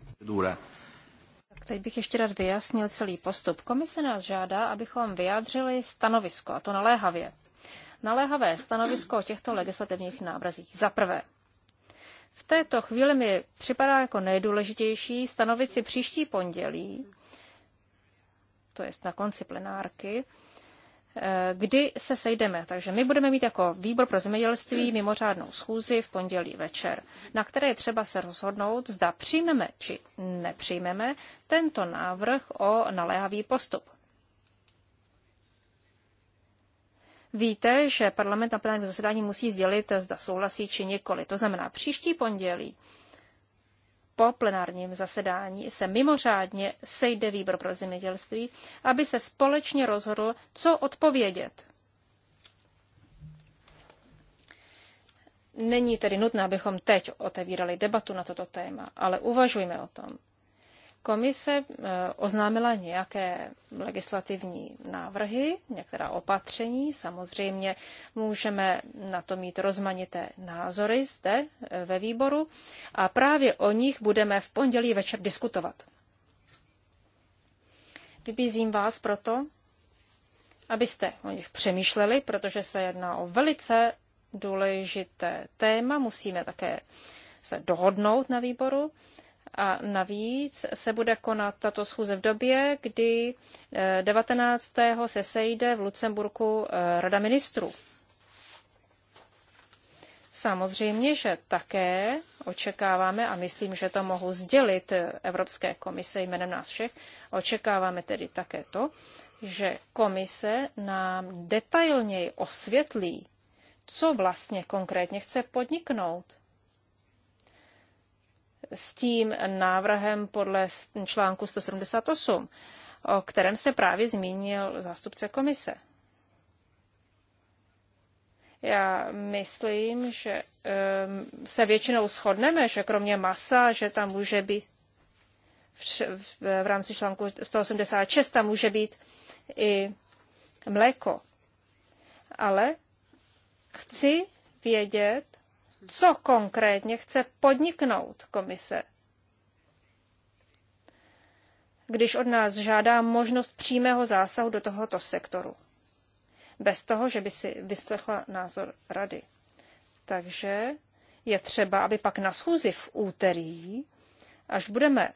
Tak teď bych ještě rád vyjasnil celý postup. Komise nás žádá, abychom vyjádřili stanovisko, a to naléhavě. Naléhavé stanovisko o těchto legislativních návrzích. Za prvé, v této chvíli mi připadá jako nejdůležitější stanovit si příští pondělí, to jest na konci plenárky, Eh, kdy se sejdeme. Takže my budeme mít jako výbor pro zemědělství mimořádnou schůzi v pondělí večer, na které je třeba se rozhodnout, zda přijmeme či nepřijmeme tento návrh o naléhavý postup. Víte, že parlament na plenárním zasedání musí sdělit, zda souhlasí či nikoli. To znamená, příští pondělí po plenárním zasedání se mimořádně sejde výbor pro zemědělství, aby se společně rozhodl, co odpovědět. Není tedy nutné, abychom teď otevírali debatu na toto téma, ale uvažujme o tom. Komise eh, oznámila nějaké legislativní návrhy, některá opatření. Samozřejmě můžeme na to mít rozmanité názory zde eh, ve výboru a právě o nich budeme v pondělí večer diskutovat. Vybízím vás proto, abyste o nich přemýšleli, protože se jedná o velice důležité téma. Musíme také se dohodnout na výboru. A navíc se bude konat tato schůze v době, kdy 19. Eh, se sejde v Lucemburku eh, Rada ministrů. Samozřejmě, že také očekáváme, a myslím, že to mohu sdělit eh, Evropské komise jménem nás všech, očekáváme tedy také to, že komise nám detailněji osvětlí, co vlastně konkrétně chce podniknout s tím návrhem podle článku 178, o kterém se právě zmínil zástupce komise. Já myslím, že ehm, se většinou shodneme, že kromě masa, že tam může být v, v, v rámci článku 186, tam může být i mléko. Ale chci vědět, co konkrétně chce podniknout komise. Když od nás žádá možnost přímého zásahu do tohoto sektoru, bez toho, že by si vyslechla názor rady. Takže je třeba, aby pak na schůzi v úterý, až budeme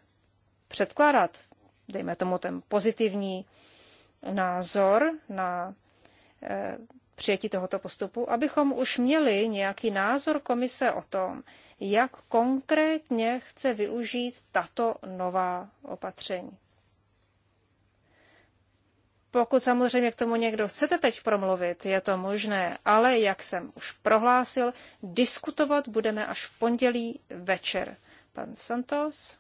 předkládat, dejme tomu ten pozitivní názor na eh, přijetí tohoto postupu, abychom už měli nějaký názor komise o tom, jak konkrétně chce využít tato nová opatření. Pokud samozřejmě k tomu někdo chcete teď promluvit, je to možné, ale jak jsem už prohlásil, diskutovat budeme až v pondělí večer. Pan Santos,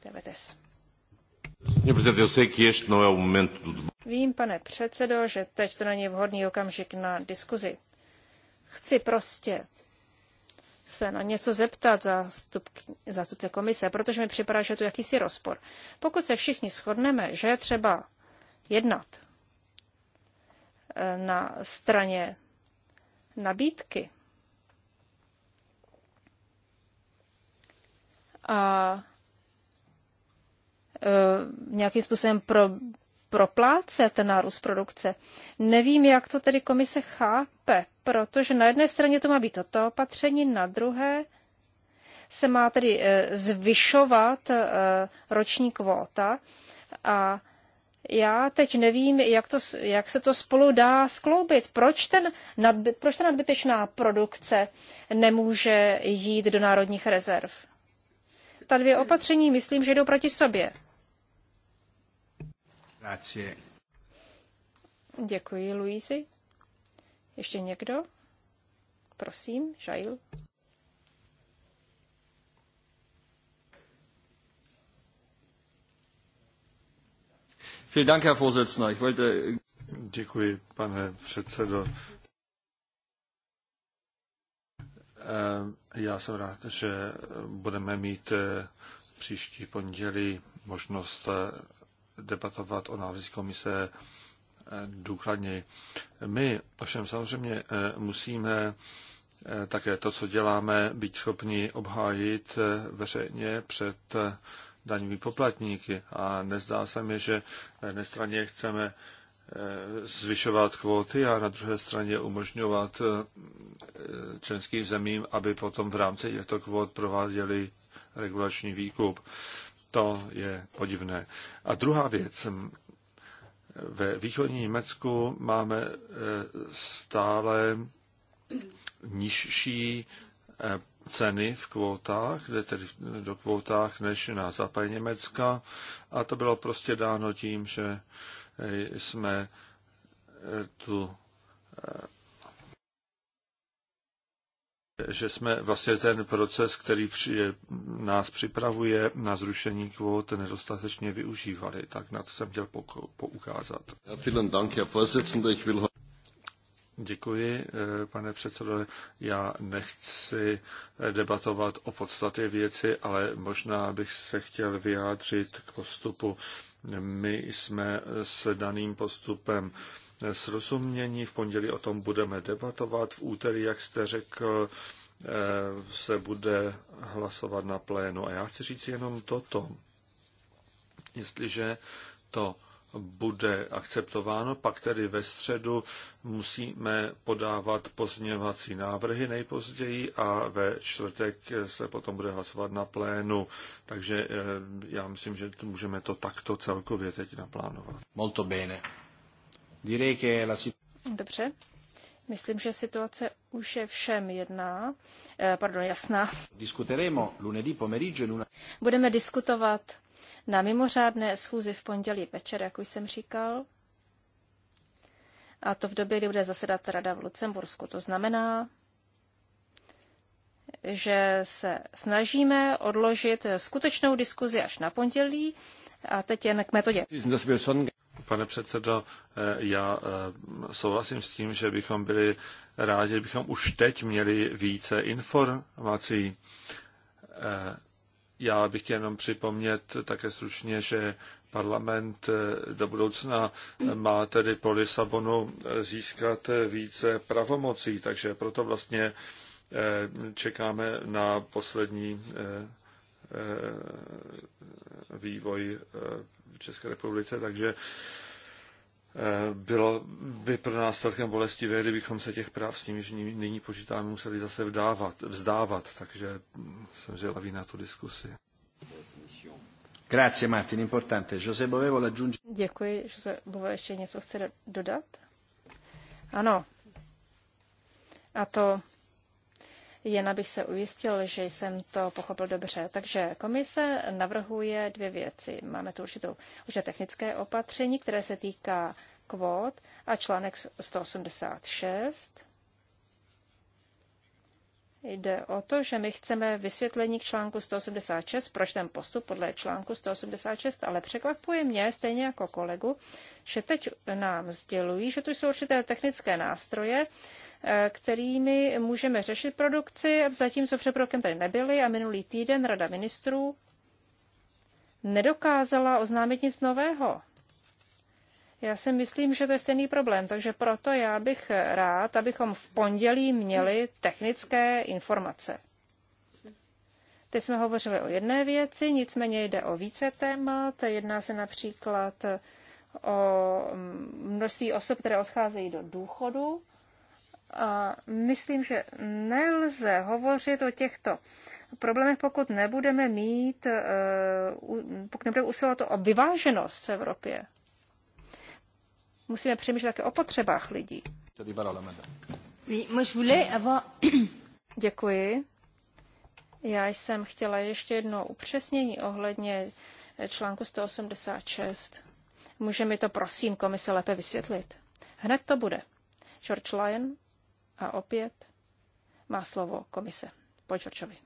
TVTS. Vím, pane předsedo, že teď to není vhodný okamžik na diskuzi. Chci prostě se na něco zeptat zástupce komise, protože mi připadá, že je tu jakýsi rozpor. Pokud se všichni shodneme, že je třeba jednat eh, na straně nabídky a Eh, nějakým způsobem pro, proplácet nárůst produkce. Nevím, jak to tedy komise chápe, protože na jedné straně to má být toto opatření, na druhé se má tedy eh, zvyšovat eh, roční kvóta a já teď nevím, jak, to, jak se to spolu dá skloubit. Proč, ten nadby, proč ta nadbytečná produkce nemůže jít do národních rezerv? Ta dvě opatření myslím, že jdou proti sobě. Grazie. Děkuji, Luisi. Ještě někdo? Prosím, Žail. Děkuji, pane předsedo. Eh, já jsem rád, že budeme mít eh, příští pondělí možnost eh, debatovat o návrzích komise eh, důkladněji. My ovšem samozřejmě eh, musíme eh, také to, co děláme, být schopni obhájit veřejně před daňovými poplatníky. A nezdá se mi, že na jedné straně chceme zvyšovat kvóty a na druhé straně umožňovat členským zemím, aby potom v rámci těchto kvót prováděli regulační výkup. To je podivné. A druhá věc. Ve východní Německu máme eh, stále nižší eh, ceny v kvótách, kde tedy do kvótách, než na západě Německa. A to bylo prostě dáno tím, že eh, jsme tu že jsme vlastně ten proces, který při, nás připravuje na zrušení kvót, nedostatečně využívali. Tak na to jsem chtěl poukázat. Děkuji, pane předsedo. Já nechci eh, debatovat o podstatě věci, ale možná bych se chtěl vyjádřit k postupu. My jsme s daným postupem srozumění. V pondělí o tom budeme debatovat. V úterý, jak jste řekl, eh, se bude hlasovat na plénu. A já chci říct jenom toto. Jestliže to bude akceptováno, pak tedy ve středu musíme podávat pozměňovací návrhy nejpozději a ve čtvrtek se potom bude hlasovat na plénu. Takže eh, já myslím, že můžeme to takto celkově teď naplánovat. Molto bene. Dobře. Myslím, že situace už je všem jedná, eh, pardon, jasná. Budeme diskutovat na mimořádné schůzi v pondělí večer, jak už jsem říkal. A to v době, kdy bude zasedat Rada v Lucembursku. To znamená, že se snažíme odložit skutečnou diskuzi až na pondělí a teď jen k metodě. Pane předsedo, eh, já eh, souhlasím s tím, že bychom byli rádi, bychom už teď měli více informací. Eh, já bych chtěl jenom připomnět také stručně, že parlament do budoucna má tedy po Lisabonu získat více pravomocí, takže proto vlastně čekáme na poslední vývoj v České republice, takže eh, bylo by pro nás celkem bolestivé, kdybychom se těch práv s tím, že nyní počítáme, museli zase vdávat, vzdávat, takže hm, jsem zvědavý na tu diskusi. Grazie Martin, importante. José Bové aggiunge... Děkuji, José Bové ještě něco chce dodat? Ano. A to jen abych se ujistil, že jsem to pochopil dobře. Takže komise navrhuje dvě věci. Máme tu určitou, už technické opatření, které se týká kvót a článek 186. Jde o to, že my chceme vysvětlení k článku 186, proč ten postup podle článku 186, ale překvapuje mě, stejně jako kolegu, že teď nám sdělují, že tu jsou určité technické nástroje, kterými můžeme řešit produkci, zatímco před rokem tady nebyly a minulý týden Rada ministrů nedokázala oznámit nic nového. Já si myslím, že to je stejný problém, takže proto já bych rád, abychom v pondělí měli technické informace. Teď jsme hovořili o jedné věci, nicméně jde o více témat. Jedná se například o mm, množství osob, které odcházejí do důchodu. A myslím, že nelze hovořit o těchto problémech, pokud nebudeme mít, eh, pokud nebudeme usilovat o vyváženost v Evropě. Musíme přemýšlet také o potřebách lidí. Děkuji. Já jsem chtěla ještě jedno upřesnění ohledně článku 186. Může mi to prosím komise lépe vysvětlit? Hned to bude. George Lyon a opět má slovo komise. po Čorčovi.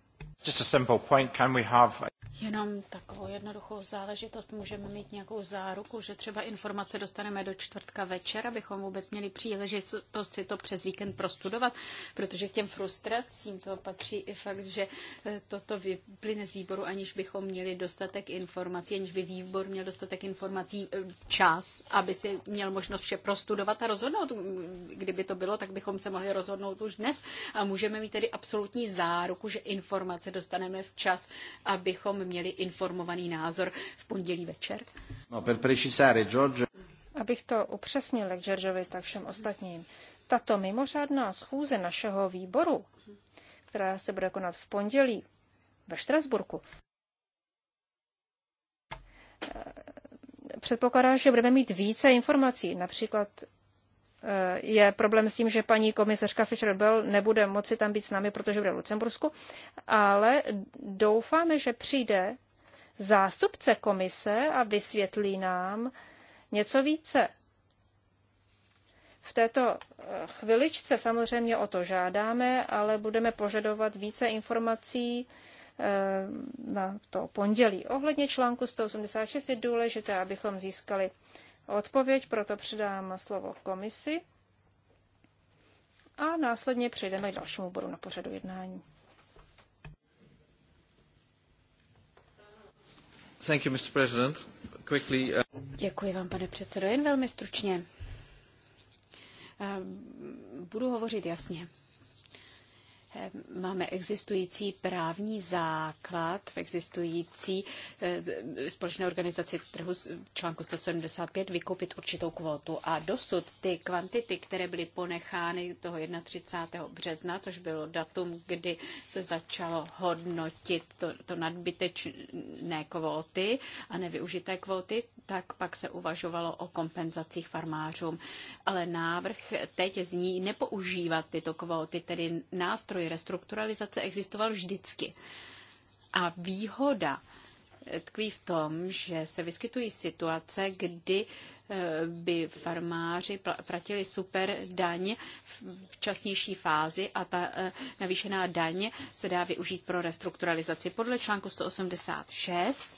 Just a simple point. Can we have... Jenom takovou jednoduchou záležitost. Můžeme mít nějakou záruku, že třeba informace dostaneme do čtvrtka večer, abychom vůbec měli příležitost si to přes víkend prostudovat, protože k těm frustracím to patří i fakt, že eh, toto vyplyne z výboru, aniž bychom měli dostatek informací, aniž by výbor měl dostatek informací eh, čas, aby si měl možnost vše prostudovat a rozhodnout. Kdyby to bylo, tak bychom se mohli rozhodnout už dnes a můžeme mít tedy absolutní záruku, že informace informace dostaneme včas, abychom měli informovaný názor v pondělí večer. No, per precisare, George... Abych to upřesnil k Georgeovi, tak všem ostatním. Tato mimořádná schůze našeho výboru, která se bude konat v pondělí ve Štrasburku, předpokládá, že budeme mít více informací, například Eh, je problém s tím, že paní komisařka Fischer-Bell nebude moci tam být s námi, protože bude v Lucembursku, ale doufáme, že přijde zástupce komise a vysvětlí nám něco více. V této eh, chviličce samozřejmě o to žádáme, ale budeme požadovat více informací eh, na to pondělí. Ohledně článku 186 je důležité, abychom získali odpověď, proto předám slovo komisi a následně přejdeme k dalšímu bodu na pořadu jednání. Thank you, Mr. President. Quickly, uh... Děkuji vám, pane předsedo. Jen velmi stručně. Eh, budu hovořit jasně. Eh, máme existující právní základ v existující eh, společné organizaci trhu článku 175 vykoupit určitou kvotu. A dosud ty kvantity, které byly ponechány toho 31. března, což bylo datum, kdy se začalo hodnotit to, to nadbytečné kvóty a nevyužité kvóty, tak pak se uvažovalo o kompenzacích farmářům. Ale návrh teď zní nepoužívat tyto kvóty, tedy nástroje nástroj restrukturalizace existoval vždycky. A výhoda tkví v tom, že se vyskytují situace, kdy eh, by farmáři platili super daň v časnější fázi a ta eh, navýšená daň se dá využít pro restrukturalizaci. Podle článku 186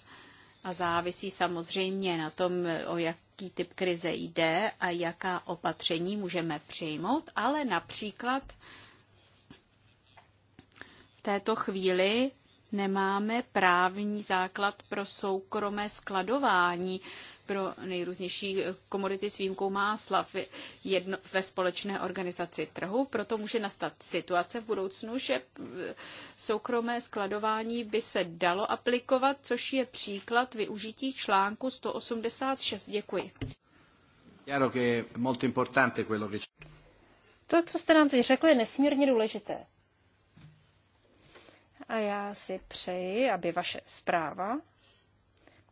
a závisí samozřejmě na tom, o jaký typ krize jde a jaká opatření můžeme přijmout, ale například této chvíli nemáme právní základ pro soukromé skladování pro nejrůznější komodity s výjimkou másla v jedno, ve společné organizaci trhu. Proto může nastat situace v budoucnu, že soukromé skladování by se dalo aplikovat, což je příklad využití článku 186. Děkuji. To, co jste nám teď řekli, je nesmírně důležité. A já si přeji, aby vaše zpráva,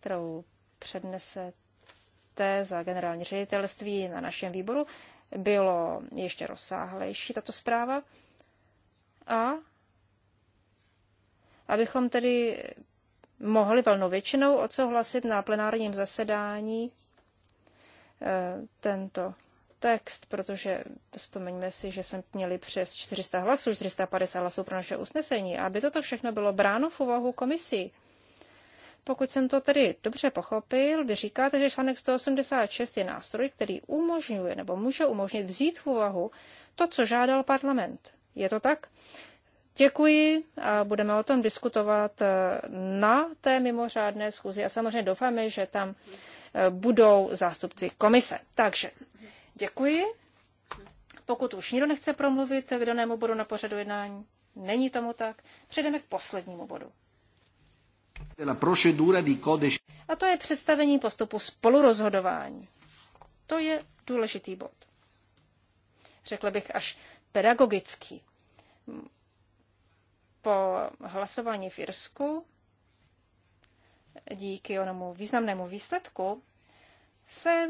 kterou přednesete za generální ředitelství na našem výboru, bylo ještě rozsáhlejší tato zpráva a abychom tedy mohli velnou většinou odsouhlasit na plenárním zasedání eh, tento text, protože vzpomeňme si, že jsme měli přes 400 hlasů, 450 hlasů pro naše usnesení, aby toto všechno bylo bráno v úvahu komisí. Pokud jsem to tedy dobře pochopil, vy říkáte, že článek 186 je nástroj, který umožňuje nebo může umožnit vzít v úvahu to, co žádal parlament. Je to tak? Děkuji a budeme o tom diskutovat eh, na té mimořádné schůzi a samozřejmě doufáme, že tam eh, budou zástupci komise. Takže Děkuji. Pokud už nikdo nechce promluvit k danému bodu na pořadu jednání, není tomu tak, přejdeme k poslednímu bodu. A to je představení postupu spolurozhodování. To je důležitý bod. Řekla bych až pedagogický. Po hlasování v Irsku, díky onomu významnému výsledku, se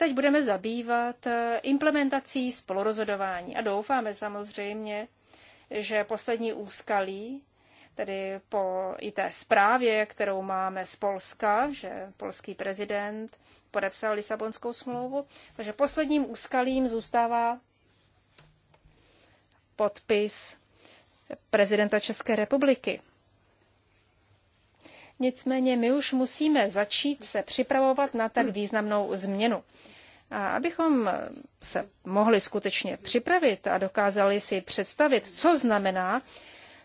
teď budeme zabývat eh, implementací spolurozhodování. A doufáme samozřejmě, že poslední úskalí, tedy po i té zprávě, kterou máme z Polska, že polský prezident podepsal Lisabonskou smlouvu, takže posledním úskalím zůstává podpis prezidenta České republiky. Nicméně my už musíme začít se připravovat na tak významnou změnu. A abychom se mohli skutečně připravit a dokázali si představit, co znamená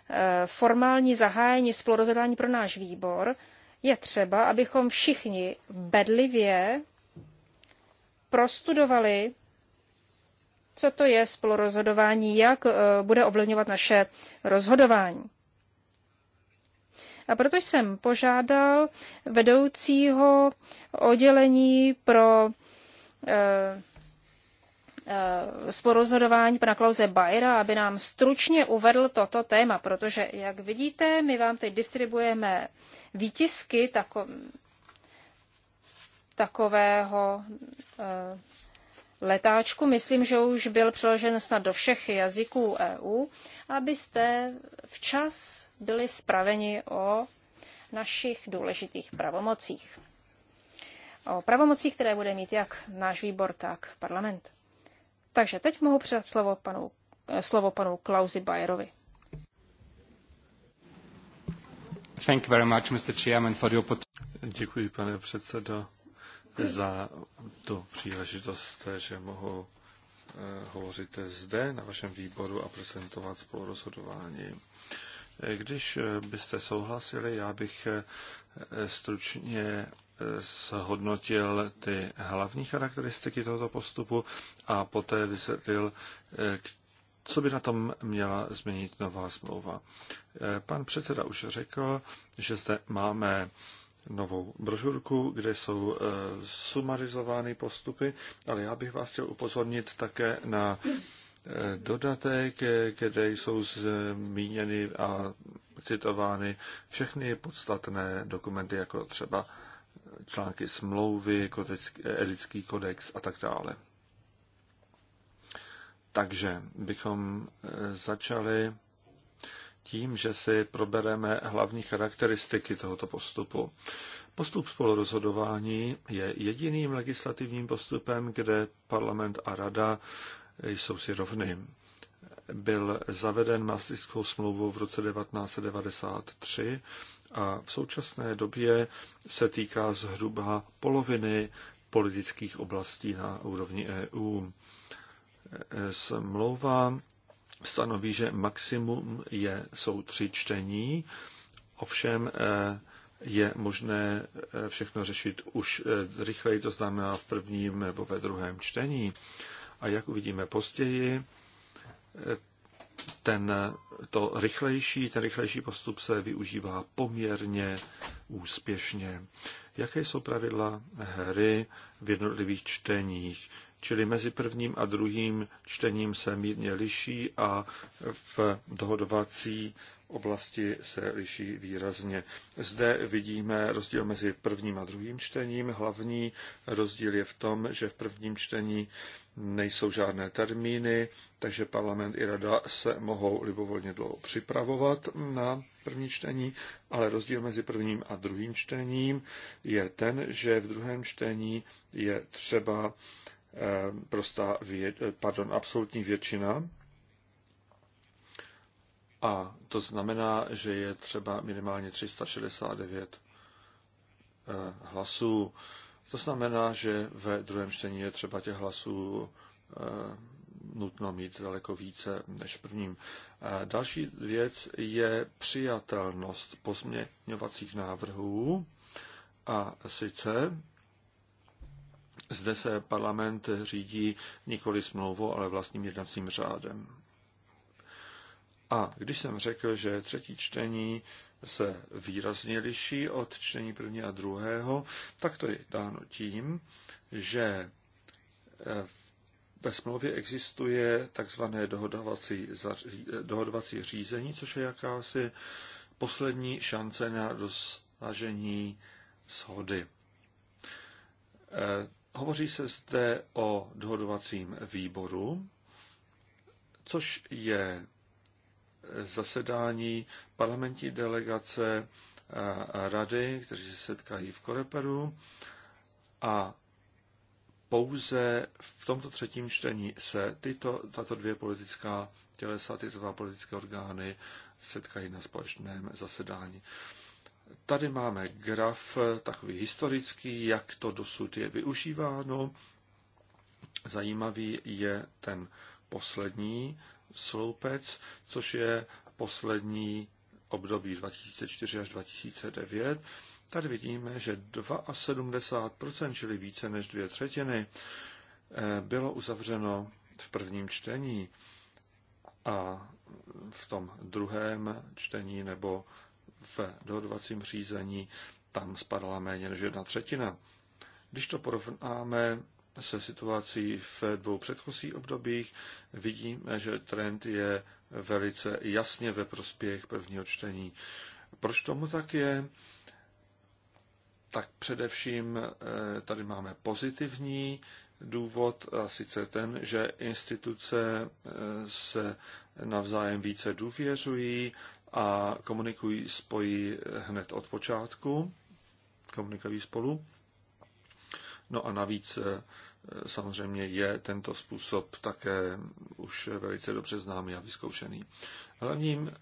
e, formální zahájení spolurozhodování pro náš výbor, je třeba, abychom všichni bedlivě prostudovali, co to je spolurozhodování, jak e, bude ovlivňovat naše rozhodování. A proto jsem požádal vedoucího oddělení pro eh, eh, sporozhodování pana Klauze Bajera, aby nám stručně uvedl toto téma, protože, jak vidíte, my vám teď distribuujeme výtisky tako, takového eh, letáčku, myslím, že už byl přeložen snad do všech jazyků EU, abyste včas byli spraveni o našich důležitých pravomocích. O pravomocích, které bude mít jak náš výbor, tak parlament. Takže teď mohu předat slovo panu, eh, slovo panu Klausi Bayerovi. Thank you very much, Mr. Chairman, for the Děkuji, pane předsedo za tu příležitost, že mohu eh, hovořit zde na vašem výboru a prezentovat spolurozhodování. Eh, když eh, byste souhlasili, já bych stručně shodnotil ty hlavní charakteristiky tohoto postupu a poté vysvětlil, co by na tom měla změnit nová smlouva. Pan předseda už řekl, že zde máme novou brožurku, kde jsou eh, sumarizovány postupy, ale já bych vás chtěl upozornit také na eh, dodatek, kde jsou zmíněny a citovány všechny podstatné dokumenty, jako třeba články smlouvy, etický kodex a tak dále. Takže bychom eh, začali tím, že si probereme hlavní charakteristiky tohoto postupu. Postup spolurozhodování je jediným legislativním postupem, kde parlament a rada jsou si rovny. Byl zaveden Maastrichtskou smlouvou v roce 1993 a v současné době se týká zhruba poloviny politických oblastí na úrovni EU. Smlouva stanoví, že maximum je, jsou tři čtení, ovšem eh, je možné eh, všechno řešit už eh, rychleji, to znamená v prvním nebo ve druhém čtení. A jak uvidíme později, ten, to rychlejší, ten rychlejší postup se využívá poměrně úspěšně. Jaké jsou pravidla hry v jednotlivých čteních? čili mezi prvním a druhým čtením se mírně liší a v dohodovací oblasti se liší výrazně. Zde vidíme rozdíl mezi prvním a druhým čtením. Hlavní rozdíl je v tom, že v prvním čtení nejsou žádné termíny, takže parlament i rada se mohou libovolně dlouho připravovat na první čtení, ale rozdíl mezi prvním a druhým čtením je ten, že v druhém čtení je třeba Eh, prostá vět, eh, pardon, absolutní většina. A to znamená, že je třeba minimálně 369 eh, hlasů. To znamená, že ve druhém čtení je třeba těch hlasů nutno mít daleko více než v prvním. Další věc je přijatelnost pozměňovacích návrhů a sice zde se parlament řídí nikoli smlouvou, ale vlastním jednacím řádem. A když jsem řekl, že třetí čtení se výrazně liší od čtení první a druhého, tak to je dáno tím, že eh, ve smlouvě existuje takzvané dohodovací, dohodovací řízení, což je jakási poslední šance na dosažení shody. Eh, Hovoří se zde o dohodovacím výboru, což je zasedání parlamentní delegace a rady, kteří se setkají v Koreperu a pouze v tomto třetím čtení se tyto, tato dvě politická tělesa, tyto dva politické orgány setkají na společném zasedání. Tady máme graf eh, takový historický, jak to dosud je využíváno. Zajímavý je ten poslední sloupec, což je poslední období 2004 až 2009. Tady vidíme, že 72%, čili více než dvě třetiny, eh, bylo uzavřeno v prvním čtení a v tom druhém čtení nebo v dohodovacím řízení tam spadala méně než jedna třetina. Když to porovnáme se situací v dvou předchozích obdobích, vidíme, že trend je velice jasně ve prospěch prvního čtení. Proč tomu tak je? Tak především eh, tady máme pozitivní důvod, a sice ten, že instituce eh, se navzájem více důvěřují a komunikují, spojí hned od počátku, komunikují spolu. No a navíc eh, samozřejmě je tento způsob také už velice dobře známý a vyzkoušený. Hlavním,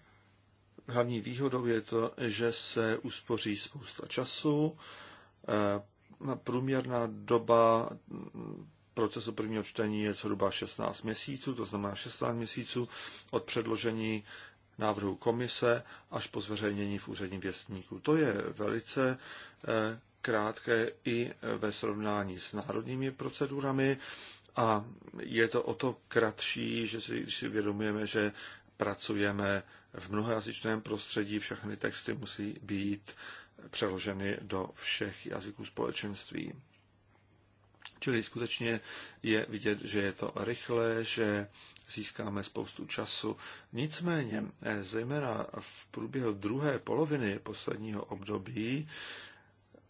hlavní výhodou je to, že se uspoří spousta času. Eh, průměrná doba procesu prvního čtení je zhruba 16 měsíců, to znamená 16 měsíců od předložení návrhu komise až po zveřejnění v úředním věstníku. To je velice eh, krátké i ve srovnání s národními procedurami a je to o to kratší, že si, když si uvědomujeme, že pracujeme v mnohojazyčném prostředí, všechny texty musí být přeloženy do všech jazyků společenství. Čili skutečně je vidět, že je to rychlé, že získáme spoustu času. Nicméně, eh, zejména v průběhu druhé poloviny posledního období,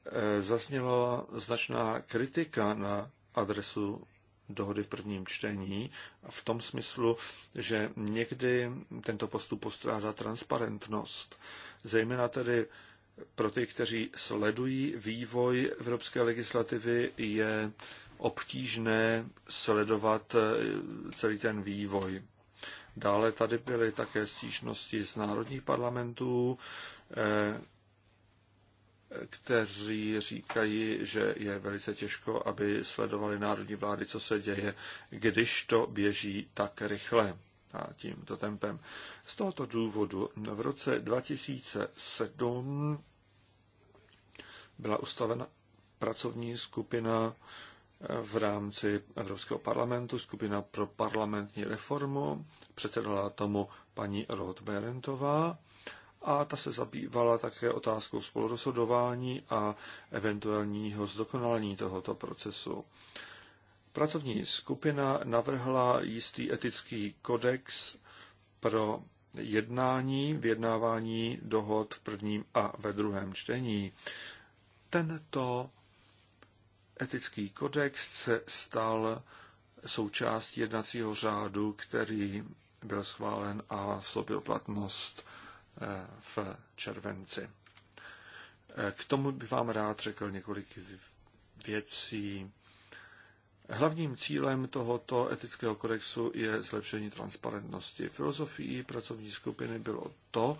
eh, zazněla značná kritika na adresu dohody v prvním čtení v tom smyslu, že někdy tento postup postrádá transparentnost. Zejména tedy pro ty, kteří sledují vývoj evropské legislativy, je obtížné sledovat eh, celý ten vývoj. Dále tady byly také stížnosti z národních parlamentů, eh, kteří říkají, že je velice těžko, aby sledovali národní vlády, co se děje, když to běží tak rychle a tímto tempem. Z tohoto důvodu v roce 2007 byla ustavena pracovní skupina v rámci Evropského parlamentu, skupina pro parlamentní reformu, předsedala tomu paní Roth Berentová a ta se zabývala také otázkou spolurozhodování a eventuálního zdokonalení tohoto procesu. Pracovní skupina navrhla jistý etický kodex pro jednání, vyjednávání dohod v prvním a ve druhém čtení. Tento etický kodex se stal součástí jednacího řádu, který byl schválen a vstoupil platnost eh, v červenci. Eh, k tomu bych vám rád řekl několik věcí. Hlavním cílem tohoto etického kodexu je zlepšení transparentnosti. Filozofií pracovní skupiny bylo to,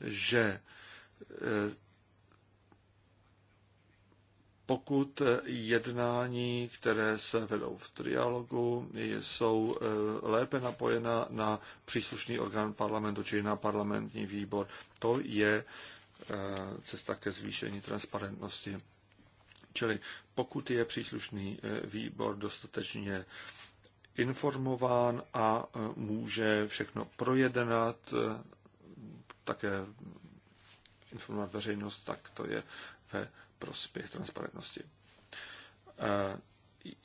že e, pokud jednání, které se vedou v trialogu, jsou e, lépe napojena na příslušný orgán parlamentu, či na parlamentní výbor, to je e, cesta ke zvýšení transparentnosti. Čili pokud je příslušný eh, výbor dostatečně informován a eh, může všechno projednat, eh, také informovat veřejnost, tak to je ve prospěch transparentnosti.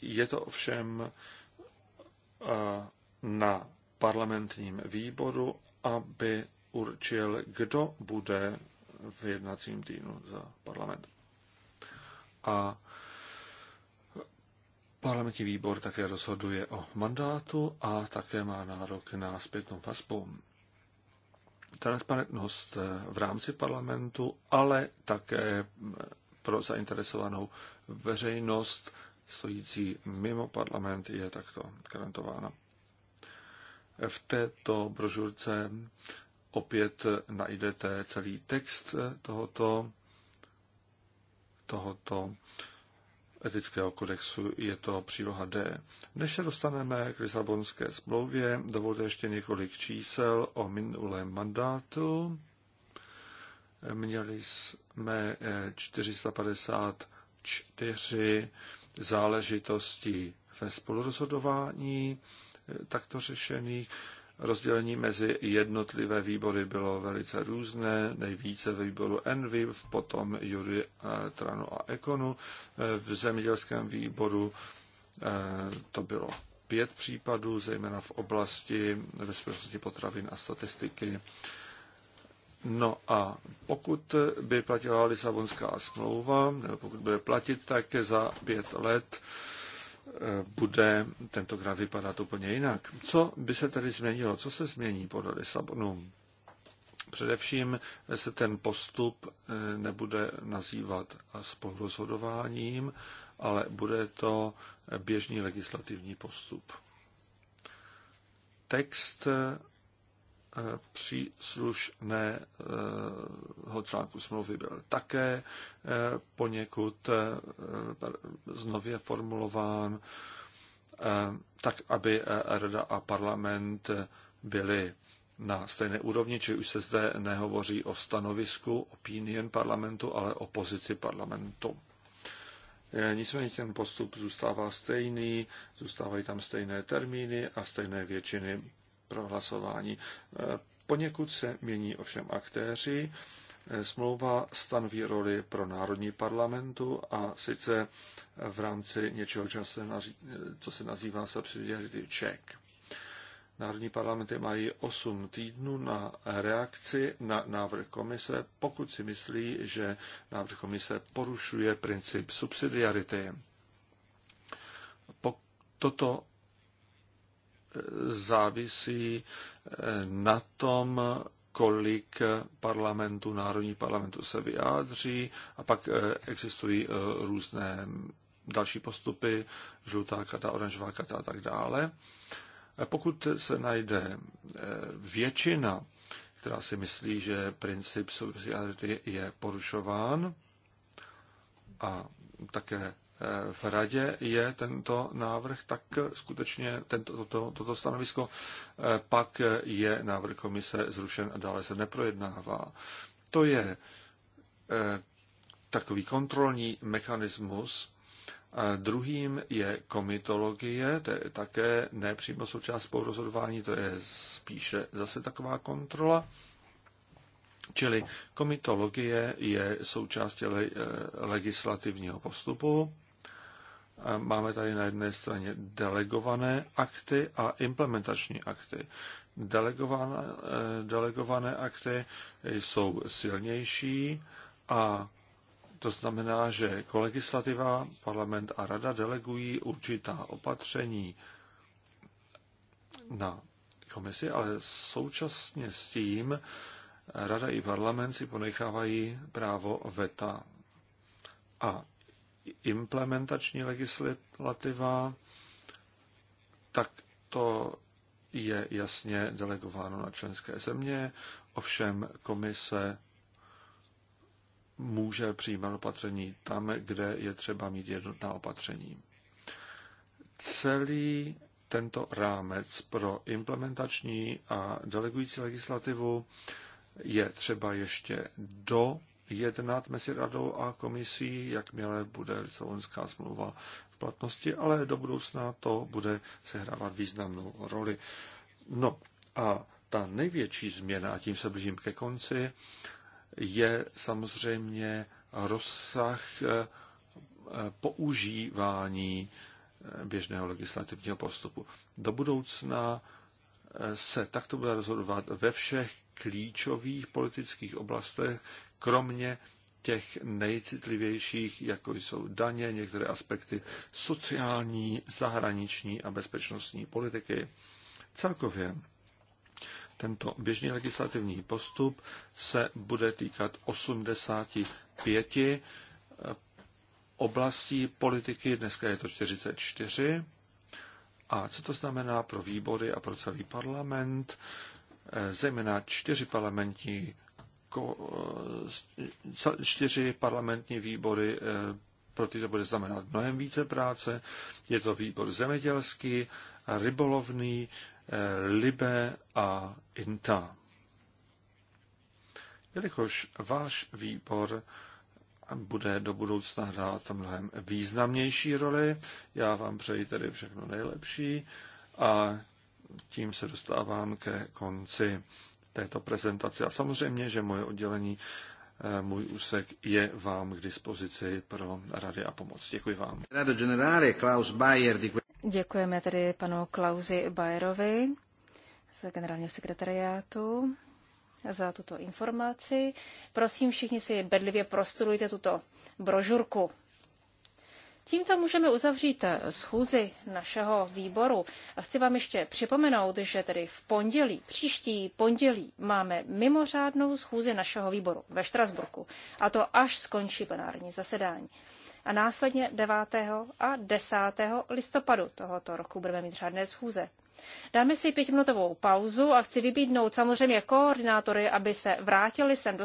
Je to ovšem na parlamentním výboru, aby určil, kdo bude v jednacím týdnu za parlament a parlamentní výbor také rozhoduje o mandátu a také má nárok na zpětnou vazbu. Transparentnost v rámci parlamentu, ale také pro zainteresovanou veřejnost stojící mimo parlament je takto garantována. V této brožurce opět najdete celý text tohoto tohoto etického kodexu je to příloha D. Než se dostaneme k Lisabonské smlouvě, dovolte ještě několik čísel o minulém mandátu. Měli jsme 454 eh, záležitosti ve spolurozhodování eh, takto řešených. Rozdělení mezi jednotlivé výbory bylo velice různé, nejvíce ve výboru Envy, potom Jury eh, Tranu a Ekonu. Eh, v zemědělském výboru eh, to bylo pět případů, zejména v oblasti bezpečnosti potravin a statistiky. No a pokud by platila Lisabonská smlouva, nebo pokud bude platit, tak za pět let Eh, bude tentokrát vypadat úplně jinak. Co by se tady změnilo? Co se změní podle Lisabonu? Především se ten postup eh, nebude nazývat spolurozhodováním, ale bude to běžný legislativní postup. Text eh, příslušného článku smlouvy byl také eh, poněkud eh, znově formulován, eh, tak aby Rada a parlament byly na stejné úrovni, či už se zde nehovoří o stanovisku, opinion parlamentu, ale o pozici parlamentu. Nicméně ten postup zůstává stejný, zůstávají tam stejné termíny a stejné většiny pro hlasování. Eh, poněkud se mění ovšem aktéři. Eh, smlouva stanoví roli pro národní parlamentu a sice v rámci něčeho, co se nazývá subsidiarity check. Národní parlamenty mají 8 týdnů na reakci na návrh komise, pokud si myslí, že návrh komise porušuje princip subsidiarity. Toto závisí eh, na tom, kolik parlamentů, národní parlamentů se vyjádří a pak eh, existují eh, různé další postupy, žlutá karta, oranžová karta a tak dále. Pokud se najde většina, která si myslí, že princip subsidiarity je porušován a také Eh, v radě je tento návrh, tak skutečně tento, toto, toto stanovisko eh, pak je návrh komise zrušen a dále se neprojednává. To je eh, takový kontrolní mechanismus. A druhým je komitologie, to je také nepřímo součást spolurozhodování, to je spíše zase taková kontrola. Čili komitologie je součástí legislativního postupu Máme tady na jedné straně delegované akty a implementační akty. Delegované, eh, delegované akty jsou silnější a to znamená, že kolegislativa, parlament a rada delegují určitá opatření na komisi, ale současně s tím rada i parlament si ponechávají právo veta. A implementační legislativa, tak to je jasně delegováno na členské země, ovšem komise může přijímat opatření tam, kde je třeba mít jednotná opatření. Celý tento rámec pro implementační a delegující legislativu je třeba ještě do jednat mezi radou a komisí, jakmile bude Lisabonská smlouva v platnosti, ale do budoucna to bude sehrávat významnou roli. No a ta největší změna, a tím se blížím ke konci, je samozřejmě rozsah eh, používání eh, běžného legislativního postupu. Do budoucna eh, se takto bude rozhodovat ve všech klíčových politických oblastech, kromě těch nejcitlivějších, jako jsou daně, některé aspekty sociální, zahraniční a bezpečnostní politiky. Celkově tento běžný legislativní postup se bude týkat 85 eh, oblastí politiky, dneska je to 44. A co to znamená pro výbory a pro celý parlament? Eh, zejména čtyři parlamentní Eh, čtyři parlamentní výbory eh, pro ty to bude znamenat mnohem více práce. Je to výbor zemědělský, rybolovný, eh, libe a inta. Jelikož váš výbor bude do budoucna hrát mnohem významnější roli, já vám přeji tedy všechno nejlepší a tím se dostávám ke konci této prezentaci. A samozřejmě, že moje oddělení, eh, můj úsek je vám k dispozici pro rady a pomoc. Děkuji vám. Děkujeme tedy panu Klausi Bayerovi z generálního sekretariátu za tuto informaci. Prosím, všichni si bedlivě prostudujte tuto brožurku. Tímto můžeme uzavřít eh, schůzi našeho výboru. A chci vám ještě připomenout, že tedy v pondělí, příští pondělí, máme mimořádnou schůzi našeho výboru ve Štrasburku. A to až skončí plenární zasedání. A následně 9. a 10. listopadu tohoto roku budeme mít řádné schůze. Dáme si pětiminutovou pauzu a chci vybídnout samozřejmě koordinátory, aby se vrátili sem do